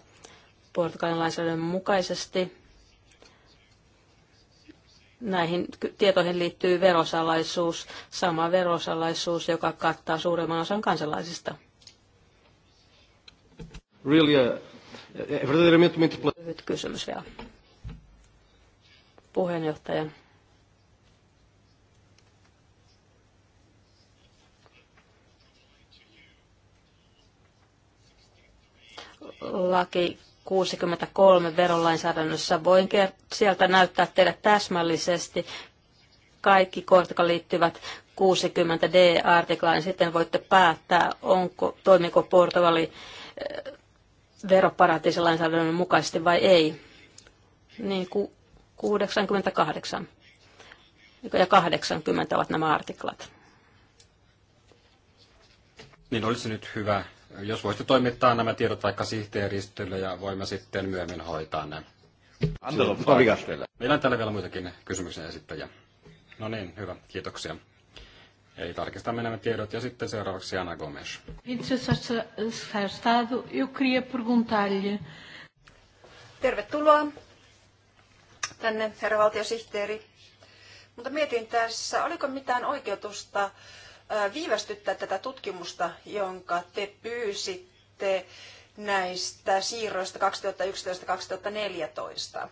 D: portugalin lainsäädännön mukaisesti näihin tietoihin liittyy verosalaisuus, sama verosalaisuus, joka kattaa suurimman osan kansalaisista. Really, uh, eh, muito... Lyhyt kysymys vielä. Puheenjohtaja. Laki 63 verolainsäädännössä. Voin sieltä näyttää teille täsmällisesti kaikki kohdat, jotka liittyvät 60D-artiklaan, niin sitten voitte päättää, onko, toimiko Portugali eh, veroparatiisilainsäädännön mukaisesti vai ei. Niin ku, 68 ja 80 ovat nämä artiklat.
B: Niin olisi nyt hyvä jos voisitte toimittaa nämä tiedot vaikka sihteeristölle ja voimme sitten myöhemmin hoitaa ne. Meillä on täällä vielä muitakin kysymyksiä esittäjiä. No niin, hyvä, kiitoksia. Eli tarkistamme nämä tiedot ja sitten seuraavaksi Anna Gomes.
C: Tervetuloa tänne, herra valtiosihteeri. Mutta mietin tässä, oliko mitään oikeutusta viivästyttää tätä tutkimusta, jonka te pyysitte näistä siirroista 2011-2014.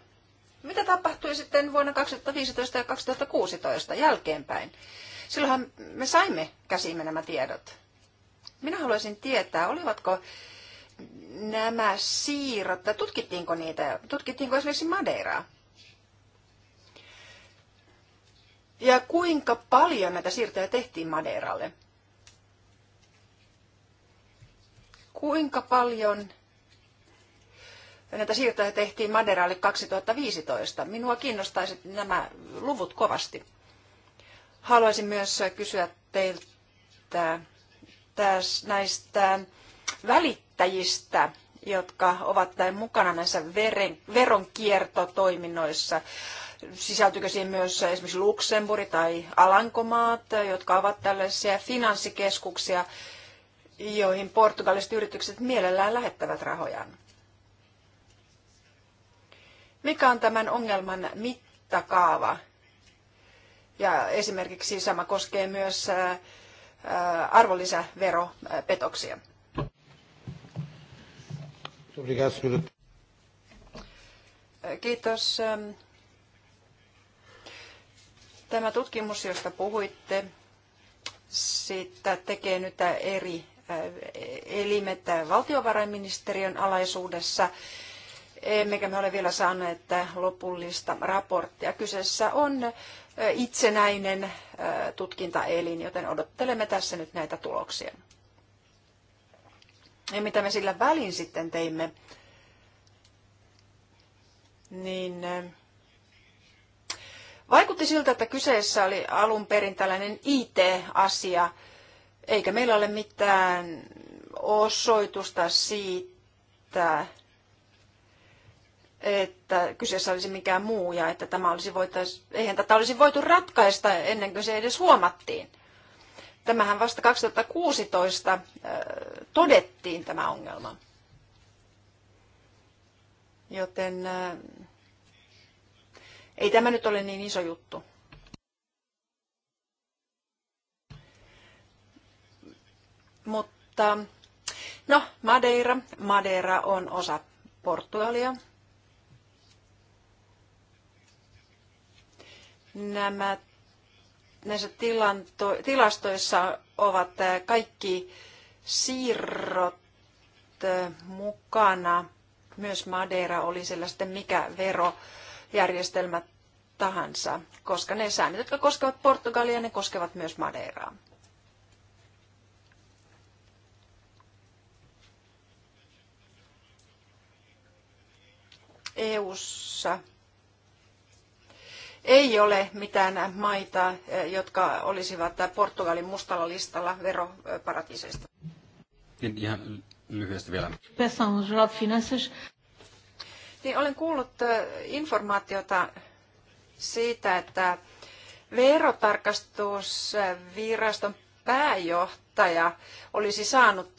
C: Mitä tapahtui sitten vuonna 2015 ja 2016 jälkeenpäin? Silloinhan me saimme käsiimme nämä tiedot. Minä haluaisin tietää, olivatko nämä siirrot, tutkittiinko niitä, tutkittiinko esimerkiksi Madeiraa? Ja kuinka paljon näitä siirtoja tehtiin Madeiralle? Kuinka paljon näitä siirtoja tehtiin Madeiralle 2015? Minua kiinnostaisi nämä luvut kovasti. Haluaisin myös kysyä teiltä näistä välittäjistä, jotka ovat näin mukana näissä veren, veronkiertotoiminnoissa. Sisältyykö siihen myös esimerkiksi Luxemburg tai Alankomaat, jotka ovat tällaisia finanssikeskuksia, joihin portugaliset yritykset mielellään lähettävät rahojaan? Mikä on tämän ongelman mittakaava? Ja esimerkiksi sama koskee myös arvonlisäveropetoksia. Kiitos. Tämä tutkimus, josta puhuitte, sitä tekee nyt eri äh, elimet valtiovarainministeriön alaisuudessa, emmekä me ole vielä saaneet lopullista raporttia. Kyseessä on äh, itsenäinen äh, tutkintaelin, joten odottelemme tässä nyt näitä tuloksia. Ja mitä me sillä välin sitten teimme, niin Vaikutti siltä, että kyseessä oli alun perin tällainen IT-asia, eikä meillä ole mitään osoitusta siitä, että kyseessä olisi mikään muu ja että tämä olisi voitais, eihän tätä olisi voitu ratkaista ennen kuin se edes huomattiin. Tämähän vasta 2016 äh, todettiin tämä ongelma. Joten äh, ei tämä nyt ole niin iso juttu. Mutta no, Madeira. Madeira on osa Portugalia. Nämä näissä tilanto, tilastoissa ovat eh, kaikki siirrot eh, mukana. Myös Madeira oli siellä sitten mikä vero järjestelmä tahansa, koska ne säännöt, jotka koskevat Portugalia, ne koskevat myös Madeiraa. EU:ssa ei ole mitään maita, jotka olisivat Portugalin mustalla listalla veroparatiiseista.
B: Ihan lyhyesti vielä
C: niin olen kuullut informaatiota siitä, että verotarkastusviraston pääjohtaja olisi saanut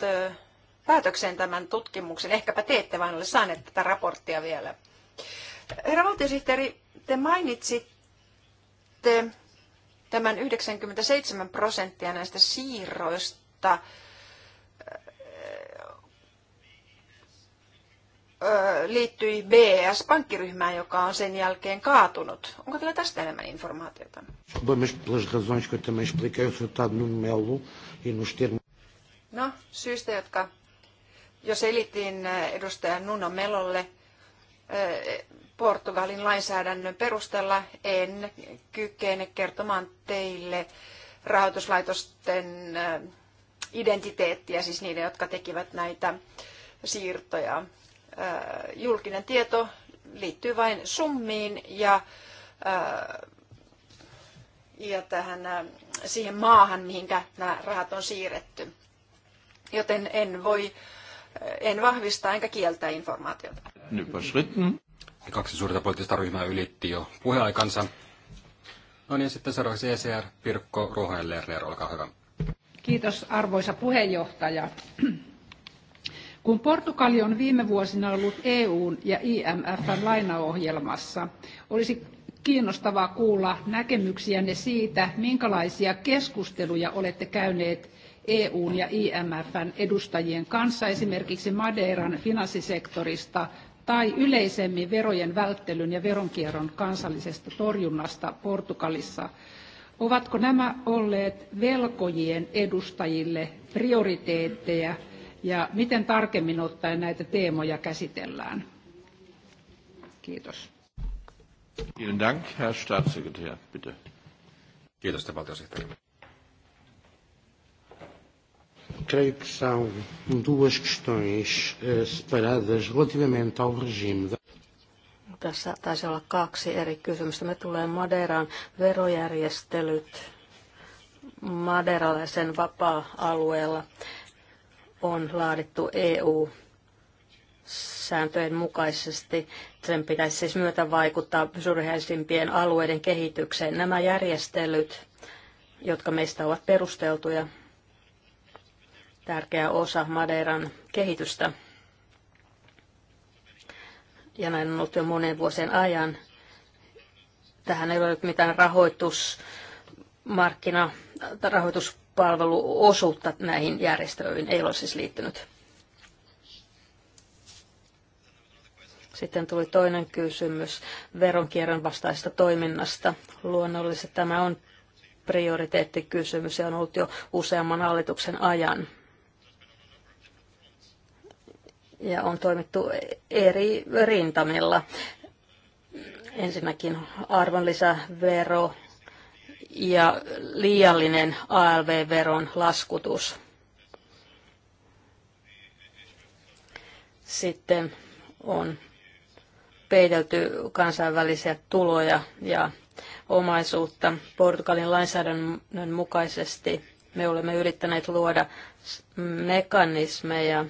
C: päätökseen tämän tutkimuksen. Ehkäpä te ette vain ole saaneet tätä raporttia vielä. Herra valtiosihteeri, te mainitsitte tämän 97 prosenttia näistä siirroista liittyi BES-pankkiryhmään, joka on sen jälkeen kaatunut. Onko teillä tästä enemmän informaatiota? E no, syystä, jotka jo selitin edustaja Nuno Melolle Portugalin lainsäädännön perusteella, en kykene kertomaan teille rahoituslaitosten identiteettiä, siis niiden, jotka tekivät näitä siirtoja julkinen tieto liittyy vain summiin ja, ja tähän, siihen maahan, mihinkä nämä rahat on siirretty. Joten en voi en vahvista enkä kieltää informaatiota.
B: Kaksi suurta poliittista ryhmää ylitti jo puheaikansa. No niin, sitten seuraavaksi ECR, Pirkko Ruohonen Lerner, olkaa hyvä.
E: Kiitos arvoisa puheenjohtaja. Kun Portugali on viime vuosina ollut EUn ja IMFn lainaohjelmassa, olisi kiinnostavaa kuulla näkemyksiänne siitä, minkälaisia keskusteluja olette käyneet EUn ja IMFn edustajien kanssa esimerkiksi Madeiran finanssisektorista tai yleisemmin verojen välttelyn ja veronkierron kansallisesta torjunnasta Portugalissa. Ovatko nämä olleet velkojien edustajille prioriteetteja ja miten tarkemmin ottaen näitä teemoja käsitellään. Kiitos.
A: Vielen Dank, Herr
B: Staatssekretär, bitte. Kiitos, te valtiosihteeri.
A: Creio que são duas questões eh, separadas relativamente ao regime da
D: tässä taisi olla kaksi eri kysymystä. Me tulee Maderaan verojärjestelyt maderalaisen vapaa-alueella on laadittu EU sääntöjen mukaisesti. Sen pitäisi siis myötä vaikuttaa syrjäisimpien alueiden kehitykseen. Nämä järjestelyt, jotka meistä ovat perusteltuja, tärkeä osa Madeiran kehitystä. Ja näin on ollut jo monen vuosien ajan. Tähän ei ole mitään rahoitusmarkkina, rahoitus palveluosuutta näihin järjestöihin ei ole siis liittynyt. Sitten tuli toinen kysymys veronkierron vastaisesta toiminnasta. Luonnollisesti tämä on prioriteettikysymys ja on ollut jo useamman hallituksen ajan. Ja on toimittu eri rintamilla. Ensinnäkin arvonlisävero, ja liiallinen ALV-veron laskutus. Sitten on peitelty kansainvälisiä tuloja ja omaisuutta Portugalin lainsäädännön mukaisesti. Me olemme yrittäneet luoda mekanismeja,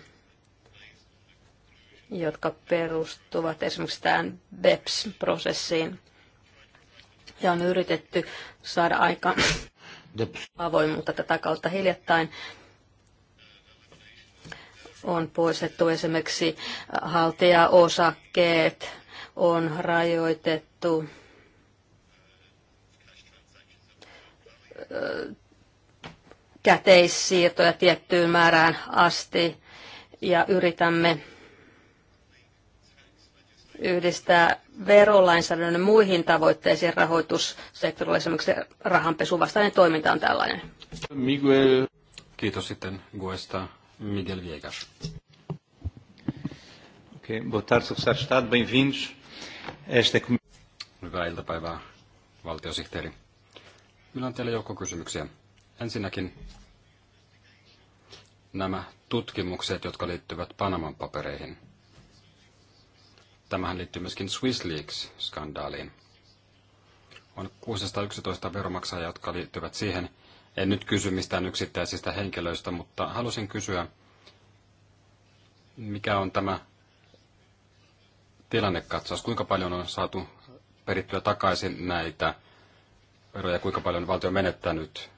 D: jotka perustuvat esimerkiksi tähän BEPS-prosessiin ja on yritetty saada aika avoimuutta tätä kautta hiljattain. On poistettu esimerkiksi haltijaosakkeet, on rajoitettu käteissiirtoja tiettyyn määrään asti ja yritämme yhdistää verolainsäädännön muihin tavoitteisiin rahoitussektorilla, esimerkiksi rahanpesuvastainen toiminta on tällainen.
B: Miguel. Kiitos sitten Guesta Miguel Viegas. Okay. Boa tarde, secretário Bem-vindos. Hyvää iltapäivää, valtiosihteeri. Meillä on teille joukko kysymyksiä. Ensinnäkin nämä tutkimukset, jotka liittyvät Panaman papereihin – Tämähän liittyy myöskin Swiss Leaks-skandaaliin. On 611 veromaksajaa, jotka liittyvät siihen. En nyt kysy mistään yksittäisistä henkilöistä, mutta halusin kysyä, mikä on tämä tilannekatsaus, kuinka paljon on saatu perittyä takaisin näitä veroja, kuinka paljon valtio on menettänyt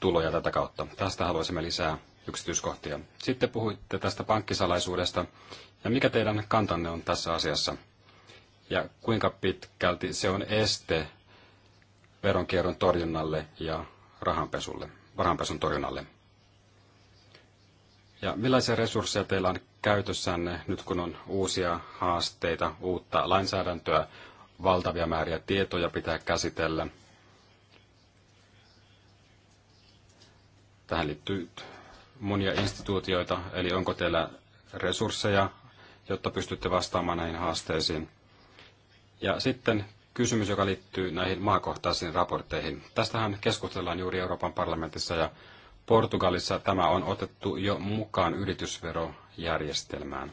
B: tuloja tätä kautta. Tästä haluaisimme lisää yksityiskohtia. Sitten puhuitte tästä pankkisalaisuudesta ja mikä teidän kantanne on tässä asiassa? Ja kuinka pitkälti se on este veronkierron torjunnalle ja rahanpesulle, rahanpesun torjunnalle? Ja millaisia resursseja teillä on käytössänne nyt, kun on uusia haasteita, uutta lainsäädäntöä, valtavia määriä tietoja pitää käsitellä? Tähän liittyy monia instituutioita, eli onko teillä resursseja jotta pystytte vastaamaan näihin haasteisiin. Ja sitten kysymys, joka liittyy näihin maakohtaisiin raportteihin. Tästähän keskustellaan juuri Euroopan parlamentissa ja Portugalissa tämä on otettu jo mukaan yritysverojärjestelmään.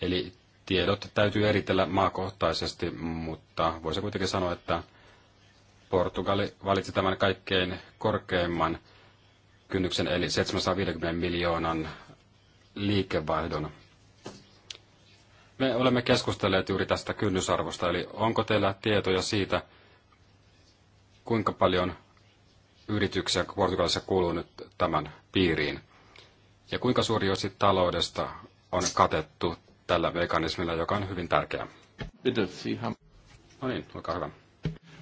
B: Eli tiedot täytyy eritellä maakohtaisesti, mutta voisi kuitenkin sanoa, että Portugali valitsi tämän kaikkein korkeimman kynnyksen, eli 750 miljoonan liikevaihdon. Me olemme keskustelleet juuri tästä kynnysarvosta, eli onko teillä tietoja siitä, kuinka paljon yrityksiä Portugalissa kuuluu nyt tämän piiriin? Ja kuinka suuri osa taloudesta on katettu tällä mekanismilla, joka on hyvin tärkeä? No niin, olkaa hyvä.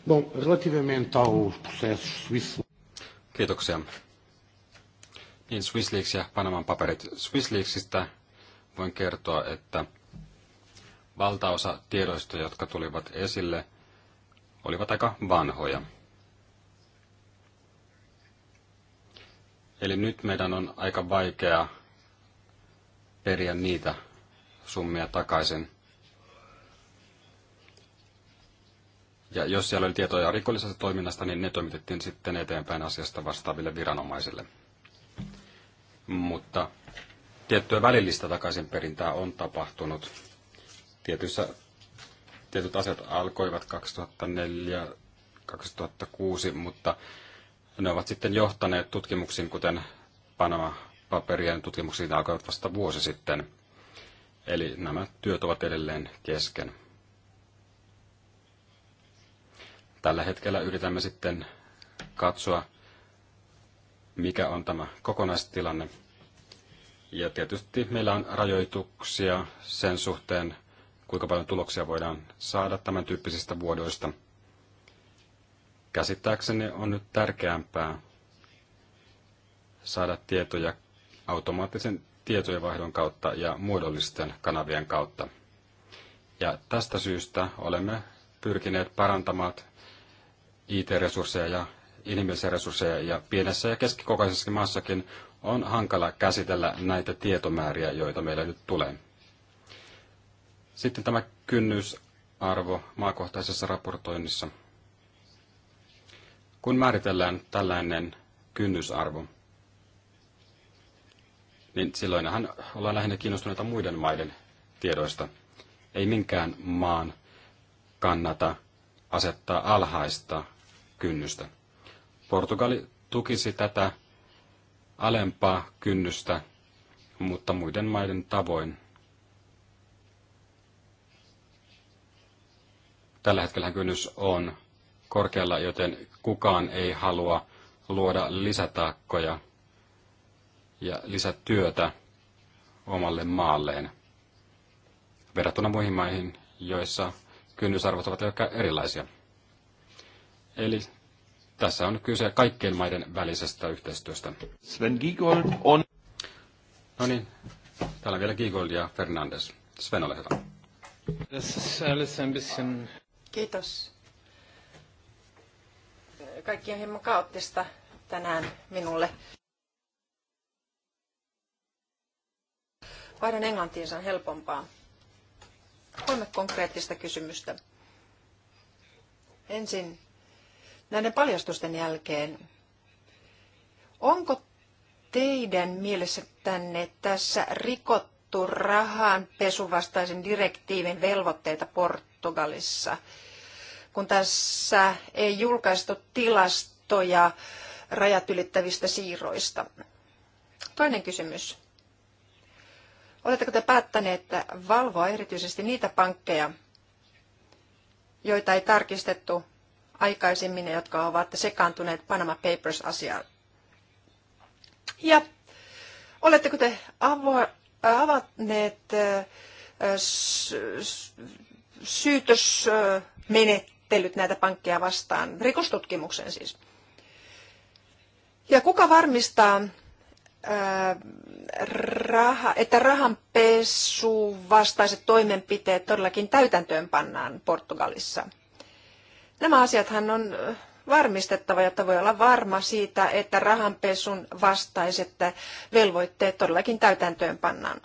A: No, relativamente
B: Kiitoksia. Niin, Swissleaks ja Panaman paperit. Swissleaksista voin kertoa, että valtaosa tiedoista, jotka tulivat esille, olivat aika vanhoja. Eli nyt meidän on aika vaikea periä niitä summia takaisin. Ja jos siellä oli tietoja rikollisesta toiminnasta, niin ne toimitettiin sitten eteenpäin asiasta vastaaville viranomaisille mutta tiettyä välillistä takaisinperintää on tapahtunut. Tietyissä, tietyt asiat alkoivat 2004 2006, mutta ne ovat sitten johtaneet tutkimuksiin, kuten Panama-paperien tutkimuksiin alkoivat vasta vuosi sitten. Eli nämä työt ovat edelleen kesken. Tällä hetkellä yritämme sitten katsoa, mikä on tämä kokonaistilanne. Ja tietysti meillä on rajoituksia sen suhteen, kuinka paljon tuloksia voidaan saada tämän tyyppisistä vuodoista. Käsittääkseni on nyt tärkeämpää saada tietoja automaattisen tietojenvaihdon kautta ja muodollisten kanavien kautta. Ja tästä syystä olemme pyrkineet parantamaan IT-resursseja ja inhimillisiä resursseja ja pienessä ja keskikokoisessa maassakin on hankala käsitellä näitä tietomääriä, joita meillä nyt tulee. Sitten tämä kynnysarvo maakohtaisessa raportoinnissa. Kun määritellään tällainen kynnysarvo, niin silloinhan ollaan lähinnä kiinnostuneita muiden maiden tiedoista. Ei minkään maan kannata asettaa alhaista kynnystä. Portugali tukisi tätä alempaa kynnystä, mutta muiden maiden tavoin. Tällä hetkellä kynnys on korkealla, joten kukaan ei halua luoda lisätaakkoja ja lisätyötä omalle maalleen verrattuna muihin maihin, joissa kynnysarvot ovat ehkä erilaisia. Eli tässä on kyse kaikkien maiden välisestä yhteistyöstä. Sven Giegold on... No niin, täällä on vielä Giegold ja Fernandes. Sven, ole hyvä.
C: Kiitos. Kaikki on hieman kaoottista tänään minulle. Vaihdan englantiin, se on helpompaa. Kolme konkreettista kysymystä. Ensin näiden paljastusten jälkeen. Onko teidän mielessä tänne tässä rikottu rahan pesuvastaisen direktiivin velvoitteita Portugalissa, kun tässä ei julkaistu tilastoja rajat ylittävistä siirroista? Toinen kysymys. Oletteko te päättäneet valvoa erityisesti niitä pankkeja, joita ei tarkistettu aikaisemmin, jotka ovat sekaantuneet Panama Papers-asiaan. Ja oletteko te avo- äh, avanneet äh, syytösmenettelyt näitä pankkeja vastaan, rikostutkimuksen siis? Ja kuka varmistaa, äh, raha, että rahanpesu vastaiset toimenpiteet todellakin täytäntöön pannaan Portugalissa? Nämä asiathan on varmistettava, jotta voi olla varma siitä, että rahanpesun vastaiset velvoitteet todellakin täytäntöön pannaan.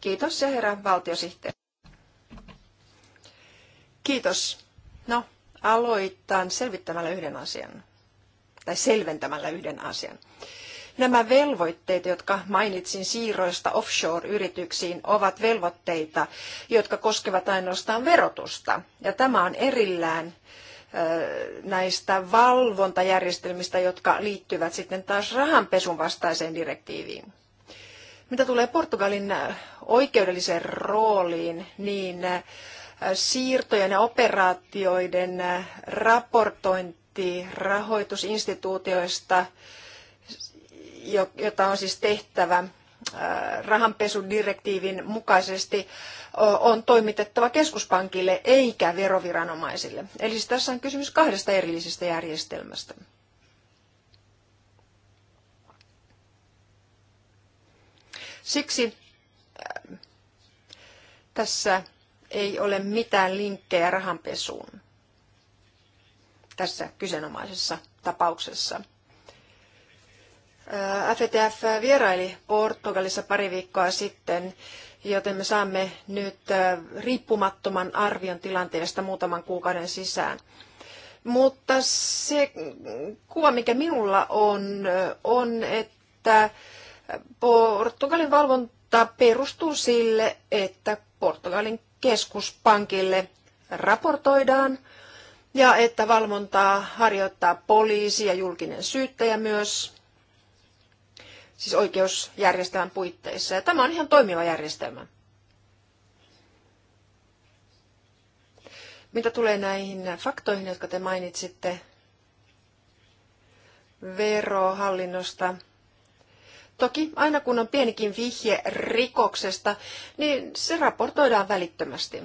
C: Kiitos ja herra valtiosihteeri. Kiitos. No, aloitan selvittämällä yhden asian, tai selventämällä yhden asian. Nämä velvoitteet, jotka mainitsin siirroista offshore-yrityksiin, ovat velvoitteita, jotka koskevat ainoastaan verotusta. Ja tämä on erillään näistä valvontajärjestelmistä, jotka liittyvät sitten taas rahanpesun vastaiseen direktiiviin. Mitä tulee Portugalin oikeudelliseen rooliin, niin siirtojen ja operaatioiden raportointi rahoitusinstituutioista, jota on siis tehtävä rahanpesudirektiivin mukaisesti on toimitettava keskuspankille eikä veroviranomaisille. Eli siis tässä on kysymys kahdesta erillisestä järjestelmästä. Siksi tässä ei ole mitään linkkejä rahanpesuun tässä kyseenomaisessa tapauksessa. FTF vieraili Portugalissa pari viikkoa sitten joten me saamme nyt riippumattoman arvion tilanteesta muutaman kuukauden sisään. Mutta se kuva, mikä minulla on, on, että Portugalin valvonta perustuu sille, että Portugalin keskuspankille raportoidaan ja että valvontaa harjoittaa poliisi ja julkinen syyttäjä myös siis oikeusjärjestelmän puitteissa. Ja tämä on ihan toimiva järjestelmä. Mitä tulee näihin faktoihin, jotka te mainitsitte verohallinnosta, Toki aina kun on pienikin vihje rikoksesta, niin se raportoidaan välittömästi.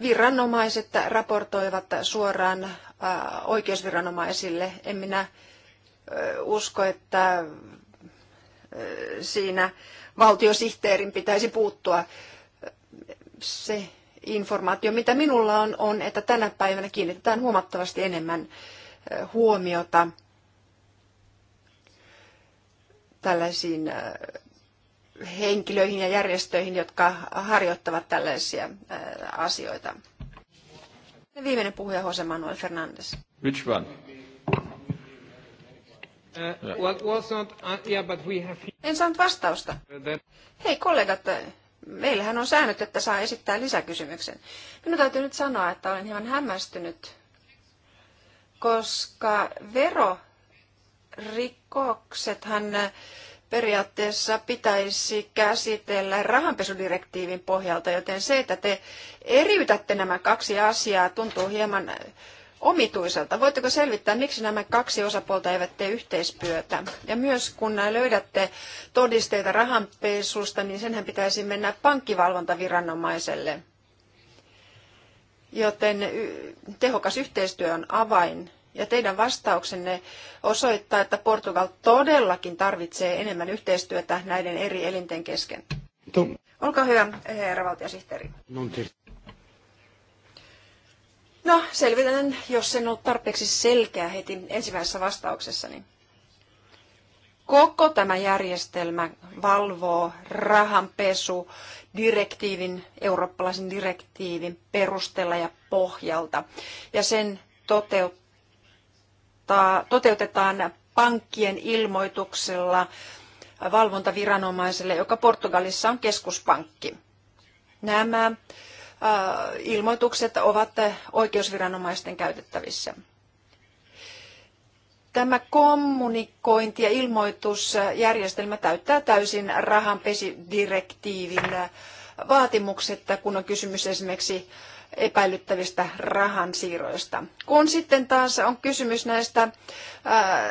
C: Viranomaiset raportoivat suoraan oikeusviranomaisille. En minä usko, että siinä valtiosihteerin pitäisi puuttua. Se informaatio, mitä minulla on, on, että tänä päivänä kiinnitetään huomattavasti enemmän huomiota tällaisiin henkilöihin ja järjestöihin, jotka harjoittavat tällaisia asioita. Viimeinen puhuja Jose Manuel Fernandes. Which one? Uh, uh, en saanut vastausta. Hei kollegat, meillähän on säännöt, että saa esittää lisäkysymyksen. Minun täytyy nyt sanoa, että olen hieman hämmästynyt, koska verorikoksethan periaatteessa pitäisi käsitellä rahanpesudirektiivin pohjalta, joten se, että te eriytätte nämä kaksi asiaa, tuntuu hieman omituiselta. Voitteko selvittää, miksi nämä kaksi osapuolta eivät tee yhteispyötä? Ja myös kun löydätte todisteita rahanpesusta, niin senhän pitäisi mennä pankkivalvontaviranomaiselle. Joten tehokas yhteistyö on avain. Ja teidän vastauksenne osoittaa, että Portugal todellakin tarvitsee enemmän yhteistyötä näiden eri elinten kesken. Olkaa hyvä, herra valtiosihteeri. No, selvitän, jos en on tarpeeksi selkeä heti ensimmäisessä vastauksessani. Koko tämä järjestelmä valvoo rahanpesu direktiivin, eurooppalaisen direktiivin perusteella ja pohjalta. Ja sen toteuttaa, toteutetaan pankkien ilmoituksella valvontaviranomaiselle, joka Portugalissa on keskuspankki. Nämä ilmoitukset ovat oikeusviranomaisten käytettävissä. Tämä kommunikointi- ja ilmoitusjärjestelmä täyttää täysin rahanpesidirektiivin vaatimukset, kun on kysymys esimerkiksi epäilyttävistä rahansiirroista. Kun sitten taas on kysymys näistä ää,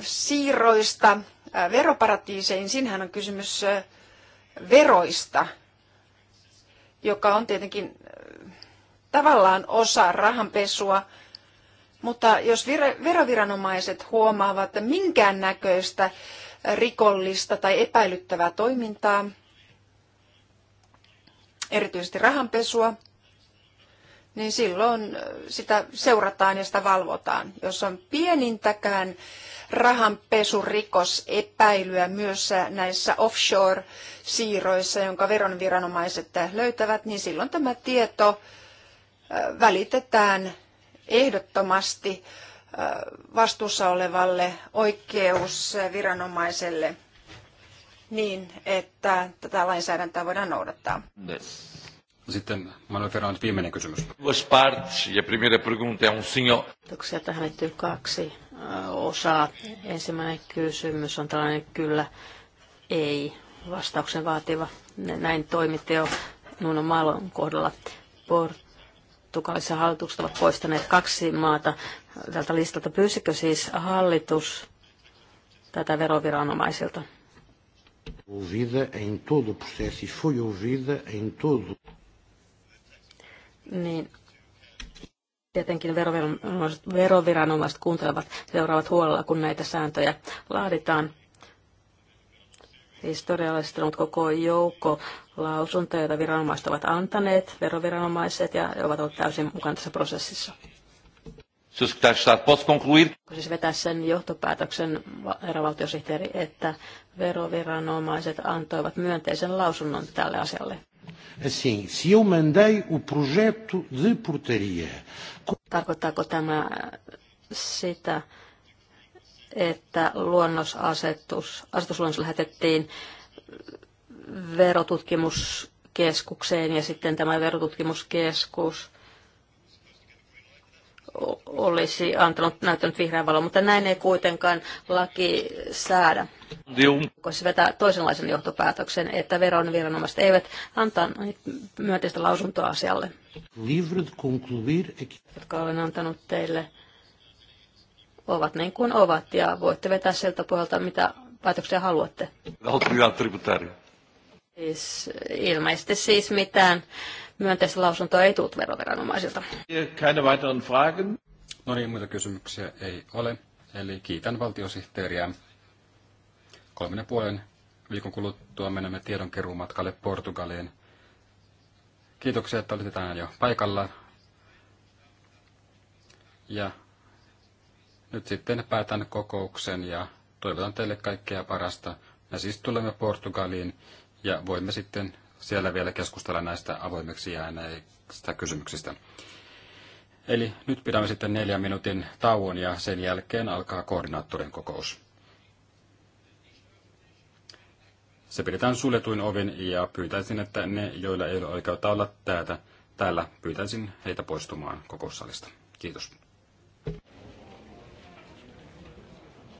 C: siirroista ää, veroparatiiseihin, siinähän on kysymys ää, veroista, joka on tietenkin äh, tavallaan osa rahanpesua, mutta jos veroviranomaiset huomaavat minkään näköistä rikollista tai epäilyttävää toimintaa, erityisesti rahanpesua, niin silloin äh, sitä seurataan ja sitä valvotaan. Jos on pienintäkään rahanpesurikosepäilyä myös näissä offshore-siirroissa, jonka veronviranomaiset löytävät, niin silloin tämä tieto välitetään ehdottomasti vastuussa olevalle oikeusviranomaiselle niin, että tätä lainsäädäntöä voidaan noudattaa.
B: Yes. Sitten Manuel Fernandes, viimeinen kysymys. E um
C: Kiitoksia. Tähän liittyy kaksi
D: osaa. Ensimmäinen kysymys on tällainen kyllä, ei vastauksen vaativa. Näin toimitte jo Nuno Malon kohdalla. Portugalissa hallitukset ovat poistaneet kaksi maata tältä listalta. Pyysikö siis hallitus tätä veroviranomaisilta?
A: Ouvida em todo o processo e foi ouvida em todo.
D: Niin, Tietenkin veroviranomaiset, veroviranomaiset kuuntelevat seuraavat huolella, kun näitä sääntöjä laaditaan. Historiallisesti siis on koko joukko lausuntoja, joita viranomaiset ovat antaneet, veroviranomaiset, ja ovat olleet täysin mukana tässä prosessissa.
A: Siis
D: vetää sen johtopäätöksen, herra valtiosihteeri, että veroviranomaiset antoivat myönteisen lausunnon tälle asialle.
A: Assim, se eu mandei o projeto de portaria...
D: Tarkoittaako tämä sitä, että luonnosasetus, asetusluonnos lähetettiin verotutkimuskeskukseen ja sitten tämä verotutkimuskeskus olisi antanut, näyttänyt vihreän valon, mutta näin ei kuitenkaan laki säädä. Se vetää toisenlaisen johtopäätöksen, että viranomaiset eivät antaa myönteistä lausuntoa asialle, jotka olen antanut teille, ovat niin kuin ovat ja voitte vetää sieltä puolelta, mitä päätöksiä haluatte. Siis, ilmeisesti siis mitään myönteistä lausuntoa ei tullut veroviranomaisilta.
B: Keine weiteren Fragen. No niin, muita kysymyksiä ei ole. Eli kiitän valtiosihteeriä. Kolmen ja puolen viikon kuluttua menemme tiedonkeruumatkalle Portugaliin. Kiitoksia, että olitte tänään jo paikalla. Ja nyt sitten päätän kokouksen ja toivotan teille kaikkea parasta. Me siis tulemme Portugaliin ja voimme sitten siellä vielä keskustella näistä avoimeksi jääneistä kysymyksistä. Eli nyt pidämme sitten neljän minuutin tauon ja sen jälkeen alkaa koordinaattorin kokous. Se pidetään suljetuin ovin ja pyytäisin, että ne, joilla ei ole oikeutta olla täältä, täällä pyytäisin heitä poistumaan kokoussalista. Kiitos.